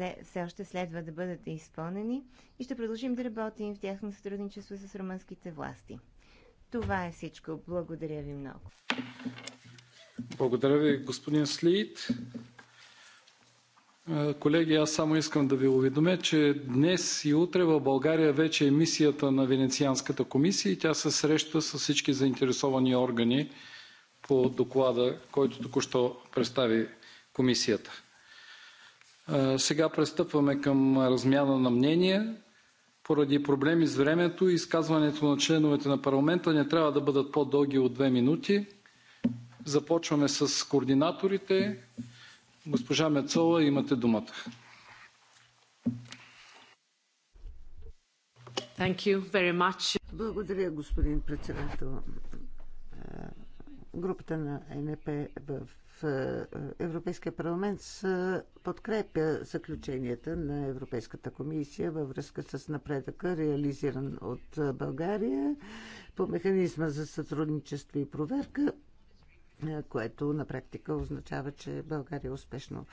е, все още следва да бъдат изпълнени и ще продължим да работим в тяхно сътрудничество с румънските власти. Това е всичко. Благодаря ви много. Благодаря ви, господин Слит. Е, колеги, аз само искам да ви уведомя, че днес и утре в България вече е мисията на Венецианската комисия и тя се среща с всички заинтересовани органи по доклада, който току-що представи комисията. Е, сега пристъпваме към размяна на мнения. Поради проблеми с времето изказването на членовете на парламента не трябва да бъдат по-дълги от две минути. Започваме с координаторите. Госпожа Мецола, имате думата. Благодаря, господин председател групата на НП в е, Европейския парламент е, подкрепя заключенията на Европейската комисия във връзка с напредъка, реализиран от е, България по механизма за сътрудничество и проверка което на практика означава, че България успешно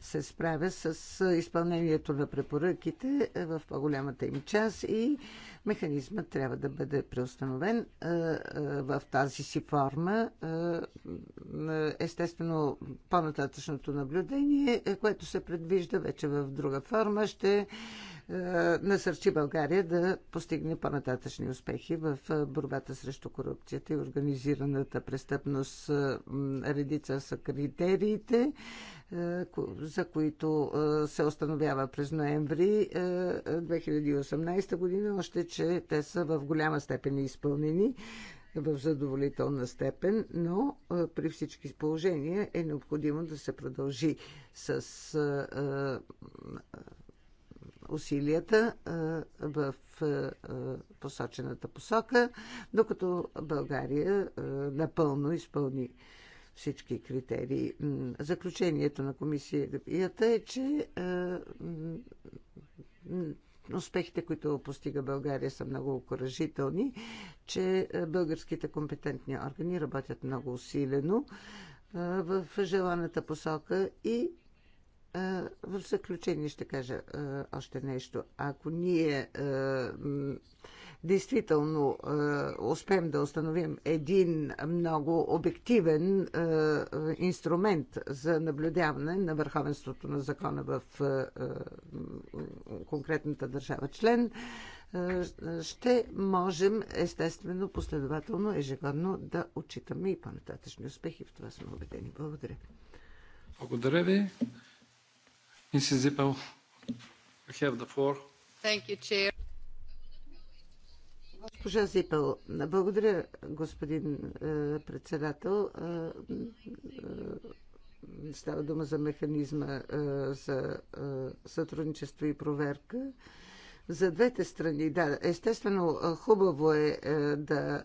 се справя с изпълнението на препоръките в по-голямата им част и механизмът трябва да бъде преустановен в тази си форма. Естествено, по-нататъчното наблюдение, което се предвижда вече в друга форма, ще е, насърчи България да постигне по-нататъчни успехи в е, борбата срещу корупцията и организираната престъпност. Е, редица са критериите, за които се установява през ноември 2018 година, още че те са в голяма степен изпълнени в задоволителна степен, но при всички положения е необходимо да се продължи с усилията в посочената посока, докато България напълно изпълни всички критерии. Заключението на комисията е, че успехите, които постига България, са много окоръжителни, че българските компетентни органи работят много усилено в желаната посока и в заключение ще кажа още нещо. Ако ние действително успеем да установим един много обективен инструмент за наблюдаване на върховенството на закона в конкретната държава член, ще можем естествено последователно, ежегодно да отчитаме и по-нататъчни успехи. В това сме убедени. Благодаря. Благодаря ви. Mrs. Zippel, you have the floor. Thank you, Chair. Госпожа Зипел, благодаря, господин е, председател. Е, е, става дума за механизма е, за е, сътрудничество и проверка. За двете страни, да, естествено, е, хубаво е, е да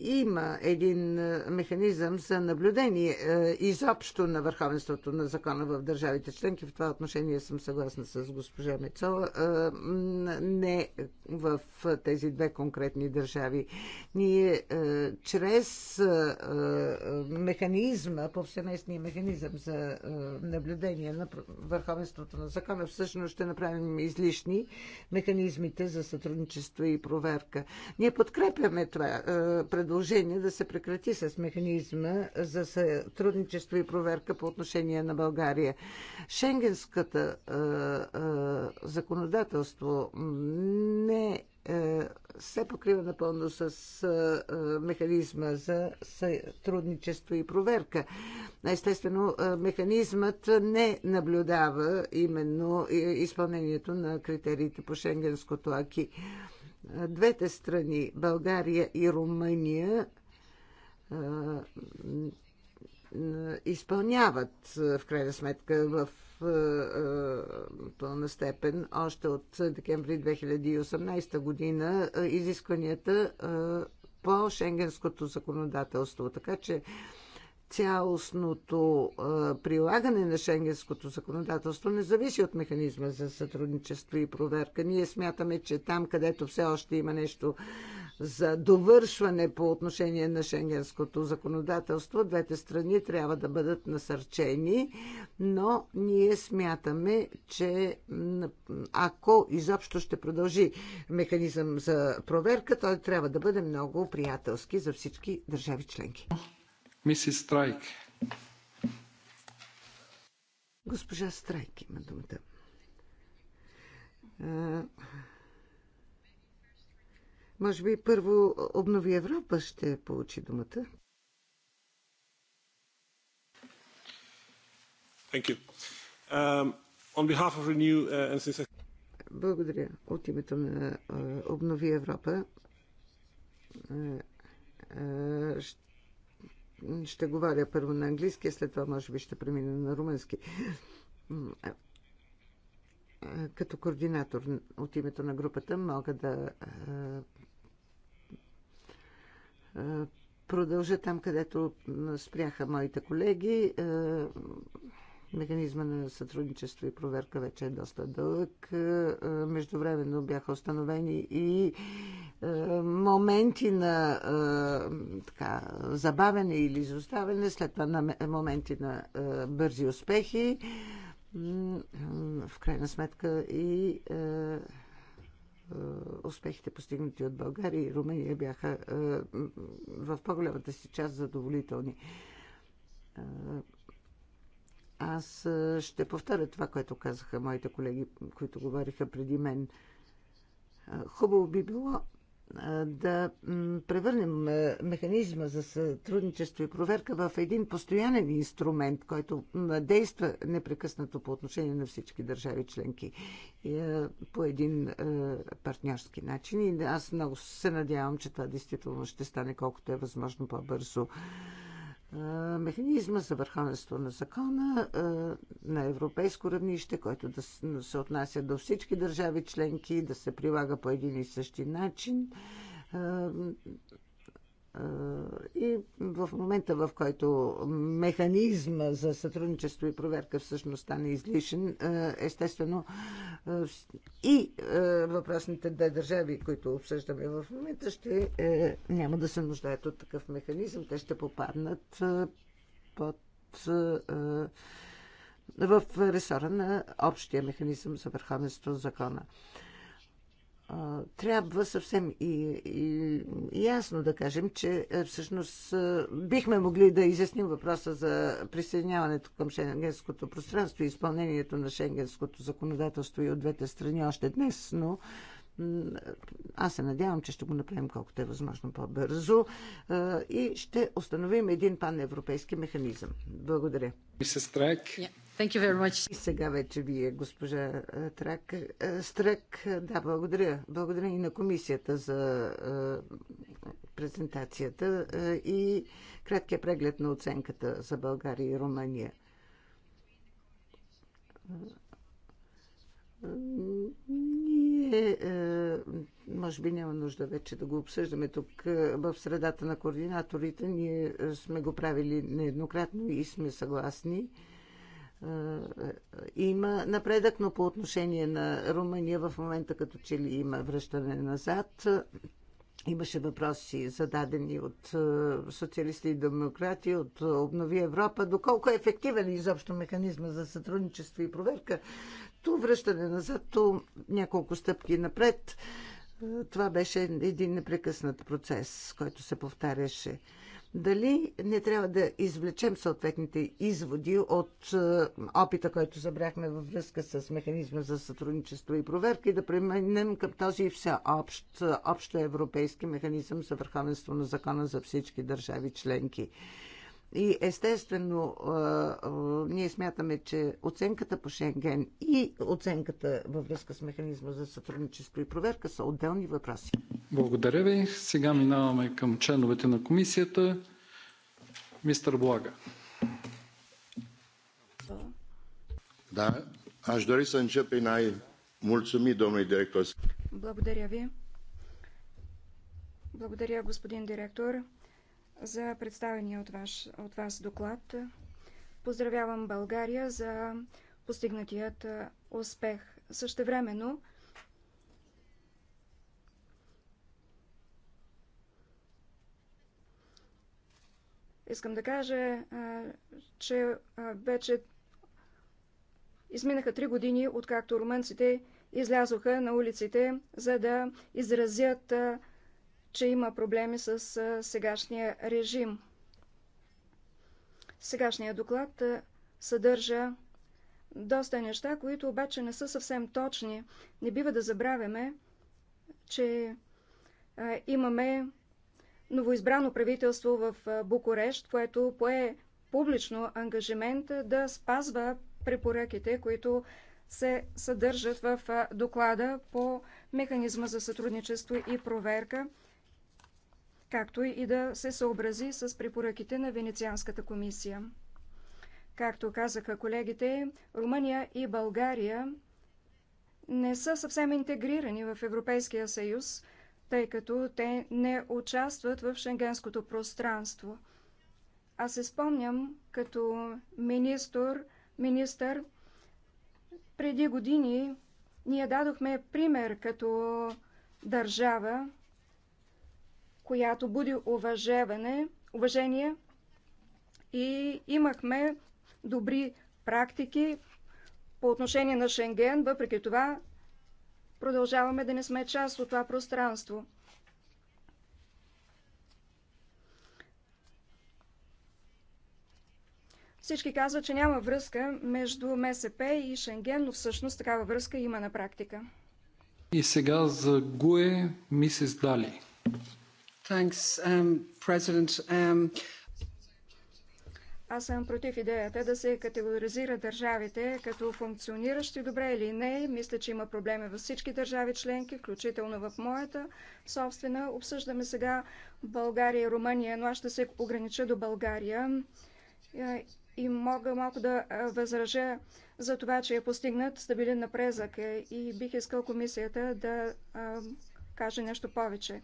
има един е, механизъм за наблюдение е, изобщо на върховенството на закона в държавите членки. В това отношение съм съгласна с госпожа Мецола. Е, не в тези две конкретни държави. Ние чрез механизма, повсеместния механизъм за наблюдение на върховенството на закона, всъщност ще направим излишни механизмите за сътрудничество и проверка. Ние подкрепяме това пред предложение да се прекрати с механизма за сътрудничество и проверка по отношение на България. Шенгенската а, а, законодателство не се покрива напълно с механизма за сътрудничество и проверка. Естествено, механизмът не наблюдава именно изпълнението на критериите по шенгенското аки двете страни, България и Румъния, изпълняват в крайна сметка в пълна степен още от декември 2018 година изискванията по шенгенското законодателство. Така че цялостното прилагане на шенгенското законодателство не зависи от механизма за сътрудничество и проверка. Ние смятаме, че там, където все още има нещо за довършване по отношение на шенгенското законодателство, двете страни трябва да бъдат насърчени, но ние смятаме, че ако изобщо ще продължи механизъм за проверка, той трябва да бъде много приятелски за всички държави членки. Мисис Страйк. Госпожа Страйк има думата. А, може би първо обнови Европа ще получи думата. Thank you. Um, on behalf of Renew uh, and since благодаря от името на Обнови Европа ще говоря първо на английски, а след това може би ще премина на румънски. Като координатор от името на групата мога да продължа там, където спряха моите колеги. Механизма на сътрудничество и проверка вече е доста дълъг. Е, междувременно бяха установени и е, моменти на е, така, забавяне или изоставяне, след това на моменти на бързи успехи. В крайна сметка и успехите постигнати от България и Румъния бяха в по-голямата си част задоволителни. Аз ще повторя това, което казаха моите колеги, които говориха преди мен. Хубаво би било да превърнем механизма за сътрудничество и проверка в един постоянен инструмент, който действа непрекъснато по отношение на всички държави членки по един партньорски начин. И аз много се надявам, че това действително ще стане колкото е възможно по-бързо механизма за върховенство на закона на европейско равнище, който да се отнася до всички държави членки, да се прилага по един и същи начин и в момента, в който механизма за сътрудничество и проверка всъщност стане излишен, естествено и въпросните две държави, които обсъждаме в момента, ще е, няма да се нуждаят от такъв механизъм. Те ще попаднат под в ресора на общия механизъм за върховенство на закона трябва съвсем и, и, ясно да кажем, че е, всъщност е, бихме могли да изясним въпроса за присъединяването към шенгенското пространство и изпълнението на шенгенското законодателство и от двете страни още днес, но аз се надявам, че ще го направим колкото е възможно по-бързо е, и ще установим един паневропейски механизъм. Благодаря. Yeah. Thank you very much. И сега вече вие, госпожа е, Трак, е, Стрък, е, да, благодаря. Благодаря и на комисията за презентацията и краткия преглед на оценката за България и Румъния ние може би няма нужда вече да го обсъждаме тук в средата на координаторите. Ние сме го правили нееднократно и сме съгласни е, е, има напредък, но по отношение на Румъния в момента като че ли има връщане назад. Имаше въпроси зададени от е, социалисти и демократи, от Обнови Европа, доколко е ефективен изобщо механизма за сътрудничество и проверка. То връщане назад, то няколко стъпки напред. Това беше един непрекъснат процес, който се повтаряше. Дали не трябва да извлечем съответните изводи от е, опита, който забрахме във връзка с механизма за сътрудничество и проверка и да преминем към този всеобщ, е, европейски механизъм за върховенство на закона за всички държави членки? И естествено, ние смятаме, че оценката по Шенген и оценката във връзка с механизма за сътрудничество и проверка са отделни въпроси. Благодаря ви. Сега минаваме към членовете на комисията. Мистер Блага. Да, аз дори съм începe най мулцуми домни директор. Благодаря ви. Благодаря, господин директор за представения от, ваш, от вас доклад. Поздравявам България за постигнатият успех. Същевременно искам да кажа, че вече изминаха три години, откакто румънците излязоха на улиците, за да изразят че има проблеми с сегашния режим. Сегашният доклад съдържа доста неща, които обаче не са съвсем точни. Не бива да забравяме, че имаме новоизбрано правителство в Букурещ, което пое публично ангажимент да спазва препоръките, които се съдържат в доклада по механизма за сътрудничество и проверка както и да се съобрази с препоръките на Венецианската комисия. Както казаха колегите, Румъния и България не са съвсем интегрирани в Европейския съюз, тъй като те не участват в шенгенското пространство. Аз се спомням като министр, министър преди години ние дадохме пример като държава, която буди уважаване, уважение и имахме добри практики по отношение на Шенген, въпреки това продължаваме да не сме част от това пространство. Всички казват, че няма връзка между МСП и Шенген, но всъщност такава връзка има на практика. И сега за Гуе мисис Дали. Thanks, um, President. Um... Аз съм против идеята да се категоризира държавите като функциониращи добре или не. Мисля, че има проблеми във всички държави членки, включително в моята собствена. Обсъждаме сега България и Румъния, но аз ще се огранича до България е, и мога малко да е, възража за това, че е постигнат стабилен напрезък е, и бих искал комисията да каже нещо повече.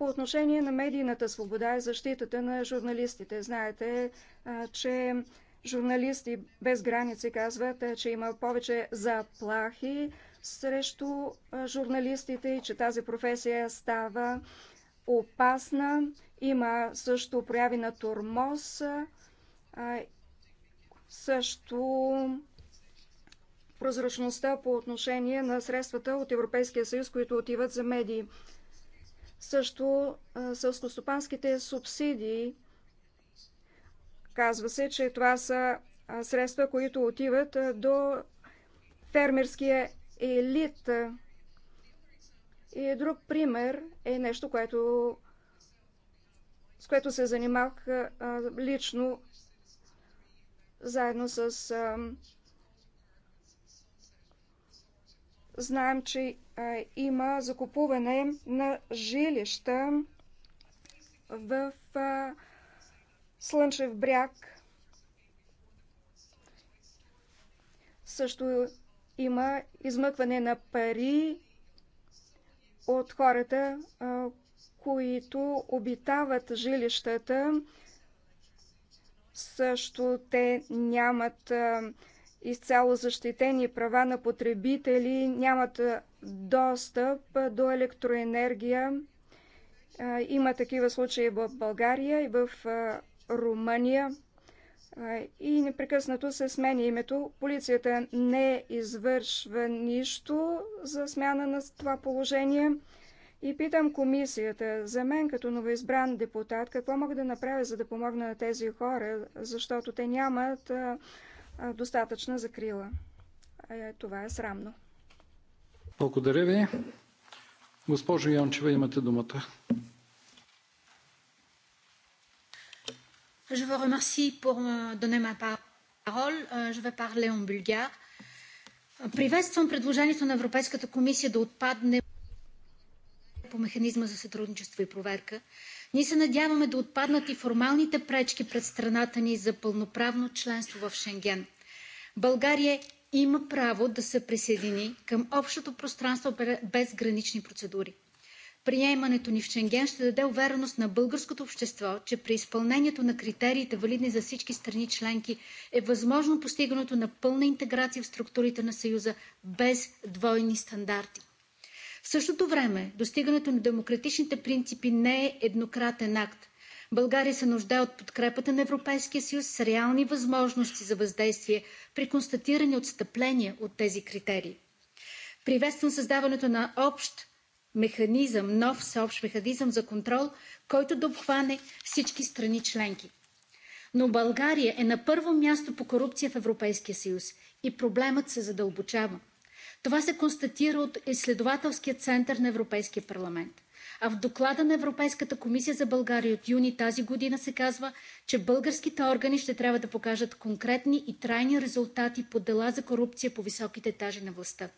По отношение на медийната свобода и защитата на журналистите, знаете, че журналисти без граници казват, че има повече заплахи срещу журналистите и че тази професия става опасна. Има също прояви на тормоз, също прозрачността по отношение на средствата от Европейския съюз, които отиват за медии. Също сълскостопанските субсидии. Казва се, че това са средства, които отиват до фермерския елит. И друг пример е нещо, което, с което се занимах лично заедно с... Знаем, че има закупуване на жилища в Слънчев бряг. Също има измъкване на пари от хората, които обитават жилищата. Също те нямат изцяло защитени права на потребители нямат достъп до електроенергия. Има такива случаи в България и в Румъния. И непрекъснато се сменя името. Полицията не извършва нищо за смяна на това положение. И питам комисията, за мен като новоизбран депутат, какво мога да направя, за да помогна на тези хора, защото те нямат достатъчна закрила. Е, това е срамно. Благодаря ви. Госпожо Янчева, имате думата. Je vous remercie pour me donner ma parole. Euh, je vais parler en bulgare. Приветствам предложението на Европейската комисия да отпадне по механизма за сътрудничество и проверка, ние се надяваме да отпаднат и формалните пречки пред страната ни за пълноправно членство в Шенген. България има право да се присъедини към общото пространство без гранични процедури. Приемането ни в Шенген ще даде увереност на българското общество, че при изпълнението на критериите, валидни за всички страни членки, е възможно постигането на пълна интеграция в структурите на Съюза без двойни стандарти. В същото време достигането на демократичните принципи не е еднократен акт. България се нуждае от подкрепата на Европейския съюз с реални възможности за въздействие при констатирани отстъпления от тези критерии. Приветствам създаването на общ механизъм, нов съобщ механизъм за контрол, който да обхване всички страни членки. Но България е на първо място по корупция в Европейския съюз и проблемът се задълбочава. Това се констатира от изследователския център на Европейския парламент. А в доклада на Европейската комисия за България от юни тази година се казва, че българските органи ще трябва да покажат конкретни и трайни резултати по дела за корупция по високите етажи на властта.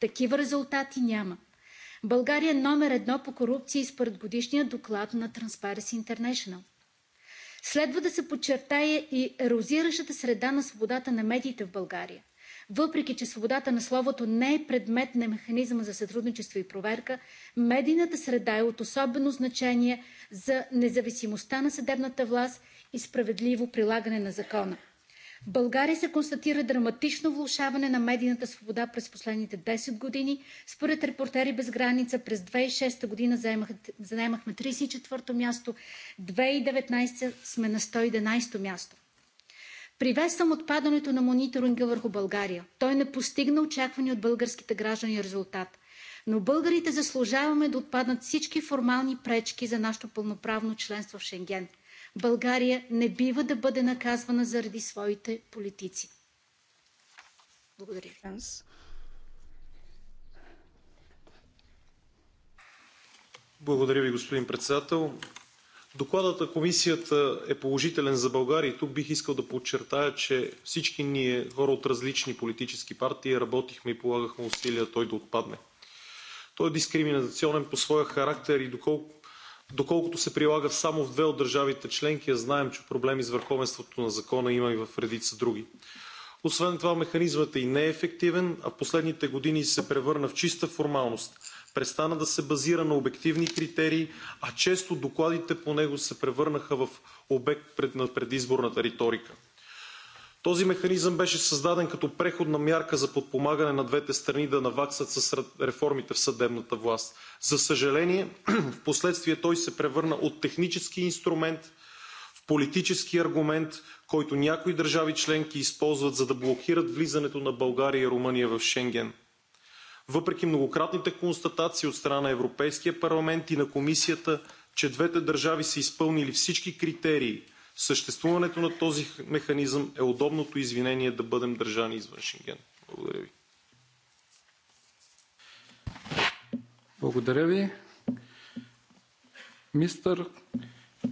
Такива резултати няма. България е номер едно по корупция според годишния доклад на Transparency International. Следва да се подчертае и ерозиращата среда на свободата на медиите в България. Въпреки, че свободата на словото не е предмет на механизма за сътрудничество и проверка, медийната среда е от особено значение за независимостта на съдебната власт и справедливо прилагане на закона. В България се констатира драматично влушаване на медийната свобода през последните 10 години. Според Репортери без граница през 2006 година заемахме 34-то място, 2019 сме на 111-то място. Приветствам отпадането на мониторинга върху България. Той не постигна очаквания от българските граждани резултат. Но българите заслужаваме да отпаднат всички формални пречки за нашето пълноправно членство в Шенген. България не бива да бъде наказвана заради своите политици. Благодаря Благодаря ви, господин председател. Докладът на комисията е положителен за България и тук бих искал да подчертая, че всички ние, хора от различни политически партии, работихме и полагахме усилия той да отпадне. Той е дискриминационен по своя характер и доколкото се прилага само в две от държавите членки, а знаем, че проблеми с върховенството на закона има и в редица други. Освен това механизмът и не е ефективен, а в последните години се превърна в чиста формалност престана да се базира на обективни критерии, а често докладите по него се превърнаха в обект на предизборната риторика. Този механизъм беше създаден като преходна мярка за подпомагане на двете страни да наваксат с реформите в съдебната власт. За съжаление, в последствие той се превърна от технически инструмент в политически аргумент, който някои държави членки използват, за да блокират влизането на България и Румъния в Шенген въпреки многократните констатации от страна на Европейския парламент и на Комисията, че двете държави са изпълнили всички критерии, съществуването на този механизъм е удобното извинение да бъдем държани извън Шенген. Благодаря ви. Благодаря ви. Мистер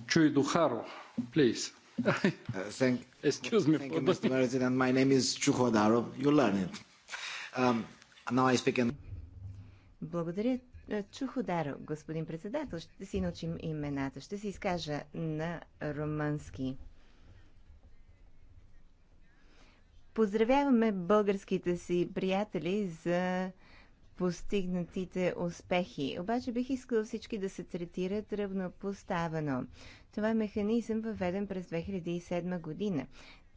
Чуйдухаро, плиз. Uh, Excuse me. Thank you, Mr. President. My name is Chuhodaro. You learn it. Um, благодаря. Чуходаро, господин председател, ще си научим имената. Ще си изкажа на румънски. Поздравяваме българските си приятели за постигнатите успехи. Обаче бих искал всички да се третират равнопоставено. Това е механизъм въведен през 2007 година.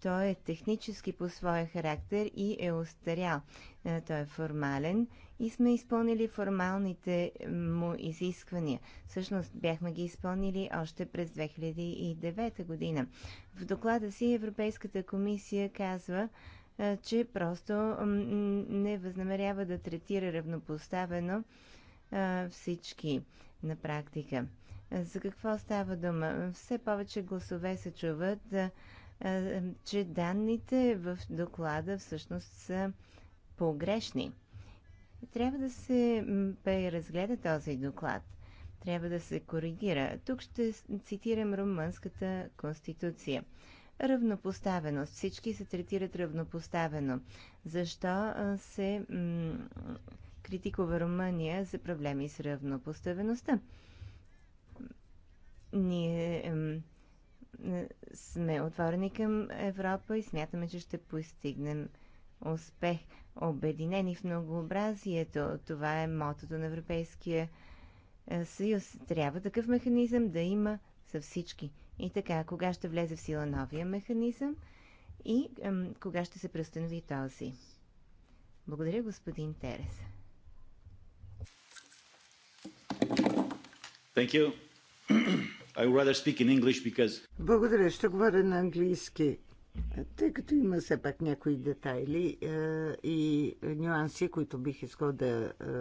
Той е технически по своя характер и е устарял. Е, той е формален и сме изпълнили формалните е, му изисквания. Всъщност бяхме ги изпълнили още през 2009 година. В доклада си Европейската комисия казва, е, че просто не възнамерява да третира равнопоставено всички на практика. За какво става дума? Все повече гласове се чуват че данните в доклада всъщност са погрешни. Трябва да се преразгледа този доклад. Трябва да се коригира. Тук ще цитирам Румънската конституция. Равнопоставеност. Всички се третират равнопоставено. Защо се критикува Румъния за проблеми с равнопоставеността? Ние сме отворени към Европа и смятаме, че ще постигнем успех. Обединени в многообразието, това е мотото на Европейския е, съюз. Трябва такъв механизъм да има за всички. И така, кога ще влезе в сила новия механизъм и ем, кога ще се преустанови този? Благодаря, господин Терес. Thank you. I rather speak in English because... Благодаря, ще говоря на английски. Тъй като има все пак някои детайли е, и нюанси, които бих искал да е,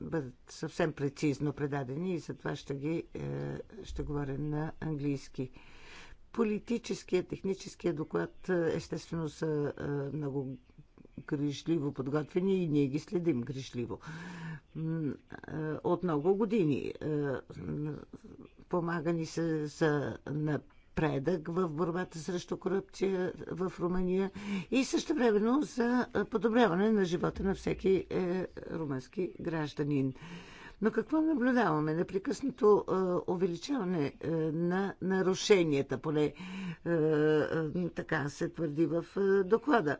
бъдат съвсем прецизно предадени и затова ще, ги, е, ще говоря на английски. Политическия, техническия доклад е, естествено са е, много грижливо подготвени и ние ги следим грижливо. От много години помагани са, се за напредък в борбата срещу корупция в Румъния и също времено за подобряване на живота на всеки е, румънски гражданин. Но какво наблюдаваме? Непрекъснато е, увеличаване е, на нарушенията, поне е, е, така се твърди в е, доклада. Е,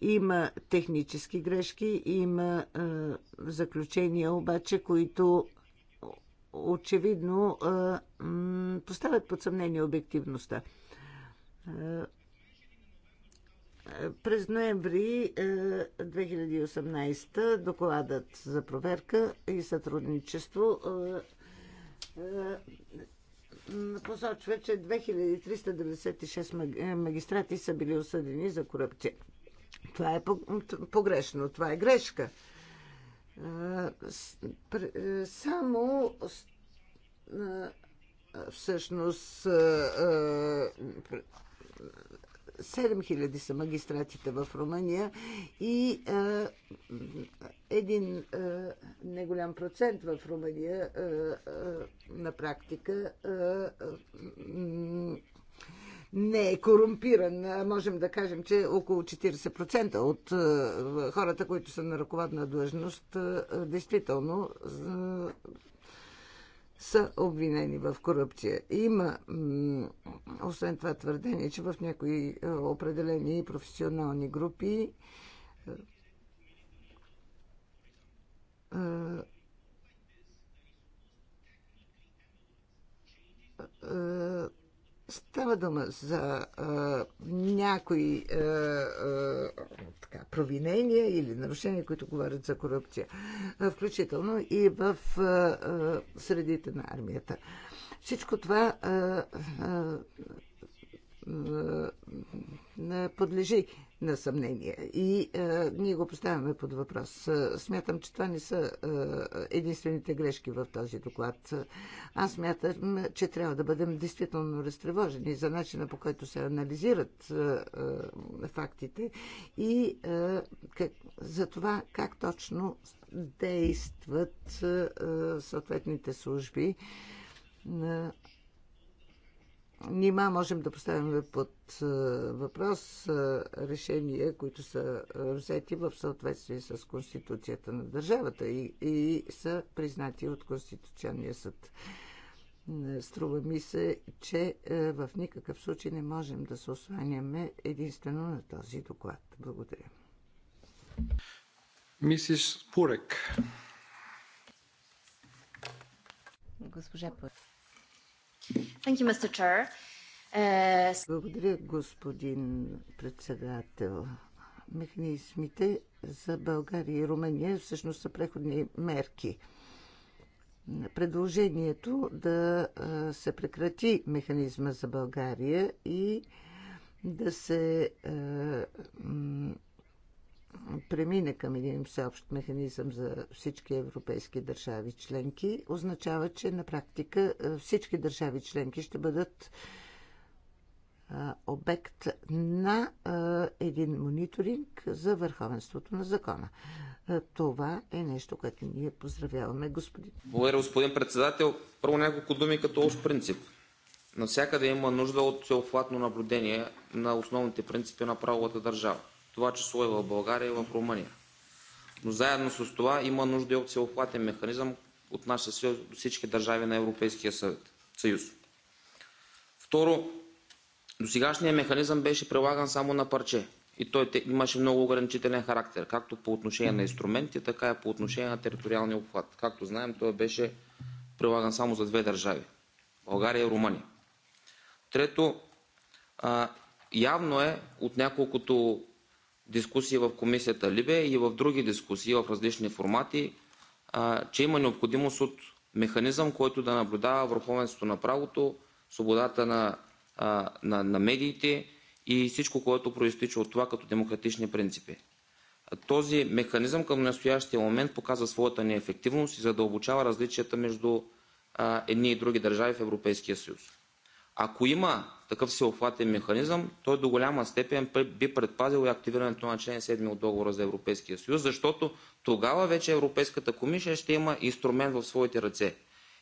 има технически грешки, има е, заключения обаче, които очевидно е, поставят под съмнение обективността. Е, е, през ноември 2018 е, докладът за проверка и сътрудничество посочва, че 2396 магистрати са били осъдени за корупция. Това е погрешно, това е грешка. Е, само всъщност 7000 са магистратите в Румъния и един неголям процент в Румъния на практика не е корумпиран. Можем да кажем, че около 40% от хората, които са на ръководна длъжност, действително са обвинени в корупция. Има, освен това, твърдение, че в някои определени професионални групи Става дума за а, някои а, а, така, провинения или нарушения, които говорят за корупция, а, включително и в а, а, средите на армията. Всичко това а, а, е, е, подлежи на съмнение. И а, е, ние го поставяме под въпрос. Смятам, че това не са а, единствените грешки в този доклад. Аз смятам, че трябва да бъдем действително разтревожени за начина по който се анализират а, а, фактите и а, как, за това как точно действат а, съответните служби. на. Нима можем да поставим под е, въпрос е, решения, които са взети в съответствие с Конституцията на държавата и, и са признати от Конституционния съд. Е, струва ми се, че в никакъв случай не можем да се осваняме единствено на този доклад. Благодаря. Мисис Пурек. Госпожа Пурек. You, uh, Благодаря, господин председател. Механизмите за България и Румъния всъщност са преходни мерки. Предложението да се прекрати механизма за България и да се премине към един всеобщ механизъм за всички европейски държави членки, означава, че на практика е, всички държави членки ще бъдат е, обект на е, един мониторинг за върховенството на закона. Това е нещо, което ние поздравяваме, господин. Благодаря, господин председател. Първо няколко думи като общ принцип. Навсякъде има нужда от целоплатно наблюдение на основните принципи на правовата държава това число и е в България и в Румъния. Но заедно с това има нужда и от целоплатен механизъм, наша съюз, до всички държави на Европейския съюз. Второ, досегашният механизъм беше прилаган само на парче и той имаше много ограничителен характер, както по отношение на инструменти, така и по отношение на териториалния обхват. Както знаем, той беше прилаган само за две държави – България и Румъния. Трето, явно е от няколкото дискусии в комисията Либе и в други дискусии в различни формати, че има необходимост от механизъм, който да наблюдава върховенството на правото, свободата на, на, на медиите и всичко, което проистича от това като демократични принципи. Този механизъм към настоящия момент показва своята неефективност и задълбочава различията между едни и други държави в Европейския съюз. Ако има такъв всеобхватен механизъм, той до голяма степен би предпазил и активирането на член 7 от договора за Европейския съюз, защото тогава вече Европейската комисия ще има инструмент в своите ръце.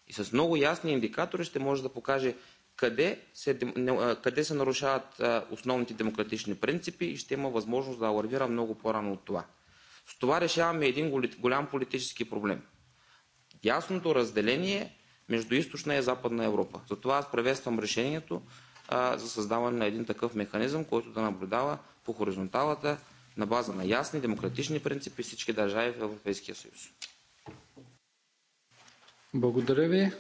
И с много ясни индикатори ще може да покаже къде се, къде се нарушават основните демократични принципи и ще има възможност да алармира много по-рано от това. С това решаваме един голям политически проблем. Ясното разделение между източна и западна Европа. Затова аз приветствам решението а, за създаване на един такъв механизъм, който да наблюдава по хоризонталата на база на ясни демократични принципи всички държави в Европейския съюз. Благодаря ви.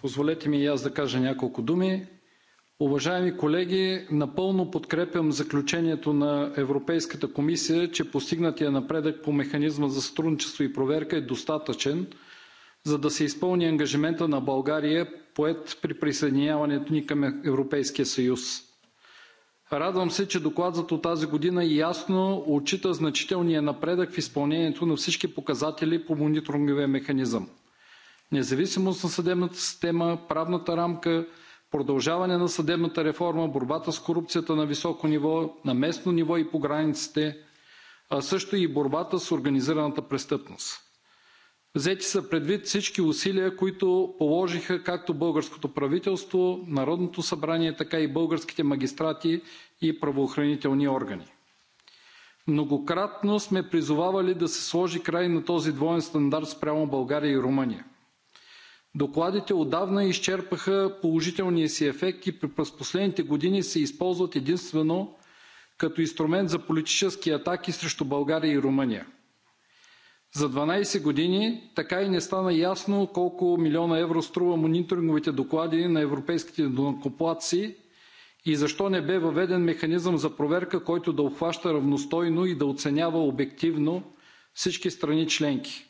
Позволете ми и аз да кажа няколко думи. Уважаеми колеги, напълно подкрепям заключението на Европейската комисия, че постигнатия напредък по механизма за сътрудничество и проверка е достатъчен, за да се изпълни ангажиментът на България, поет при присъединяването ни към Европейския съюз. Радвам се, че докладът от тази година ясно отчита значителния напредък в изпълнението на всички показатели по мониторинговия механизъм. Независимост на съдебната система, правната рамка, продължаване на съдебната реформа, борбата с корупцията на високо ниво, на местно ниво и по границите, а също и борбата с организираната престъпност. Взети са предвид всички усилия, които положиха както българското правителство, Народното събрание, така и българските магистрати и правоохранителни органи. Многократно сме призовавали да се сложи край на този двоен стандарт спрямо България и Румъния. Докладите отдавна изчерпаха положителния си ефект и през последните години се използват единствено като инструмент за политически атаки срещу България и Румъния. За 12 години така и не стана ясно колко милиона евро струва мониторинговите доклади на европейските данъкоплатци и защо не бе въведен механизъм за проверка, който да обхваща равностойно и да оценява обективно всички страни членки.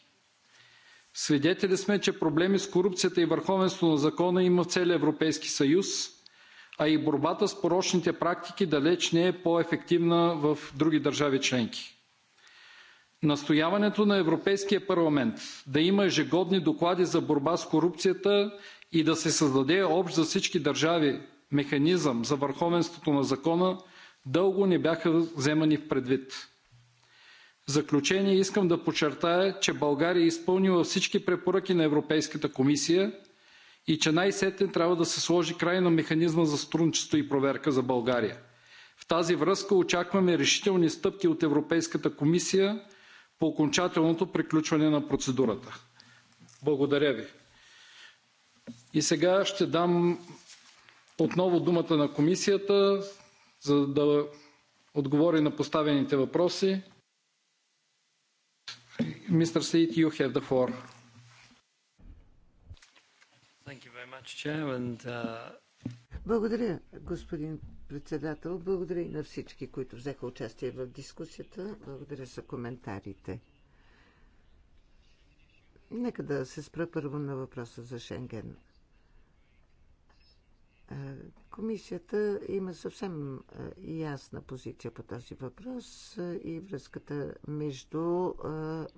Свидетели сме, че проблеми с корупцията и върховенството на закона има в целия Европейски съюз, а и борбата с порочните практики далеч не е по-ефективна в други държави членки. Настояването на Европейския парламент да има ежегодни доклади за борба с корупцията и да се създаде общ за всички държави механизъм за върховенството на закона дълго не бяха вземани предвид. В заключение искам да подчертая, че България е изпълнила всички препоръки на Европейската комисия и че най-сетне трябва да се сложи край на механизма за сътрудничество и проверка за България. В тази връзка очакваме решителни стъпки от Европейската комисия по окончателното приключване на процедурата. Благодаря ви. И сега ще дам отново думата на комисията, за да отговори на поставените въпроси. Мистер Сейт, you have the floor. Uh, Благодаря, господин председател. Благодаря и на всички, които взеха участие в дискусията. Благодаря за коментарите. Нека да се спра първо на въпроса за Шенген. Комисията има съвсем ясна позиция по този въпрос и връзката между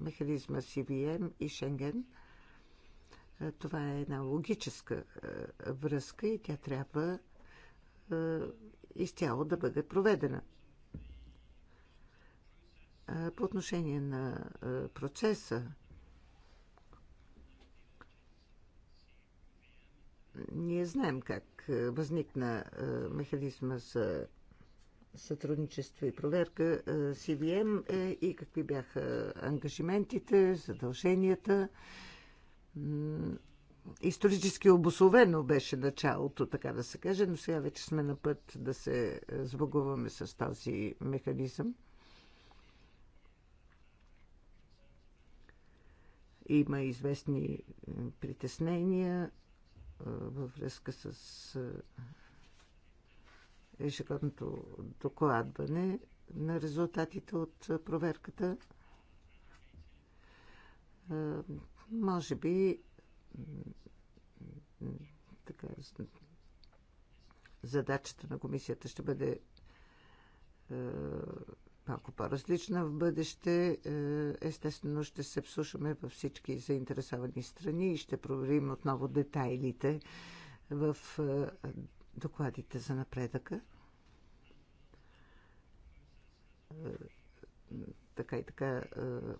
механизма CVM и Шенген. Това е една логическа връзка и тя трябва изцяло да бъде проведена. По отношение на процеса, ние знаем как възникна механизма за сътрудничество и проверка CVM е и какви бяха ангажиментите, задълженията исторически обословено беше началото, така да се каже, но сега вече сме на път да се сбогуваме с този механизъм. Има известни е, притеснения е, във връзка с е, ежегодното докладване на резултатите от проверката. Може би така, задачата на комисията ще бъде е, малко по-различна в бъдеще. Е, естествено ще се вслушаме във всички заинтересовани страни и ще проверим отново детайлите в е, докладите за напредъка е, така и така е,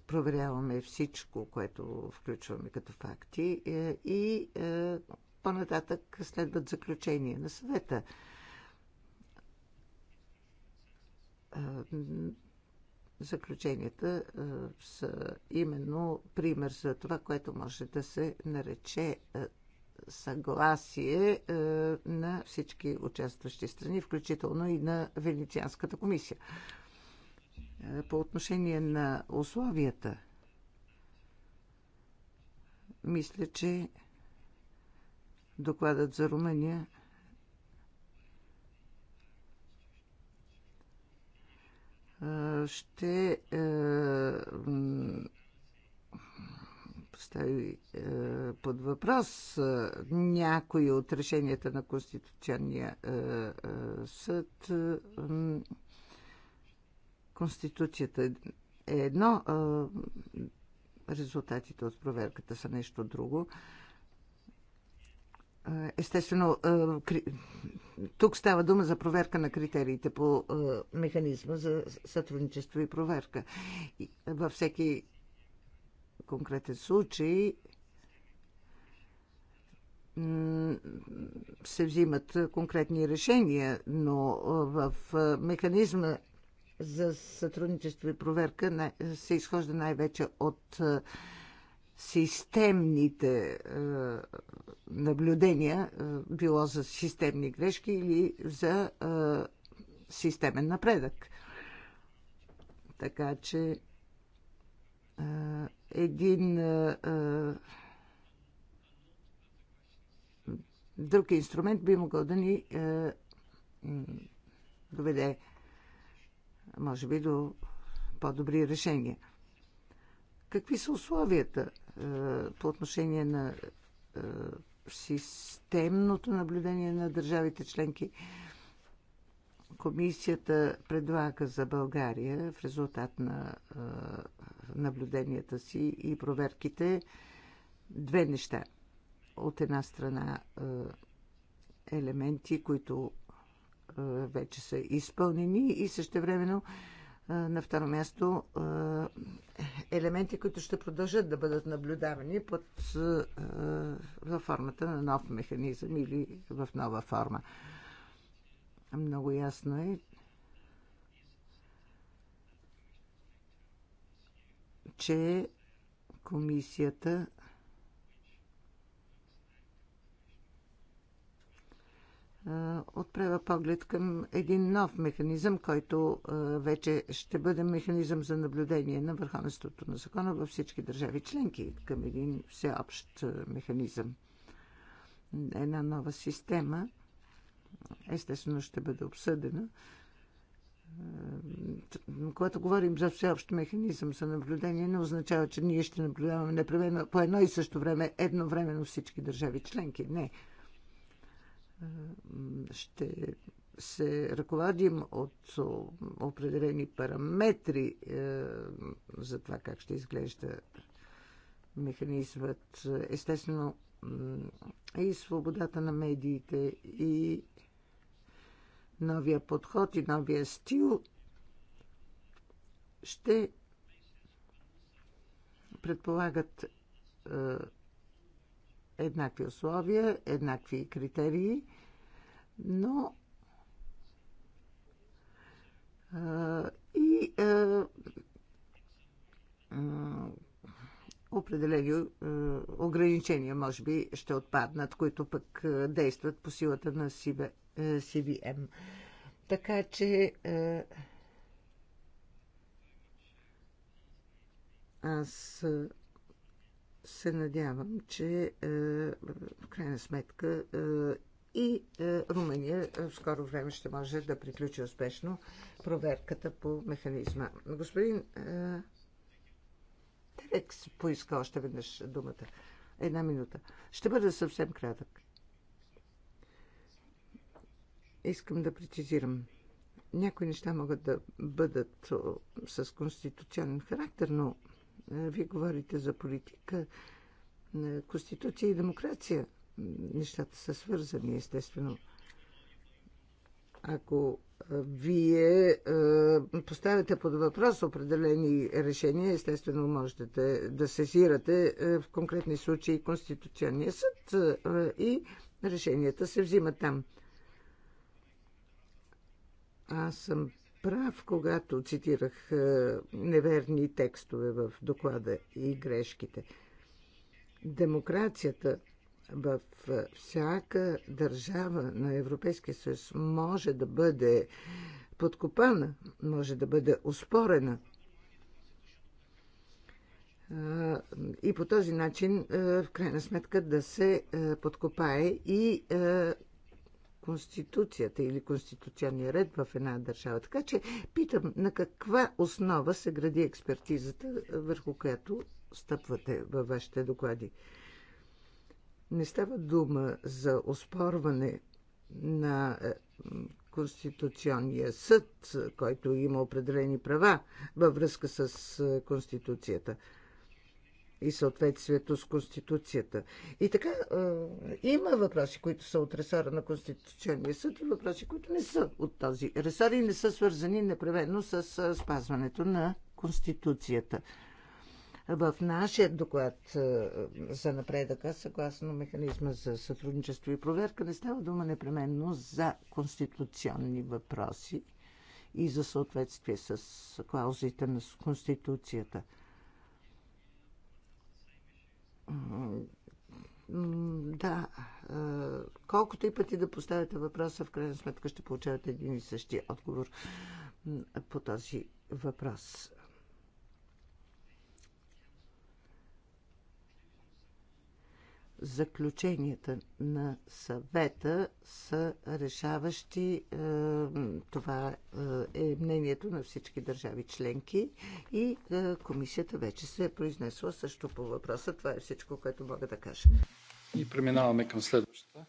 проверяваме всичко, което включваме като факти е, и е, по-нататък следват заключения на съвета. Заключенията са именно пример за това, което може да се нарече съгласие на всички участващи страни, включително и на Венецианската комисия е, по отношение на условията, мисля, че докладът за Румъния ще е, постави е, под въпрос някои от решенията на Конституционния съд. Конституцията е едно, резултатите от проверката са нещо друго. Естествено, тук става дума за проверка на критериите по механизма за сътрудничество и проверка. Във всеки конкретен случай се взимат конкретни решения, но в механизма за сътрудничество и проверка се изхожда най-вече от е, системните е, наблюдения, е, било за системни грешки или за системен напредък. Така че един друг инструмент би могъл да ни доведе може би до по-добри решения. Какви са условията е, по отношение на е, системното наблюдение на държавите членки? Комисията предлага за България в резултат на е, наблюденията си и проверките две неща. От една страна елементи, които е, вече са изпълнени и времено е, на второ място е, елементи, които ще продължат да бъдат наблюдавани под, във формата на нов механизъм или в нова форма. Много ясно е, че комисията отправя поглед към един нов механизъм, който вече ще бъде механизъм за наблюдение на върховенството на закона във всички държави членки, към един всеобщ механизъм. Една нова система, естествено, ще бъде обсъдена. Когато говорим за всеобщ механизъм за наблюдение, не означава, че ние ще наблюдаваме непременно по едно и също време, едновременно всички държави членки. Не, ще се ръководим от определени параметри е, за това как ще изглежда механизмът. Естествено, и свободата на медиите, и новия подход, и новия стил ще предполагат е, еднакви условия, еднакви критерии, но и определени ограничения, може би, ще отпаднат, които пък действат по силата на CBM. Така че аз се надявам, че е, в крайна сметка е, и е, Румъния в скоро време ще може да приключи успешно проверката по механизма. Господин Терекс поиска още веднъж думата. Една минута. Ще бъда съвсем кратък. Искам да прецизирам. Някои неща могат да бъдат с конституционен характер, но е, вие говорите за политика, е, конституция и демокрация. Нещата са свързани, естествено. Ако е, вие поставяте под въпрос определени решения, естествено можете да сезирате в конкретни случаи Конституционния съд и решенията се взимат там. Аз съм прав, когато цитирах е, неверни текстове в доклада и грешките. Демокрацията в е, всяка държава на Европейския съюз може да бъде подкопана, може да бъде успорена. Е, и по този начин, в крайна сметка, да се подкопае и конституцията или конституционния ред в една държава. Така че питам на каква основа се гради експертизата, върху която стъпвате във вашите доклади. Не става дума за оспорване на е, Конституционния съд, който има определени права във връзка с е, Конституцията – и съответствието с Конституцията. И така, има въпроси, които са от ресора на Конституционния съд и въпроси, които не са от този ресор и не са свързани непременно с спазването на Конституцията. В нашия доклад за напредъка, съгласно механизма за сътрудничество и проверка, не става дума непременно за конституционни въпроси и за съответствие с клаузите на Конституцията – да, колкото и пъти да поставяте въпроса, в крайна сметка ще получавате един и същи отговор по този въпрос. заключенията на съвета са решаващи. Е, това е, е мнението на всички държави членки и е, комисията вече се е произнесла също по въпроса. Това е всичко, което мога да кажа. И преминаваме към следващата.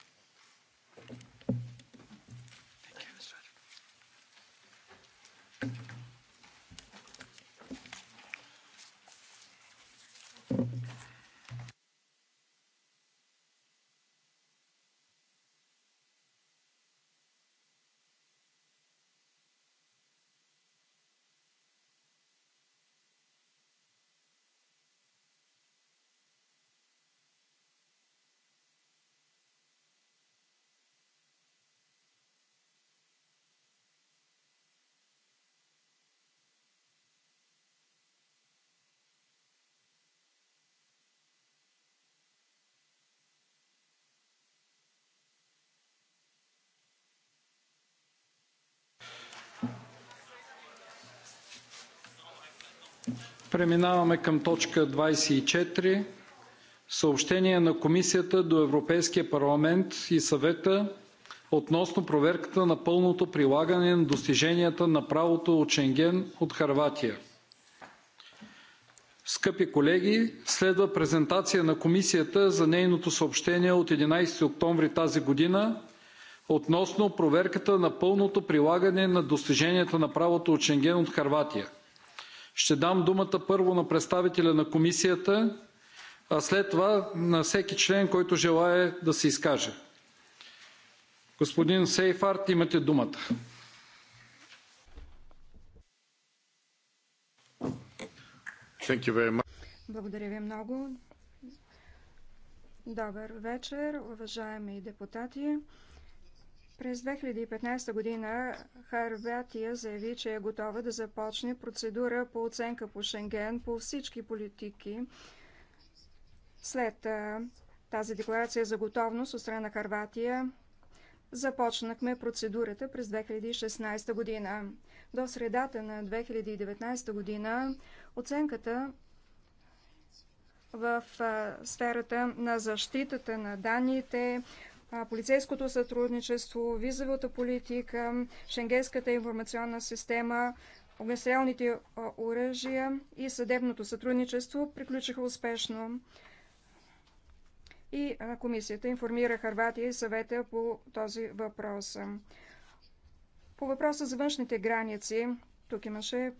Преминаваме към точка 24. Съобщение на Комисията до Европейския парламент и Съвета относно проверката на пълното прилагане на достиженията на правото от Шенген от Харватия. Скъпи колеги, следва презентация на Комисията за нейното съобщение от 11 октомври тази година относно проверката на пълното прилагане на достиженията на правото от Шенген от Харватия. Ще дам думата първо на представителя на комисията, а след това на всеки член, който желае да се изкаже. Господин Сейфарт, имате думата. Благодаря ви много. Добър вечер, уважаеми депутати. През 2015 година Харватия заяви, че е готова да започне процедура по оценка по Шенген по всички политики. След тази декларация за готовност от страна на Харватия започнахме процедурата през 2016 година. До средата на 2019 година оценката в сферата на защитата на данните, полицейското сътрудничество, визовата политика, шенгенската информационна система, огнестрелните оръжия и съдебното сътрудничество приключиха успешно. И комисията информира Харватия и съвета по този въпрос. По въпроса за външните граници, тук имаше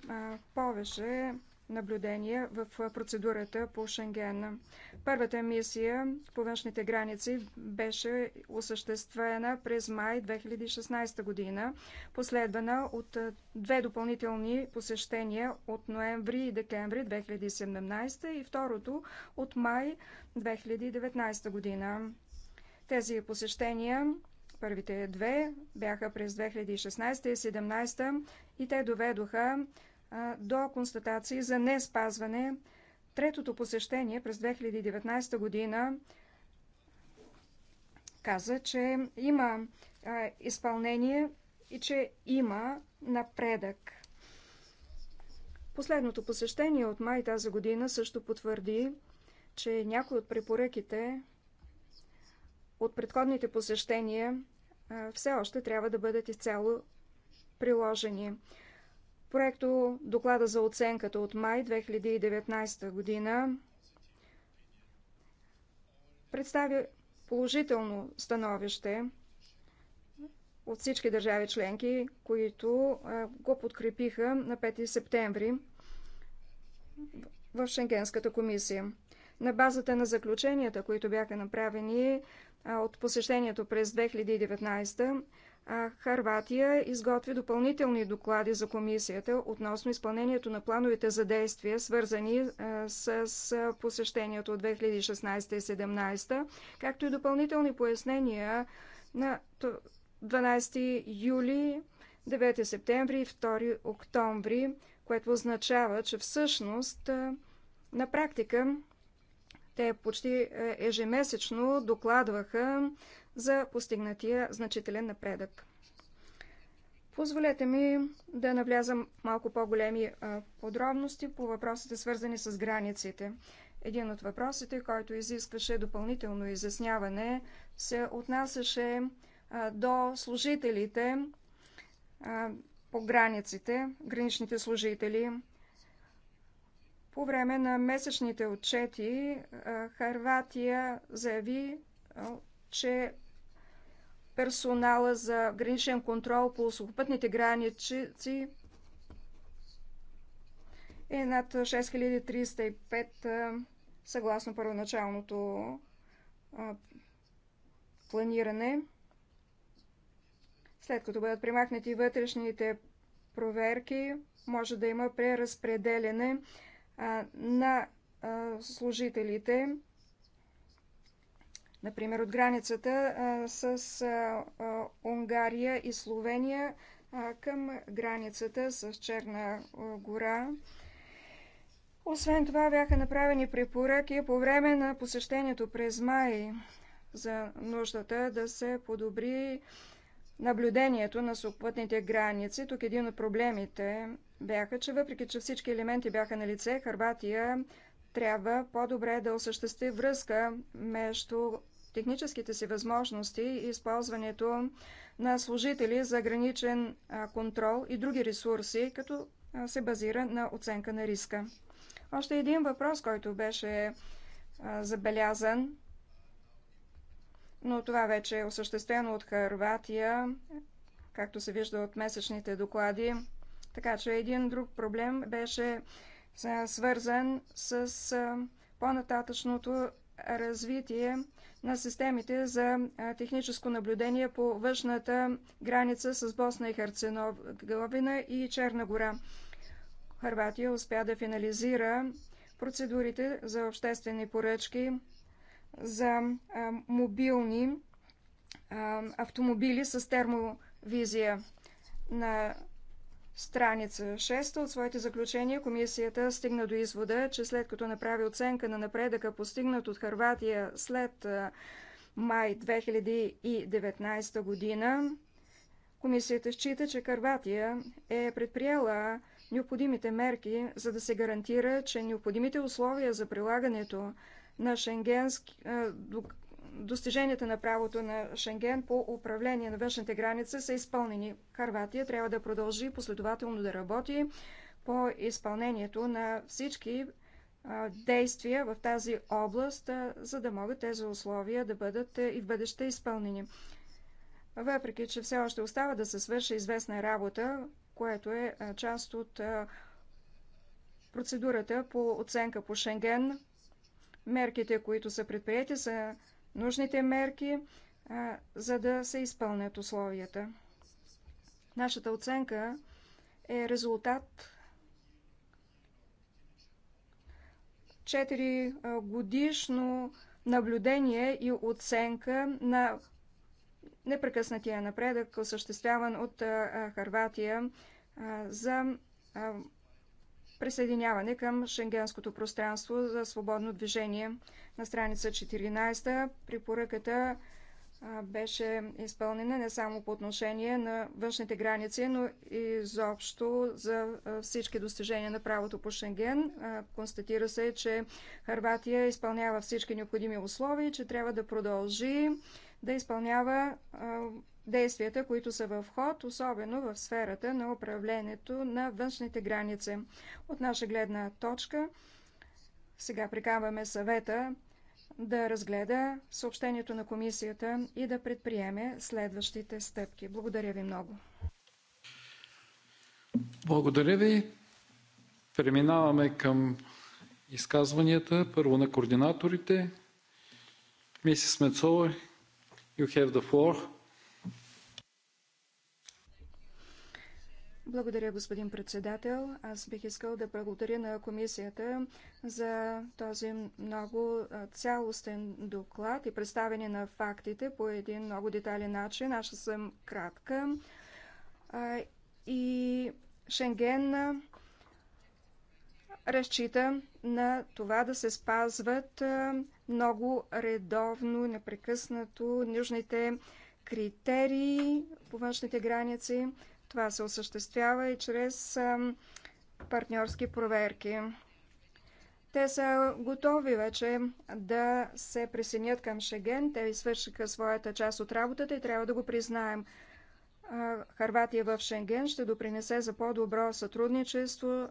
повече наблюдения в процедурата по Шенген. Първата мисия по външните граници беше осъществена през май 2016 година, последвана от две допълнителни посещения от ноември и декември 2017 и второто от май 2019 година. Тези посещения Първите две бяха през 2016 и 2017 и те доведоха до констатации за не спазване. Третото посещение през 2019 година каза, че има изпълнение и че има напредък. Последното посещение от май тази година също потвърди, че някои от препоръките от предходните посещения все още трябва да бъдат изцяло приложени проекто доклада за оценката от май 2019 година представя положително становище от всички държави членки, които го подкрепиха на 5 септември в Шенгенската комисия. На базата на заключенията, които бяха направени от посещението през 2019, Харватия изготви допълнителни доклади за комисията относно изпълнението на плановете за действие, свързани с посещението от 2016 2017, както и допълнителни пояснения на 12 юли, 9 септември и 2 октомври, което означава, че всъщност на практика те почти ежемесечно докладваха за постигнатия значителен напредък. Позволете ми да навлязам малко по-големи подробности по въпросите, свързани с границите. Един от въпросите, който изискваше допълнително изясняване, се отнасяше до служителите по границите, граничните служители. По време на месечните отчети Харватия заяви, че персонала за граничен контрол по сухопътните граници е над 6305 съгласно първоначалното планиране. След като бъдат примахнати вътрешните проверки, може да има преразпределене на служителите Например, от границата с Унгария и Словения към границата с Черна гора. Освен това бяха направени препоръки по време на посещението през май за нуждата да се подобри наблюдението на сухопътните граници. Тук един от проблемите бяха, че въпреки, че всички елементи бяха на лице, Харватия трябва по-добре да осъществи връзка между техническите си възможности и използването на служители за граничен контрол и други ресурси, като се базира на оценка на риска. Още един въпрос, който беше забелязан, но това вече е осъществено от Харватия, както се вижда от месечните доклади. Така че един друг проблем беше свързан с по-нататъчното развитие на системите за техническо наблюдение по външната граница с Босна и Херцеговина и Черна гора. Харватия успя да финализира процедурите за обществени поръчки за мобилни автомобили с термовизия. На страница 6 от своите заключения комисията стигна до извода, че след като направи оценка на напредъка постигнат от Харватия след май 2019 година, комисията счита, че Харватия е предприела необходимите мерки, за да се гарантира, че необходимите условия за прилагането на Шенгенски достиженията на правото на Шенген по управление на външните граница са изпълнени. Харватия трябва да продължи последователно да работи по изпълнението на всички действия в тази област, за да могат тези условия да бъдат и в бъдеще изпълнени. Въпреки, че все още остава да се свърши известна работа, което е част от процедурата по оценка по Шенген, мерките, които са предприяти, са нужните мерки, за да се изпълнят условията. Нашата оценка е резултат 4 годишно наблюдение и оценка на непрекъснатия напредък, осъществяван от Харватия за присъединяване към Шенгенското пространство за свободно движение. На страница 14 препоръката беше изпълнена не само по отношение на външните граници, но и изобщо за всички достижения на правото по Шенген. Констатира се, че Харватия изпълнява всички необходими условия и че трябва да продължи да изпълнява действията, които са в ход, особено в сферата на управлението на външните граници. От наша гледна точка, сега прикаваме съвета да разгледа съобщението на комисията и да предприеме следващите стъпки. Благодаря ви много. Благодаря ви. Преминаваме към изказванията. Първо на координаторите. Мисис Мецова, благодаря, господин председател. Аз бих искал да благодаря на комисията за този много цялостен доклад и представяне на фактите по един много детален начин. Аз ще съм кратка. И Шенген разчита на това да се спазват много редовно, непрекъснато нужните критерии по външните граници. Това се осъществява и чрез партньорски проверки. Те са готови вече да се присъединят към Шеген. Те свършиха своята част от работата и трябва да го признаем. Харватия в Шенген ще допринесе за по-добро сътрудничество,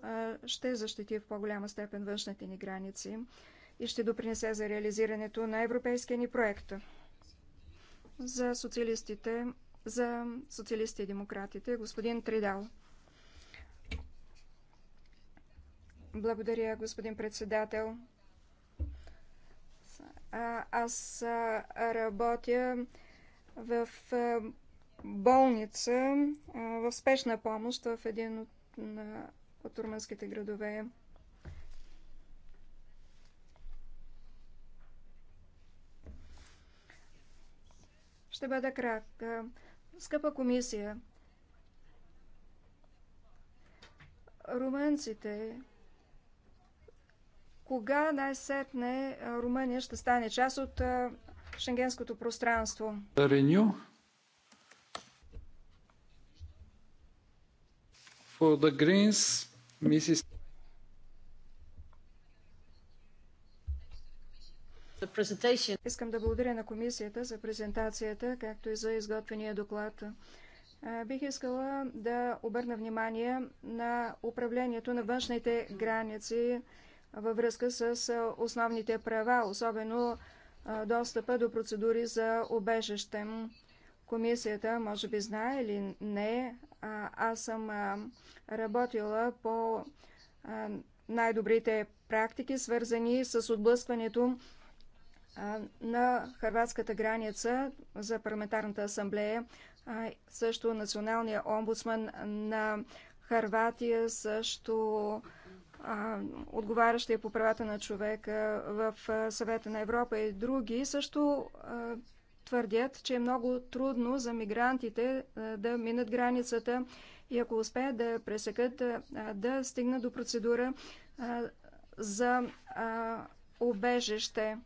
ще защити в по-голяма степен външните ни граници и ще допринесе за реализирането на европейския ни проект. За социалистите, за социалисти и демократите, господин Тридал. Благодаря, господин председател. Аз работя в болница, в спешна помощ в един от, от румънските градове. Ще бъда кратка. Скъпа комисия, румънците, кога най-сетне Румъния ще стане част от шенгенското пространство? Реню. For the Greens, Mrs. Искам да благодаря на комисията за презентацията, както и за изготвения доклад. Бих искала да обърна внимание на управлението на външните граници във връзка с основните права, особено достъпа до процедури за обежище. Комисията може би знае или не, аз съм работила по най-добрите практики, свързани с отблъскването на хърватската граница за парламентарната асамблея, също националния омбудсман на Харватия, също отговарящия по правата на човека в съвета на Европа и други, също твърдят, че е много трудно за мигрантите да минат границата и ако успеят да пресекат, да стигнат до процедура за обежище.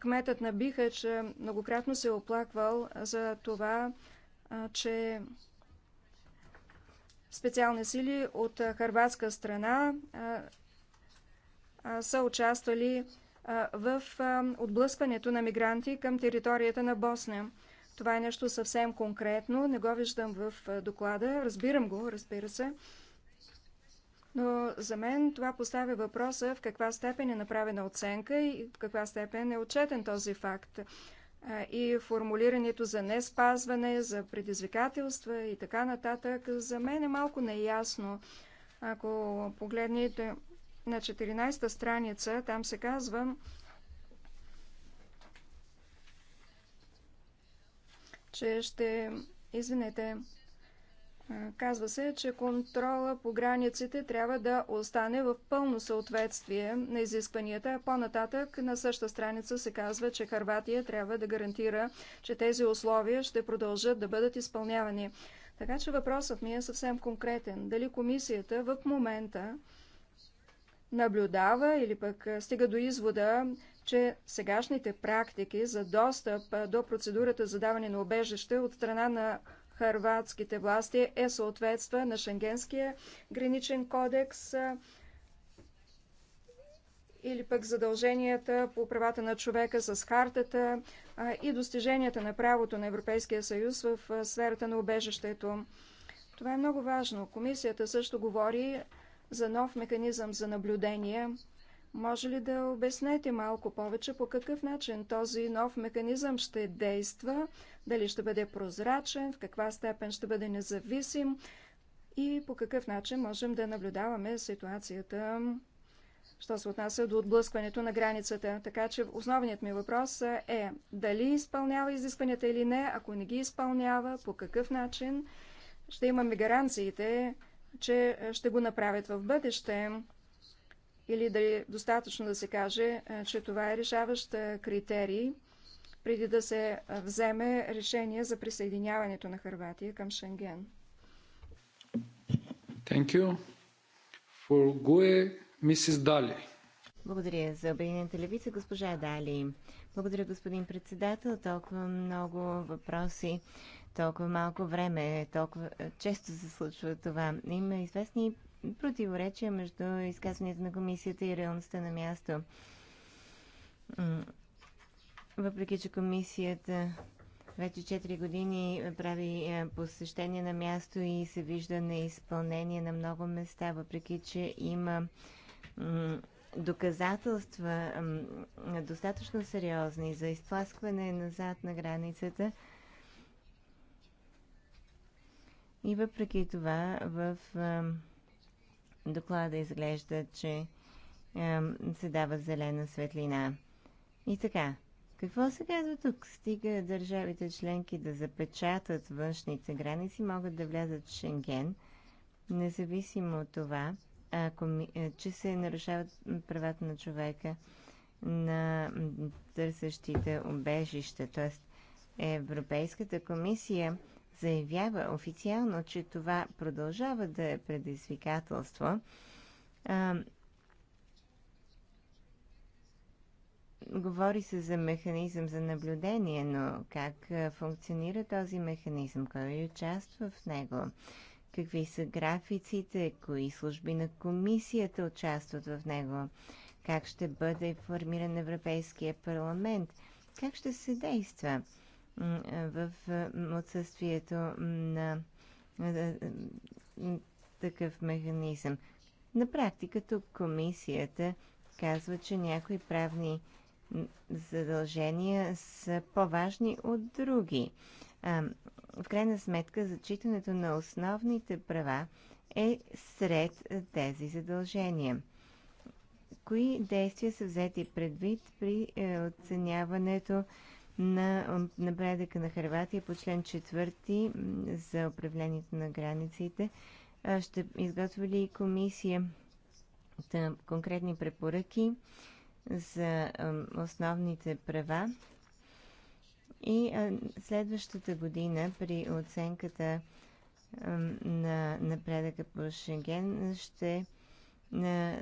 Кметът на Бихач многократно се е оплаквал за това, че специални сили от харватска страна са участвали в отблъскването на мигранти към територията на Босна. Това е нещо съвсем конкретно, не го виждам в доклада, разбирам го, разбира се, но за мен това поставя въпроса в каква степен е направена оценка и в каква степен е отчетен този факт. И формулирането за не спазване, за предизвикателства и така нататък, за мен е малко неясно. Ако погледнете на 14-та страница, там се казва, че ще, извинете, Казва се, че контрола по границите трябва да остане в пълно съответствие на изискванията. По-нататък на същата страница се казва, че Харватия трябва да гарантира, че тези условия ще продължат да бъдат изпълнявани. Така че въпросът ми е съвсем конкретен. Дали комисията в момента наблюдава или пък стига до извода, че сегашните практики за достъп до процедурата за даване на обежище от страна на харватските власти е съответства на Шенгенския граничен кодекс или пък задълженията по правата на човека с хартата и достиженията на правото на Европейския съюз в сферата на убежището. Това е много важно. Комисията също говори за нов механизъм за наблюдение може ли да обяснете малко повече по какъв начин този нов механизъм ще действа? Дали ще бъде прозрачен, в каква степен ще бъде независим и по какъв начин можем да наблюдаваме ситуацията, що се отнася до отблъскването на границата. Така че основният ми въпрос е дали изпълнява изискванията или не, ако не ги изпълнява, по какъв начин ще имаме гаранциите, че ще го направят в бъдеще или да е достатъчно да се каже, е, че това е решаващ е, критерий преди да се е, вземе решение за присъединяването на Харватия към Шенген. Thank you. For GUE, Mrs. Dali. Благодаря за Обединената левица, госпожа Дали. Благодаря, господин председател. Толкова много въпроси, толкова малко време, толкова често се случва това. Има известни противоречия между изказванията на комисията и реалността на място. Въпреки, че комисията вече 4 години прави е, посещение на място и се вижда неизпълнение на много места, въпреки, че има доказателства достатъчно сериозни за изтласкване назад на границата. И въпреки това в доклада изглежда, че се дава зелена светлина. И така, какво се казва тук? Стига държавите членки да запечатат външните граници, могат да влязат в Шенген, независимо от това, ако, е, че се нарушават правата на човека на търсещите обежища. Тоест, Европейската комисия заявява официално, че това продължава да е предизвикателство, а, говори се за механизъм за наблюдение, но как функционира този механизъм? Кой участва в него? Какви са графиците? Кои служби на комисията участват в него? Как ще бъде формиран Европейския парламент? Как ще се действа? в отсъствието на такъв механизъм. На практика тук комисията казва, че някои правни задължения са по-важни от други. в крайна сметка, зачитането на основните права е сред тези задължения. Кои действия са взети предвид при е, оценяването на напредъка на Харватия по член 4 за управлението на границите. Ще изготви ли комисия конкретни препоръки за основните права? И следващата година при оценката на напредъка по Шенген ще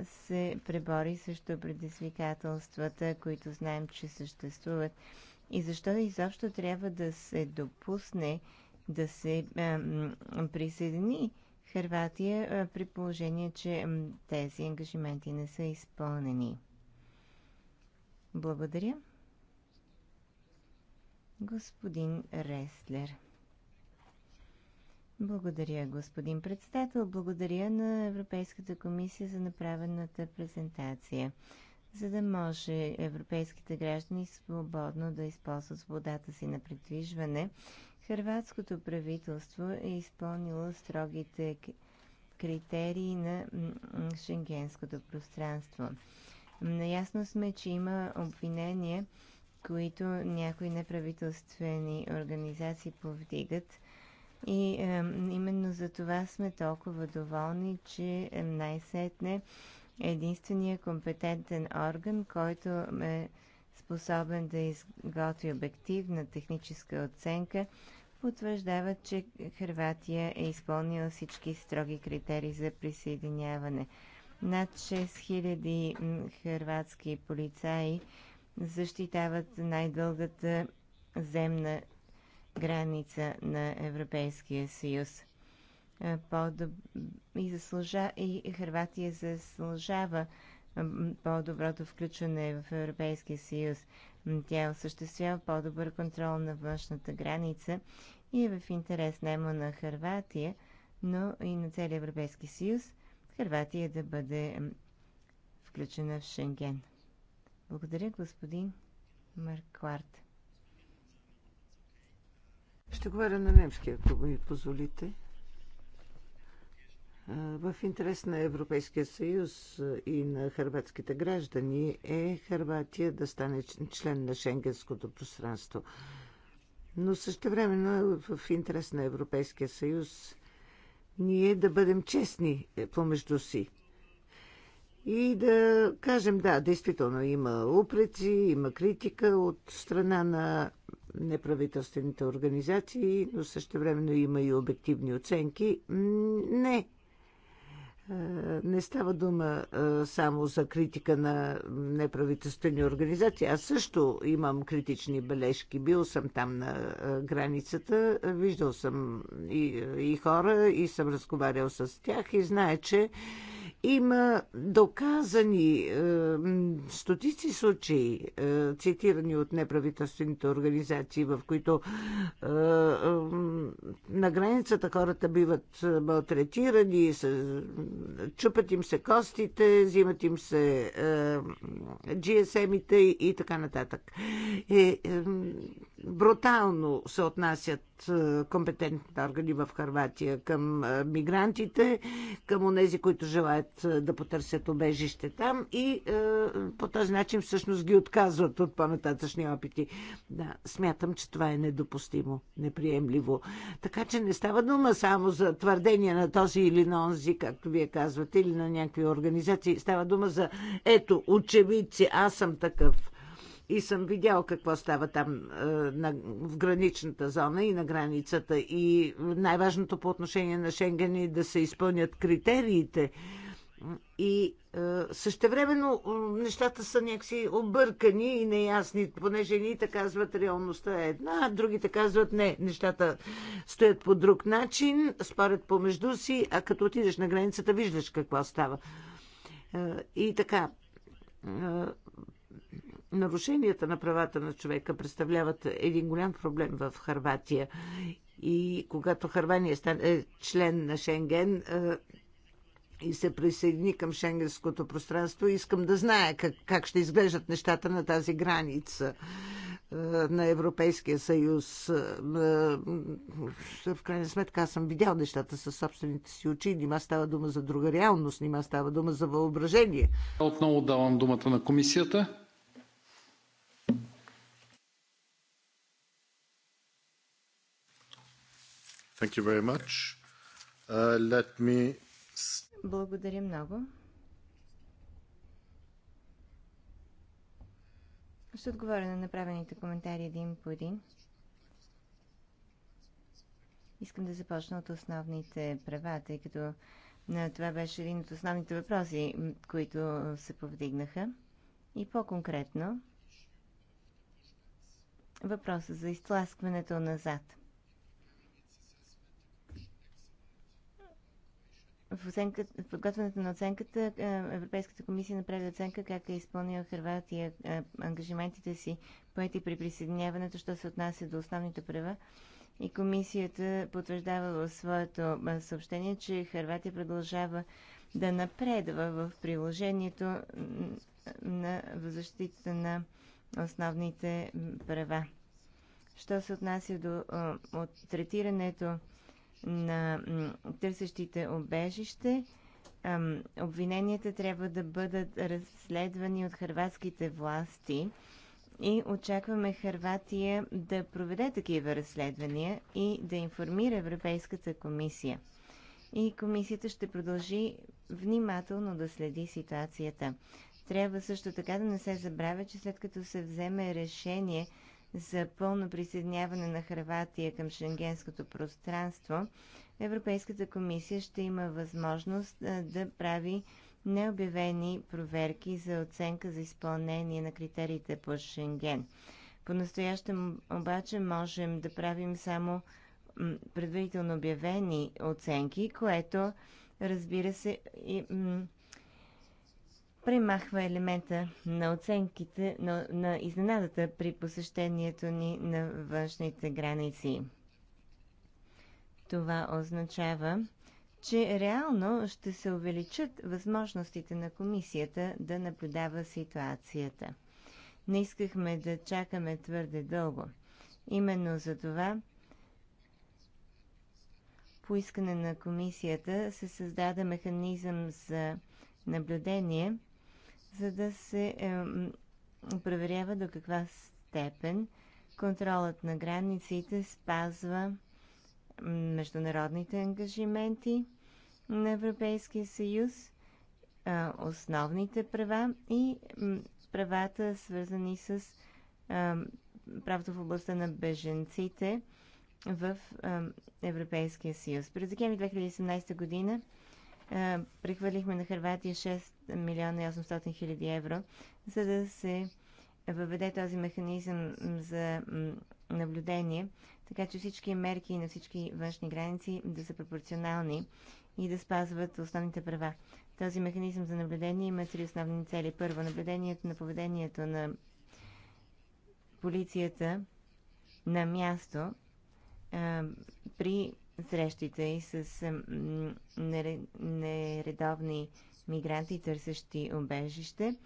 се пребори срещу предизвикателствата, които знаем, че съществуват и защо изобщо трябва да се допусне да се а, присъедини Харватия а, при положение, че а, тези ангажименти не са изпълнени. Благодаря. Господин Рестлер. Благодаря, господин председател. Благодаря на Европейската комисия за направената презентация за да може европейските граждани свободно да използват свободата си на придвижване. Хрватското правителство е изпълнило строгите критерии на шенгенското пространство. Наясно сме, че има обвинения, които някои неправителствени организации повдигат. И е, именно за това сме толкова доволни, че най-сетне единствения компетентен орган, който е способен да изготви обективна техническа оценка, потвърждава, че Хрватия е изпълнила всички строги критерии за присъединяване. Над 6000 хрватски полицаи защитават най-дългата земна граница на Европейския съюз. Е, и, заслужа, и Хрватия заслужава по-доброто включване в Европейския съюз. Тя е осъществява по-добър контрол на външната граница и е в интерес нема на Харватия, но и на целия Европейски съюз Харватия да бъде включена в Шенген. Благодаря, господин Маркварт. Ще говоря на немски, ако ми позволите. В интерес на Европейския съюз и на хърватските граждани е Хърватия да стане член на Шенгенското пространство. Но същевременно е в интерес на Европейския съюз ние да бъдем честни е, помежду си. И да кажем, да, действително има упреци, има критика от страна на неправителствените организации, но времено има и обективни оценки. Не, е, не става дума е, само за критика на неправителствени организации. Аз също имам критични бележки. Бил съм там на е, границата, виждал съм и, и хора, и съм разговарял с тях и знае, че има доказани е, стотици случаи, е, цитирани от неправителствените организации, в които е, е, на границата хората биват е, малтретирани, се, чупат им се костите, взимат им се е, GSM-ите и, и така нататък. Е, е, брутално се отнасят е, компетентните органи в Харватия към е, мигрантите, към онези, които желаят искат е, да потърсят обежище там и е, по този начин всъщност ги отказват от по-нататъчни опити. Да, смятам, че това е недопустимо, неприемливо. Така че не става дума само за твърдения на този или на онзи, както вие казвате, или на някакви организации. Става дума за ето, очевидци, аз съм такъв и съм видял какво става там е, на, в граничната зона и на границата. И най-важното по отношение на Шенген е да се изпълнят критериите. Е, и е, същевременно е, нещата са някакси объркани и неясни, понеже едните казват реалността е една, а другите казват не, нещата стоят по друг начин, спорят помежду си, а като отидеш на границата виждаш какво става. Е, и така, е, нарушенията на правата на човека представляват един голям проблем в Харватия. И когато Харвания е член на Шенген, е, и се присъедини към шенгенското пространство, искам да зная как, как ще изглеждат нещата на тази граница е, на Европейския съюз. Е, е, в крайна сметка аз съм видял нещата със собствените си очи. Нима става дума за друга реалност, нима става дума за въображение. Отново давам думата на комисията. Thank you very much. Uh, let me благодаря много. Ще отговоря на направените коментари един по един. Искам да започна от основните права, тъй като на това беше един от основните въпроси, които се повдигнаха. И по-конкретно, въпроса за изтласкването назад. в, оценка, в подготвянето на оценката е, Европейската комисия направи оценка как е изпълнила Харватия е, ангажиментите си поети при присъединяването, що се отнася до основните права. И комисията потвърждава в своето е, съобщение, че Харватия продължава да напредва в приложението на в защита на основните права. Що се отнася до от третирането на търсещите обежище. Обвиненията трябва да бъдат разследвани от хрватските власти и очакваме Харватия да проведе такива разследвания и да информира Европейската комисия. И комисията ще продължи внимателно да следи ситуацията. Трябва също така да не се забравя, че след като се вземе решение за пълно присъединяване на Хърватия към шенгенското пространство, Европейската комисия ще има възможност да прави необявени проверки за оценка за изпълнение на критериите по Шенген. По-настоящем обаче можем да правим само предварително обявени оценки, което разбира се и, премахва елемента на оценките, на, на изненадата при посещението ни на външните граници. Това означава, че реално ще се увеличат възможностите на комисията да наблюдава ситуацията. Не искахме да чакаме твърде дълго. Именно за това по искане на комисията се създаде механизъм за наблюдение – за да се е, проверява до каква степен контролът на границите спазва международните ангажименти на Европейския съюз, основните права и правата, свързани с правото в областта на беженците в Европейския съюз. През декември 2017 година прехвърлихме на Харватия 6 милиона и 800 хиляди евро, за да се въведе този механизъм за наблюдение, така че всички мерки на всички външни граници да са пропорционални и да спазват основните права. Този механизъм за наблюдение има три основни цели. Първо, наблюдението на поведението на полицията на място а, при срещите и с а, нередовни мигранти, търсещи обежище.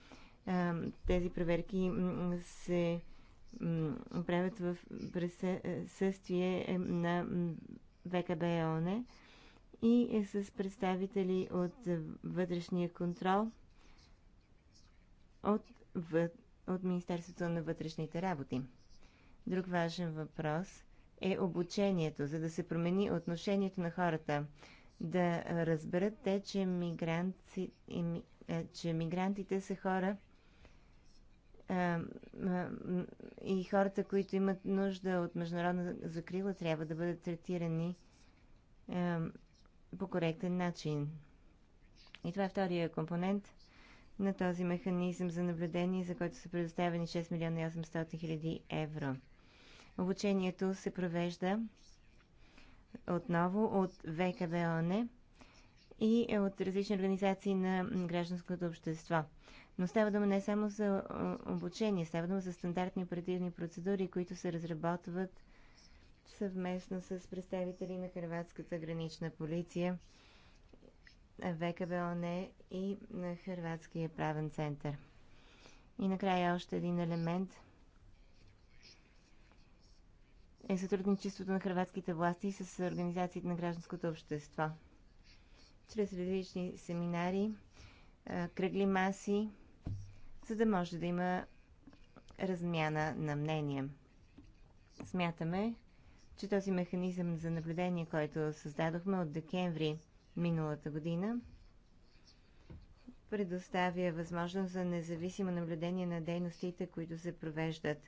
Тези проверки се правят в присъствие е, на ВКБ ОНЕ и е с представители от вътрешния контрол от, от Министерството на вътрешните работи. Друг важен въпрос е обучението, за да се промени отношението на хората да разберат те, че, мигранти, е, че мигрантите са хора е, е, и хората, които имат нужда от международна закрила, трябва да бъдат третирани по коректен начин. И това е втория компонент на този механизъм за наблюдение, за който са предоставени 6 милиона 800 хиляди евро. Обучението се провежда отново от ВКБОН и от различни организации на гражданското общество. Но става дума не само за обучение, става дума за стандартни оперативни процедури, които се разработват съвместно с представители на Хрватската гранична полиция, ВКБОН и на Хрватския правен център. И накрая още един елемент – е сътрудничеството на хрватските власти с организациите на гражданското общество. Чрез различни семинари, кръгли маси, за да може да има размяна на мнение. Смятаме, че този механизъм за наблюдение, който създадохме от декември миналата година, предоставя възможност за независимо наблюдение на дейностите, които се провеждат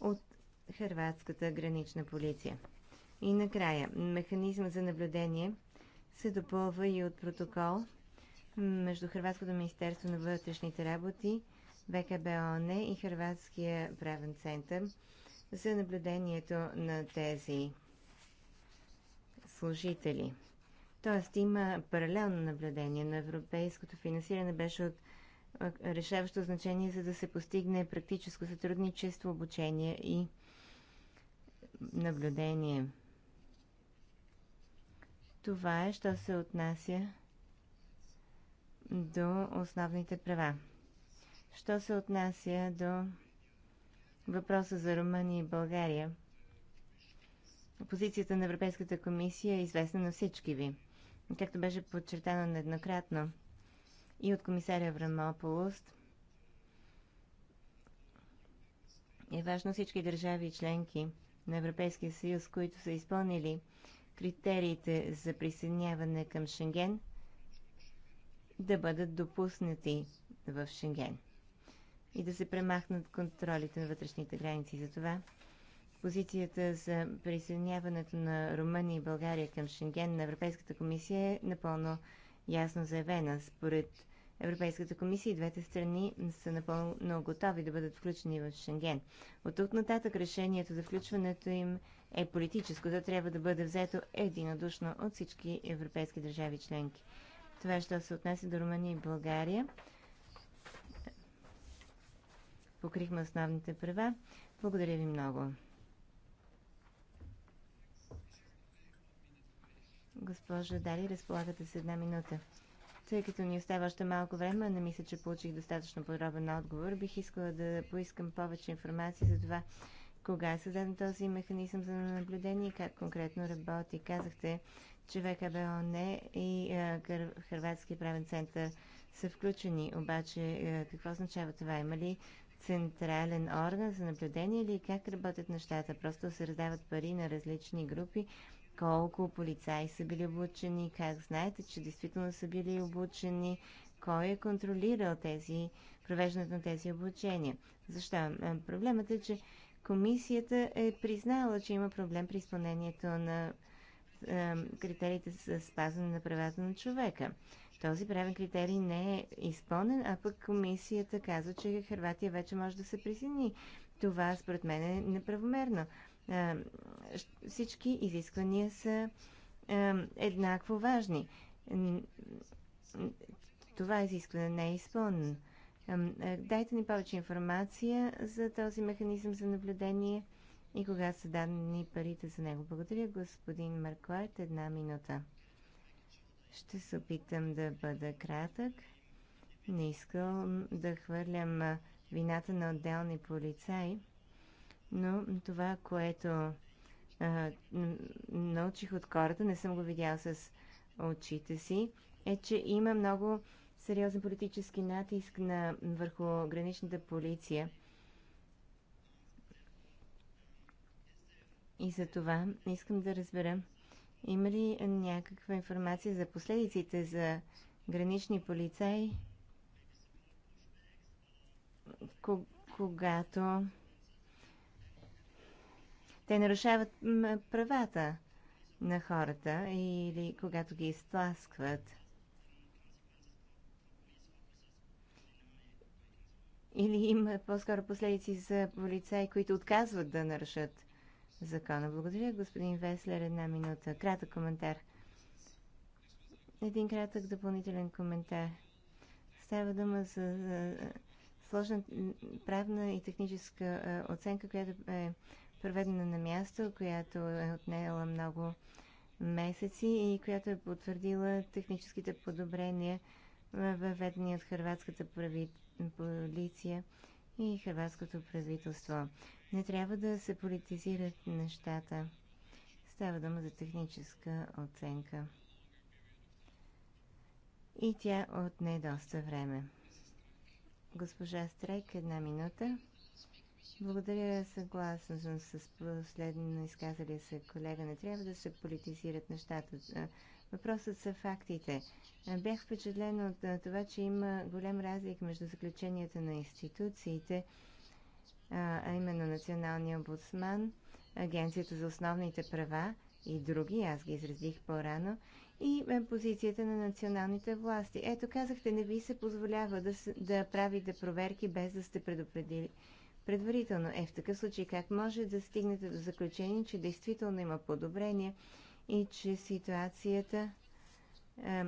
от хрватската гранична полиция. И накрая, механизма за наблюдение се допълва и от протокол между Хрватското министерство на вътрешните работи, ВКБОН и Хрватския правен център за наблюдението на тези служители. Тоест има паралелно наблюдение на европейското финансиране беше от решаващо значение, за да се постигне практическо сътрудничество, обучение и наблюдение. Това е, що се отнася до основните права. Що се отнася до въпроса за Румъния и България, позицията на Европейската комисия е известна на всички ви. Както беше подчертано нееднократно и от комисаря Врамополост, е важно всички държави и членки – на Европейския съюз, които са изпълнили критериите за присъединяване към Шенген, да бъдат допуснати в Шенген и да се премахнат контролите на вътрешните граници. Затова позицията за присъединяването на Румъния и България към Шенген на Европейската комисия е напълно ясно заявена. Според Европейската комисия и двете страни са напълно готови да бъдат включени в Шенген. От тук нататък решението за включването им е политическо. То трябва да бъде взето единодушно от всички европейски държави членки. Това е, що се отнася до Румъния и България. Покрихме основните права. Благодаря ви много. Госпожа Дали, разполагате с една минута. Тъй като ни остава още малко време, не мисля, че получих достатъчно подробен отговор. Бих искала да поискам повече информация за това, кога е създаден този механизъм за наблюдение и как конкретно работи. Казахте, че не и Хрватски правен център са включени. Обаче, какво означава това? Има ли централен орган за наблюдение или как работят нещата? Просто се раздават пари на различни групи колко полицаи са били обучени, как знаете, че действително са били обучени, кой е контролирал тези, провеждането на тези обучения. Защо? Е, проблемът е, че комисията е признала, че има проблем при изпълнението на е, критериите за спазване на правата на човека. Този правен критерий не е изпълнен, а пък комисията казва, че Харватия вече може да се присъедини. Това според мен е неправомерно. Е, всички изисквания са е, еднакво важни. Това изискване не е изпълнено. Е, дайте ни повече информация за този механизъм за наблюдение и кога са дадени парите за него. Благодаря, господин Марклайт. Една минута. Ще се опитам да бъда кратък. Не искам да хвърлям вината на отделни полицаи но това, което а, научих от хората, не съм го видял с очите си, е, че има много сериозен политически натиск на, върху граничната полиция. И за това искам да разбера, има ли някаква информация за последиците за гранични полицаи, когато те нарушават правата на хората или когато ги изтласкват. Или има по-скоро последици за полицаи, които отказват да нарушат закона. Благодаря, господин Веслер. Една минута. Кратък коментар. Един кратък допълнителен коментар. Става дума за сложна правна и техническа оценка, която е проведена на място, която е отнела много месеци и която е потвърдила техническите подобрения въведени от хрватската прави... полиция и хрватското правителство. Не трябва да се политизират нещата. Става дума за техническа оценка. И тя отне доста време. Госпожа Стрейк, една минута. Благодаря, съгласна съм с последно изказали се колега. Не трябва да се политизират нещата. Въпросът са фактите. Бях впечатлен от това, че има голям разлик между заключенията на институциите, а именно Националния омбудсман, Агенцията за основните права и други, аз ги изразих по-рано, и позицията на националните власти. Ето, казахте, не ви се позволява да, да правите проверки без да сте предупредили предварително. Е, в такъв случай как може да стигнете до заключение, че действително има подобрение и че ситуацията е,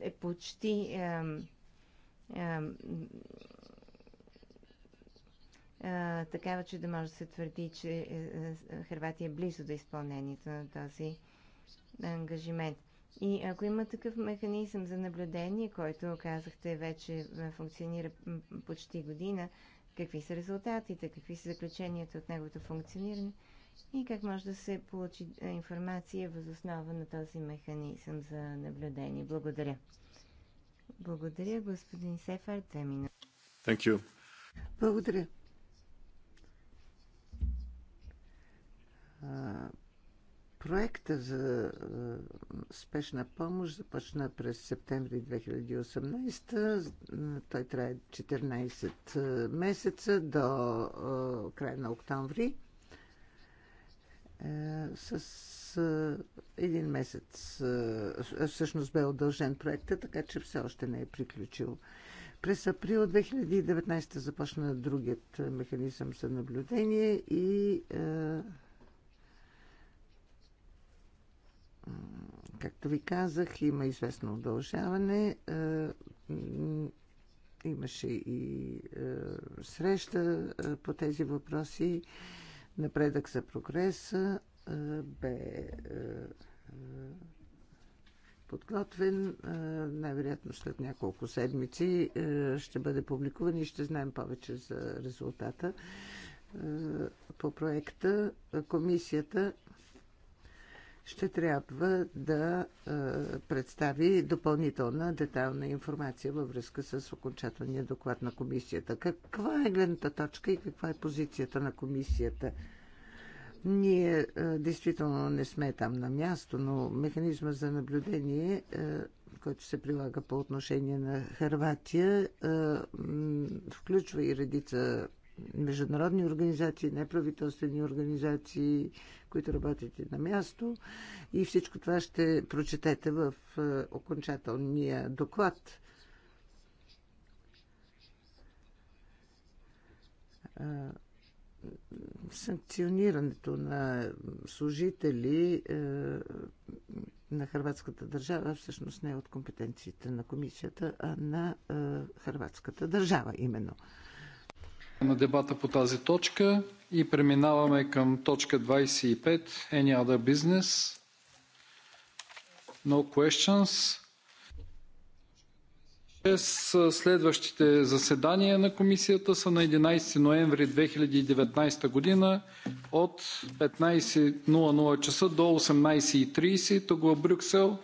е почти е, е, е, такава, че да може да се твърди, че е, е, е, Хрватия е близо до изпълнението на този ангажимент. И ако има такъв механизъм за наблюдение, който казахте вече функционира почти година, какви са резултатите, какви са заключенията от неговото функциониране и как може да се получи е, информация възоснова на този механизъм за наблюдение. Благодаря. Благодаря, господин Сефар. Две минути. Thank you. Благодаря. Проекта за е, спешна помощ започна през септември 2018. Той трае 14 е, месеца до е, края на октомври. С един месец всъщност бе удължен проекта, така че все още не е приключил. През април 2019 започна другият механизъм за наблюдение и Както ви казах, има известно удължаване. Е, имаше и е, среща е, по тези въпроси. Напредък за прогреса бе подготвен. Най-вероятно след няколко седмици ще бъде публикуван и ще знаем повече за резултата по проекта. Комисията ще трябва да е, представи допълнителна детайлна информация във връзка с окончателния доклад на комисията. Каква е гледната точка и каква е позицията на комисията? Ние е, действително не сме там на място, но механизма за наблюдение, е, който се прилага по отношение на Харватия, включва и редица международни организации, неправителствени организации, които работите на място. И всичко това ще прочетете в е, окончателния доклад. Е, санкционирането на служители е, на хрватската държава всъщност не е от компетенциите на комисията, а на хрватската държава именно на дебата по тази точка и преминаваме към точка 25 Any other business? No questions. следващите заседания на комисията са на 11 ноември 2019 година от 15.00 часа до 18.30 тук в Брюксел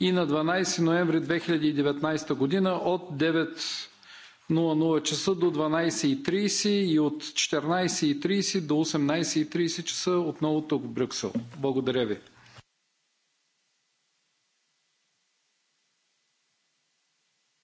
и на 12 ноември 2019 година от 9 00 часа до 12.30 и от 14.30 до 18.30 часа отново тук в Брюксел. Благодаря ви.